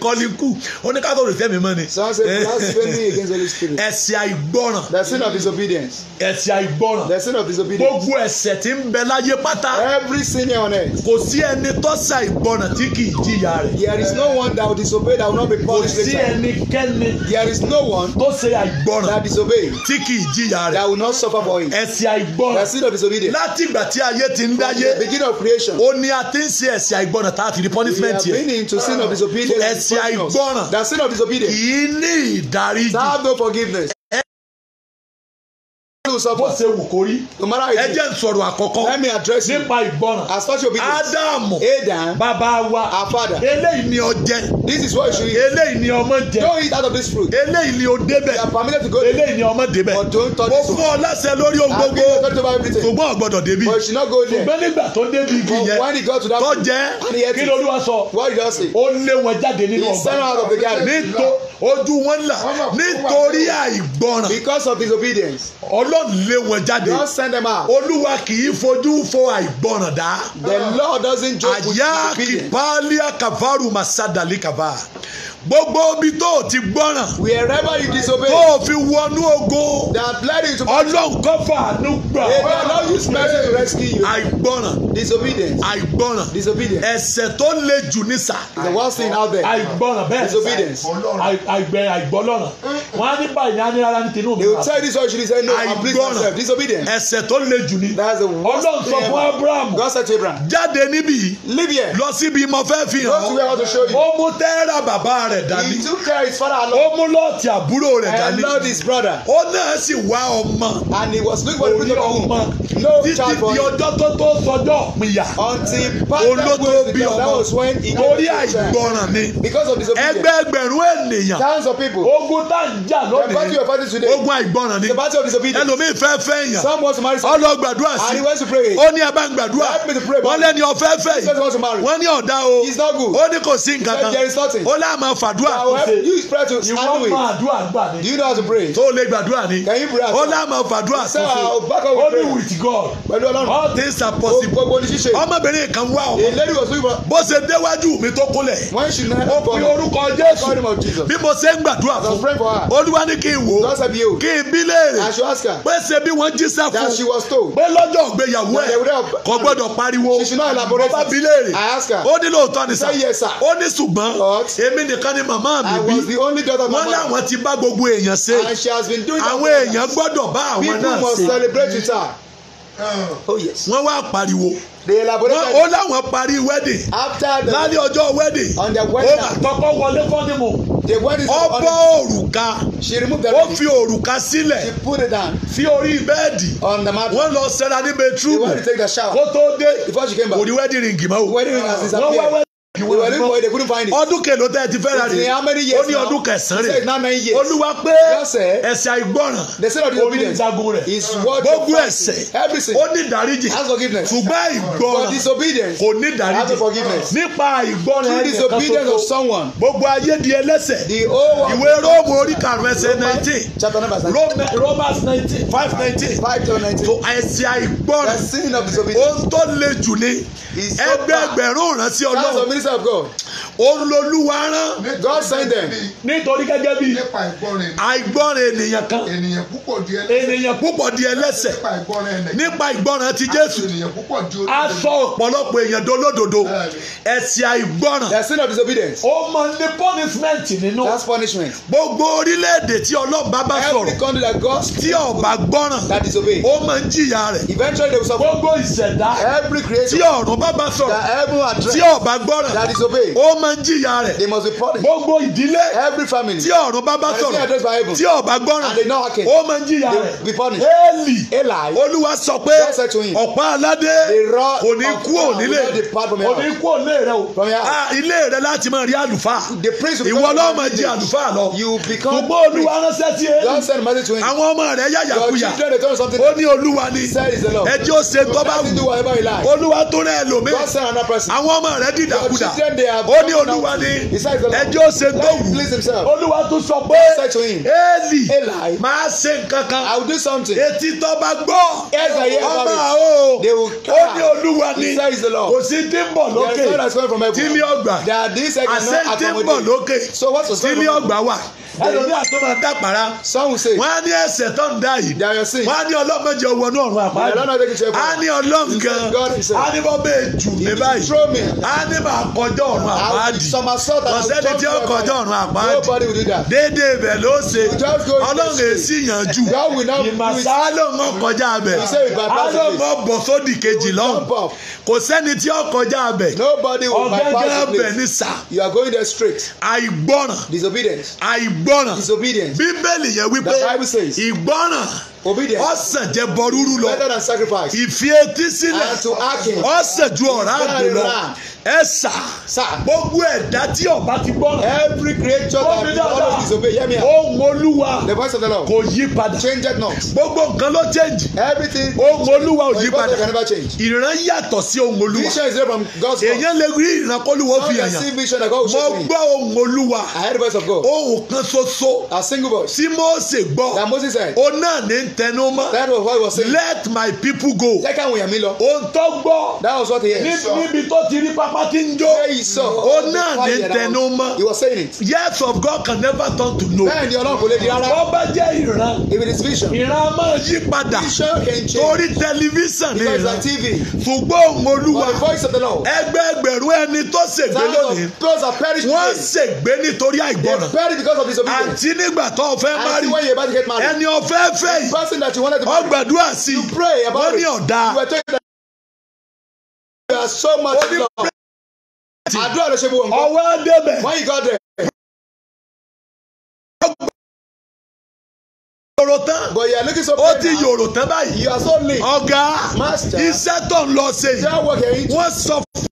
S2: kọ́líkù ó ní ká sọ̀rọ̀ ìfẹ́ mi mọ́ ni. some say blasphemy eh? against Holy Spirit. ẹ̀ṣẹ̀ àìgbọràn. the sin of disobedience. ẹ̀ṣẹ̀ àìgbọràn. the sin of disobedience. gbogbo ẹ̀ṣẹ̀ tí ń bẹ láyé pátá. every sin on earth. Kò sí ẹni tó ṣà ìgbọràn tí kì í jìyà rẹ̀. There is no one that will disobey that will not be punished later. Kò sí ẹnikẹ́ni. There is no one. Tó ṣe àìgbọràn. That disobey. Tí kì í jìyà rẹ̀. That will not suffer for it. Ẹ̀sìn àìgbọràn. The sin of disobedience. Láti ìgbà tí ayé ti ń dáyé. The beginning of creation. Ó ní a ti ń ṣe ẹ̀sìn àìgbọràn tá a ti di punishment yẹn. We are bringing into sin of disobedience. Ẹ̀sìn àìgbọràn. The sin of disobedience. Kì í ní ìdáríjì. That have no forgiveness will suffer. bó ṣe wù kó rí. no matter how it is. ẹ jẹ́ sọ̀rọ̀ àkọ́kọ́. let me address you. nípa ìgbọràn. as far as you be. Ádámù. Adam. bàbá wa. our father. eléyìí ni ó this is what you should eat. eléyìí ni ọmọ jẹ. don't eat out of this fruit. eléyìí ni ó débẹ̀. you are permitted to go. eléyìí ni ọmọ débẹ̀. but don't touch this one. mo fún ọ láṣẹ lórí ohun gbogbo. and don't touch everything. ṣùgbọ́n ọ̀gbọ́dọ̀ débi. but you should not go there. ṣùgbọ́n nígbà tó débi igi yẹn. but when he got to that. tó jẹ́. and he ate it. kí lóru wa sọ. what did he say. ó lé wọn jáde nínú ọgbà. he sent out of the garden. nítorí ojú wọn là nítorí àìgbọràn. because of disobedience. ọlọ́ yóò lé wọn jáde. God send them out. olúwa kì í fojú fo àìgbọràn dá. the Lord doesn't joke with you. àyà kìpálíà kàfàrù màsádàlì kàfà gbogbo ibi tó ti gbọ́ràn. wherever you disobey. tó o fi wọnú ogun. that led you to. ọlọ́run kọ́ fàánú gbà. they are not you special to rescue you. àìgbọ́ràn. disobedience. àìgbọ́ràn. disobedience. ẹ̀ṣẹ̀ tó le jù ní sà. is the worst thing out there. àìgbọ́ràn bẹ́ẹ̀ sà. disobedience. àìgbẹ́ àìgbọ́lọ́ràn. wọ́n á ní báyìí ní á ní rárá ní tinú mi. they will tell this one she say no i'm pleased myself disobedience. ẹ̀ṣẹ̀ tó le jù ní. that's the worst thing ever. ọlọ́run fún abraham. God said to Abraham. jáde níbí. live here. lọ síbi mo fẹ́ fi hàn. go to where I want to show you. ó mú tẹ́rà bàbá rẹ̀ rẹ̀ dání. he took care of his father alone ó mú lọ́ọ̀tì àbúrò rẹ̀ dání. and loved his brother. ó náà sì wá ọmọ. and he was looking for the fruit of home. no child for him. títí di ọjọ́ tó tó sọjọ́ òpinya. until pastor was be the that was when he got birth to a child. ni. because of disobedience. ẹgbẹẹgbẹ̀rún ènìyàn. thousands of people. ogun tá n jà lónìí. the party of party today. ogun àìgbọràn ni. the party of disobedience. ẹlòmíì fẹ́ fẹ́ yàn. some want to marry someone. ọlọ́gbàdúrà sí. and he went to pray. ó ní abá gbàdúrà. help me to pray. wọ́n lẹ́ni ọ̀fẹ́ fẹ́ yìí. he said he wants to marry. wọ́n ní ọ̀dà o. he is not good. ó ní kò sí nǹkan kan. he said there is nothing. ó láàmú You You pray to stand with know fàdúrà ṣe ìwọ máa àdúrà gbà ni tó lè gbàdúrà ni ó náà máa fàdúrà tó ṣe only with God all things are possible ọmọbìnrin kan wá ọmọ bó ṣe déwájú mi tó kúnlẹ̀ ó pe orúkọ Jésù bí mo ṣe ń gbàdúrà fún Olúwa ní kí n wò ó kí n bí léèrè pé ṣe bí wọ́n jíṣẹ́ fún pé lọ́jọ́ ìgbéyàwó ẹ̀ kò gbọ́dọ̀ pariwo bó bá bí léèrè ó ní lóòótọ́ ni sà ó ní ṣùgbọ́n èmi nìkan nìkan ni màmá mi bí. I was the only daughter of my mother. wọ́n láwọn ti bá gbogbo èèyàn ṣe. she has been doing that àwọn èèyàn gbọ́dọ̀ bá àwọn náà ṣe. people must celebrate with her. Oh yes. wọ́n wá pariwo. they elaborated. ó láwọn parí wedding. after the lálẹ́ ọjọ́ wedding. on their wedding. ó àtọ́kọ́ wọlé fọ́nìmù. the wedding is on. ó bọ́ òrùka. she removed the ring. ó fi òrùka sílẹ̀. she put it down. fi orí bẹ́ẹ̀dì. on the mat. wọ́n lọ sẹ́ra ní bedroom. kó tó dé. before she came back. kò ní wedding ring mọ́ o. wedding ring has disappeared. You will look for they couldn't find it. Ọdún kèlò tẹ́ ẹ ti fẹ́ ra How many years now? Ó ní ọdún kẹsàn-án rè. said nine nine years. Olúwa pé ẹ̀ṣẹ̀ àìgbọràn. The sin Omi ìjagun rẹ̀. His Gbogbo ẹ̀ṣẹ̀. Everything. Ó ní ìdáríjì. Has forgiveness. Ṣùgbọ́n àìgbọràn. For disobedience. Kò ní ìdáríjì. forgiveness. Nípa àìgbọràn ẹ̀yẹ kan disobedience of someone. Gbogbo ayé di ẹlẹ́ṣẹ̀. The whole world. Ìwé Róòmù orí karùn ẹsẹ̀ nineteen. Romans nineteen five nineteen. to nineteen. So ẹ̀ṣẹ̀ disobedience. Ohun tó le jù ni. Ẹgbẹ́ ẹgbẹ̀rún ìrántí Ọlọ́run. up, go. olólùwà rán. God send them. nítorí gẹ́gẹ́ bí. nípa àìgbọ́ràn ènìyàn kan. ènìyàn púpọ̀ di ẹlẹ́ṣẹ̀. nípa ìgbọ́ràn ti Jésù. a sọ ọ̀pọ̀lọpọ̀ èèyàn dolódodo. ẹ̀ṣẹ̀ àìgbọ́ràn. the sin of disobedience. ó mọ ní punishment nínú. that's punishment. gbogbo orílẹ̀-èdè tí ọlọ́ba bá sọ̀rọ̀. every country that God. that disobey. ó máa ń eventually they will suffer. gbogbo ìṣẹ̀dá. every creation. tí ọ̀run bá bá sọ̀rọ̀. that heaven address. tí ọba gbọ́ràn. that disobey máa ń jìyà rẹ̀. they must be punished. gbogbo ìdílé. every family. tí ọ̀run bá bá sọ̀rọ̀ tí ọ̀bá gbọ́ràn. and they know how can. ó máa ń jìyà rẹ̀. they be punished. eli. eli. olúwa sọ pé ọ̀pá aládé kò ní kú ònílé kò ní kú ònílé rẹ o. ilé rẹ láti máa rí àlùfáà. the prince will come ìwọ lọ́ọ́ máa jẹ àlùfáà lọ. you become gbogbo olúwa ránṣẹ́ sí eli. don't send message to him. àwọn ọmọ rẹ yàyàkuyà. your children dey tell something. ó ní olúwa ni. say is the lord. ẹjẹ́ ó ṣe tọ́ bá wù. olúwa tó don't send another person. àwọn ọmọ rẹ dìdàkudà ní olúwa ni ẹjọ́ ṣe tó wù olúwa tún sọ pé eli máa ṣe nǹkan kan etí tó bá gbọ́ ọmọ o ó ní olúwa ni kò sí tí ń bọ̀ lókè tí mi ọgbà àṣẹ tí ń bọ̀ lókè tí mi ọgbà wà ẹlòmí àtọ́ máa dàpàrà wọ́n á ní ẹsẹ̀ tó ń dá yìí wọ́n á ní ọlọ́mọdé ọwọ́ náà rún àpárí á ní ọlọ́ǹkan á ní bọ́ bẹ́ẹ̀ jù mí báyìí á ní máa kọjọ́ ọ̀run àpárí ọ̀sẹ́ni tí ó kọjọ́ ọ̀run àpárí déédé ibẹ̀ ló ṣe ọlọ́run èsì yànjú ìmàsálọ́mọ kọjá abẹ alọ́mọ bọ̀ sódì kejì lọ́hùn kò sẹ́ni tí ó kọjá abẹ ọ̀gẹ́gẹ́ abẹ ní sà àìgbọràn àìgbọràn ìgbọràn bíbélì yẹn wípé ìgbọràn ọsàn jẹ bọrúurú lọ ìfi etí sílẹ̀ ọsàn ju ọ̀rá àgbò lọ ẹ sà gbogbo ẹ̀dá tí ọba ti gbọ́ every creature that be of disobey hear me out ohùn olúwa the voice of the Lord kò yí padà changed not gbogbo nǹkan ló change everything ohùn olúwa ò yí padà ìran yàtọ̀ sí ohùn olúwa vision is there from God's voice èyàn lè rí ìran kólúwa ó fi yàn mo gbọ́ ohùn olúwa ohùn kan ṣoṣo tí Mósè gbọ́ o náà ní ìtẹnu mọ́. that was what he was saying. let my people go. jẹ́ káwọn èèyàn mi lọ. ohun tó gbọ́. that was what he said. níbi tó ti rí pápá tí ń jó. ṣé ìsọ. o náà ní ìtẹnu mọ́. he was saying it. yes of God can never turn to no. bẹ́ẹ̀ ni ọlọ́run kò lè di rárá. wọ́n bá jẹ́ ìran. if it is vision. ìran máa yí padà. vision can change. torí tẹlifíṣàn ni ìran. because the TV. ṣùgbọ́n olúwa. for the voice of the Lord. ẹgbẹẹgbẹ̀rún ẹni tó ṣègbè lónìí. those are perished. wọ́n ṣègbè nítorí àìgbọràn person that you wanted to pray. ọgbàdúrà sí i wọ́n ní ọ̀dà.
S3: so much in love. àdúrà ló ṣe gbogbo nǹkan. ọwọ́ débẹ̀. wọ́n yìí kọ́ dẹ̀. yòrò tán. but you are looking so far now. ó ti yòrò tán báyìí. you are so late. ọ̀gá
S2: iṣẹ́ tó ń lọ ṣe yìí. wọ́n sọ fún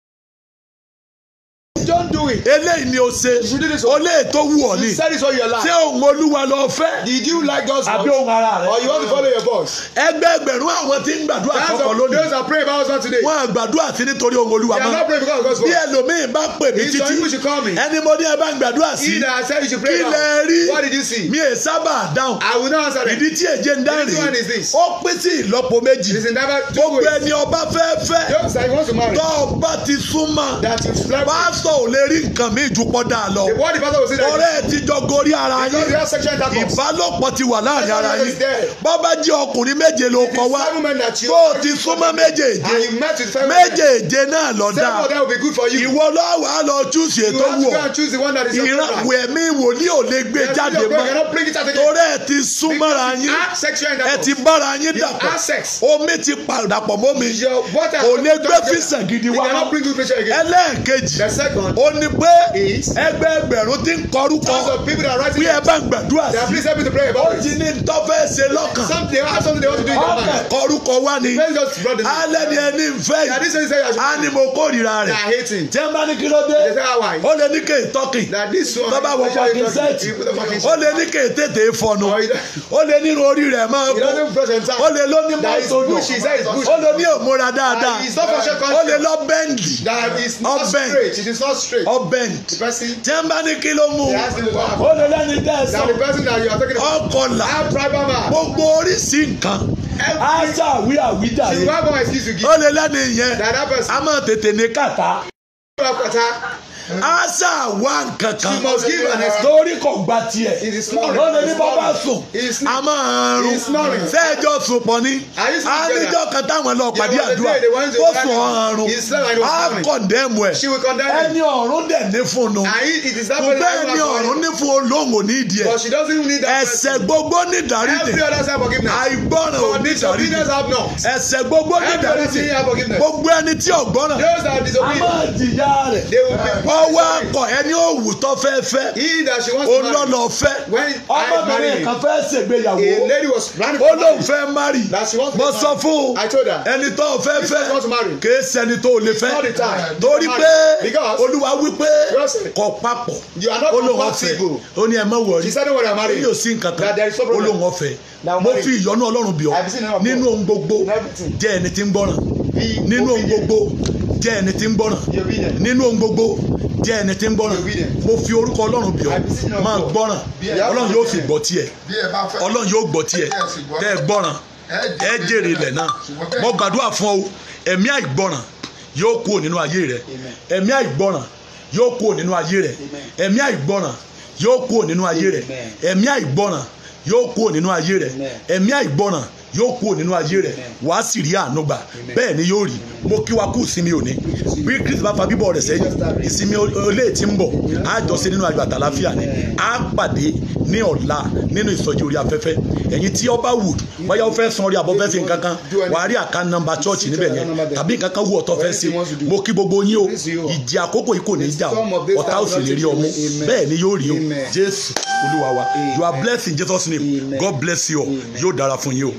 S2: don't do it. eléyìí ni o ṣe. you should do this one. o lè tó wù ọ́ ni. you said this all your life. ṣé òun olúwa lọ fẹ́. did you like God's voice. àbí òun ara rẹ. or you want to follow your boss. ẹgbẹ́ ẹgbẹ̀rún àwọn tí ń gbàdúrà kọ́kọ́ lónìí. those are pray about us today. wọ́n gbàdúrà sí nítorí òun olúwa mọ́. they are not praying because of God's voice. bí ẹlòmíì bá pè mí títí. he should call me. ẹni mo ní ẹ bá ń gbàdúrà sí. he that said you should pray now. kílẹ̀ rí. what did you see. mi è sábà dáhùn. I will not answer them. ìdí tí èjé ń dáhùn rèé. ó pín sí in that way. that is flat. pásítọ̀ lè rí nǹkan mi ju pọ́ dáa lọ. ọ̀rẹ́ ti jọ gorí ara yín ìbálòpọ̀ ti wà láàrin ara yín bọ́bá jẹ́ ọkùnrin méje ló kọ wá tó o ti súnmọ́ méjèèje méjèèje náà lọ dáa ìwọ lọ́wọ́ á lọ chúùsì ètò wù ọ́ ìran wẹ̀mí wòlíì ò lè gbé jáde mọ́ torí ẹ ti súnmọ́ra yín ẹ ti bára yín dàpọ̀ omi ti padà pọ̀ mọ́ mi kò lè gbé fíṣàn gidi wá ẹlẹ́ẹ̀kejì ó ní pé ẹgbẹ́ ẹgbẹ̀rún ti ń kọrúkọ bí ẹ bá ń gbàdúrà sí ó ti ní ntọ́fẹ́ ṣe lọ́kàn ọkàn kọrúkọ wá ni alẹ́ ni ẹni ń fẹ́ yìí á ní mo kórìíra rẹ̀ tí ẹ bá ní kí ló dé ah, ó lè ní kéè tọ́kì bàbá wọ pàkí sẹ́ẹ̀tì ó lè ní kéè tètè fọ̀nù oh, ó lè ní orí rẹ̀ máa kú ó lè ló ní mọ́tòdò ó lè ní òmùra dáadáa ó lè lọ bẹ́ǹdì ọ̀bẹ́ǹdì straight. ọ bend. the person. jẹ́nba ní kí ló mú. o lè lẹ́ni dẹ́sán. the person that you are talking about. ọkọlá. a private man. gbogbo oríṣi nǹkan. aṣọ àwí àwíjà yẹn. she wá bọ̀ excuse you give. o lè lẹ́ni yẹn. that that person. a máa tètè ní kàtá. kàtá á sà wá nǹkan kan lórí kò gba tiẹ̀ lọ́dẹ ní bàbá sùn a máa rún sẹ́ẹ̀jọ́ sùn pọ̀ ní á níjọ́ kan táwọn lọ pàdé àdúrà ó sùn ọ̀run á kọ̀ndẹ́mù ẹ̀ ẹni ọ̀run dẹ̀ ní fún un ṣùgbọ́n ẹni ọ̀run ní fún olóhùn ò ní ìdí ẹ̀ ẹ̀ṣẹ̀ gbogbo ní ìdáríjì àìgbọ́ràn ò ní ìdáríjì ẹ̀ṣẹ̀ gbogbo ní ìdáríjì gbogbo ẹni tí ò gbọ́ràn a máa jìyà rẹ̀ ọwọ́ akọ ẹni òwú tó fẹ́ fẹ́ olọ́nà fẹ́ ọmọbìnrin kan fẹ́ ṣègbéyàwó olóhùn fẹ́ mari mo sọ fún ẹni tó fẹ́ fẹ́ kìí ṣẹni tó lè fẹ́ torí pé olúwa wípé kọ papọ̀ olóhùn ọ̀fẹ́ ó ní ẹ mọ̀ wọ̀rí èyí ò sí nǹkan kan olóhùn ọ̀fẹ́ mo fi ìyọ́nú ọlọ́run bì ọ́ nínú ohun gbogbo jẹ́ ẹni tí ń gbọ́ràn nínú ohun gbogbo jẹ́ ẹni tí ń gbọ́ràn nínú ohun gbogbo jẹ́ ẹni tí ń gbọ́ràn mo fi orúkọ ọlọ́run bì ọ́ máa gbọ́ràn ọlọ́run yóò fi gbọ́ tiẹ̀
S1: ọlọ́run yóò gbọ́ tiẹ̀ tẹ́ ẹ
S2: gbọ́ràn ẹ jèrè ilẹ̀ náà mo gbàdúrà fún ọ ẹ̀mí àìgbọ́ràn yóò kúrò nínú ayé rẹ ẹ̀mí àìgbọ́ràn yóò kúrò nínú ayé rẹ ẹ̀mí àìgbọ́ràn yóò kúrò nínú ayé rẹ ẹ̀mí àìgbọ́ràn yóò kúrò nínú ayé rẹ ẹ̀mí àìgbọ́ràn yóò kúrò nínú ayé rẹ̀ wàá sì rí àánú gbà bẹ́ẹ̀ ni yóò rí mo kí wa kú ìsinmi òní bí kristu bá fa bíbọ̀ rẹ̀ sẹ́yìn ìsinmi olè tí ń bọ̀ á jọ sí nínú ayọ̀ àtàláfíà ni á pàdé ní ọ̀la nínú ìsọjí orí afẹ́fẹ́ ẹ̀yin tí ọba wood wáyà ó fẹ́ san orí abọ́ fẹ́ ṣe nǹkan kan wàá rí àká nọ́mbà chọ́ọ̀chì níbẹ̀ yẹn tàbí nǹkan kan wú ọ̀tọ̀ fẹ́ ṣe mo kí gbogbo yín o ìjì àkókò yìí kò ní í jà o ọ̀tá ò sì lè rí ọmú bẹ́ẹ̀ ni yóò rí o jésù olúwa wa you are blessed in Jesus name God bless you all yóò dára fún yín o.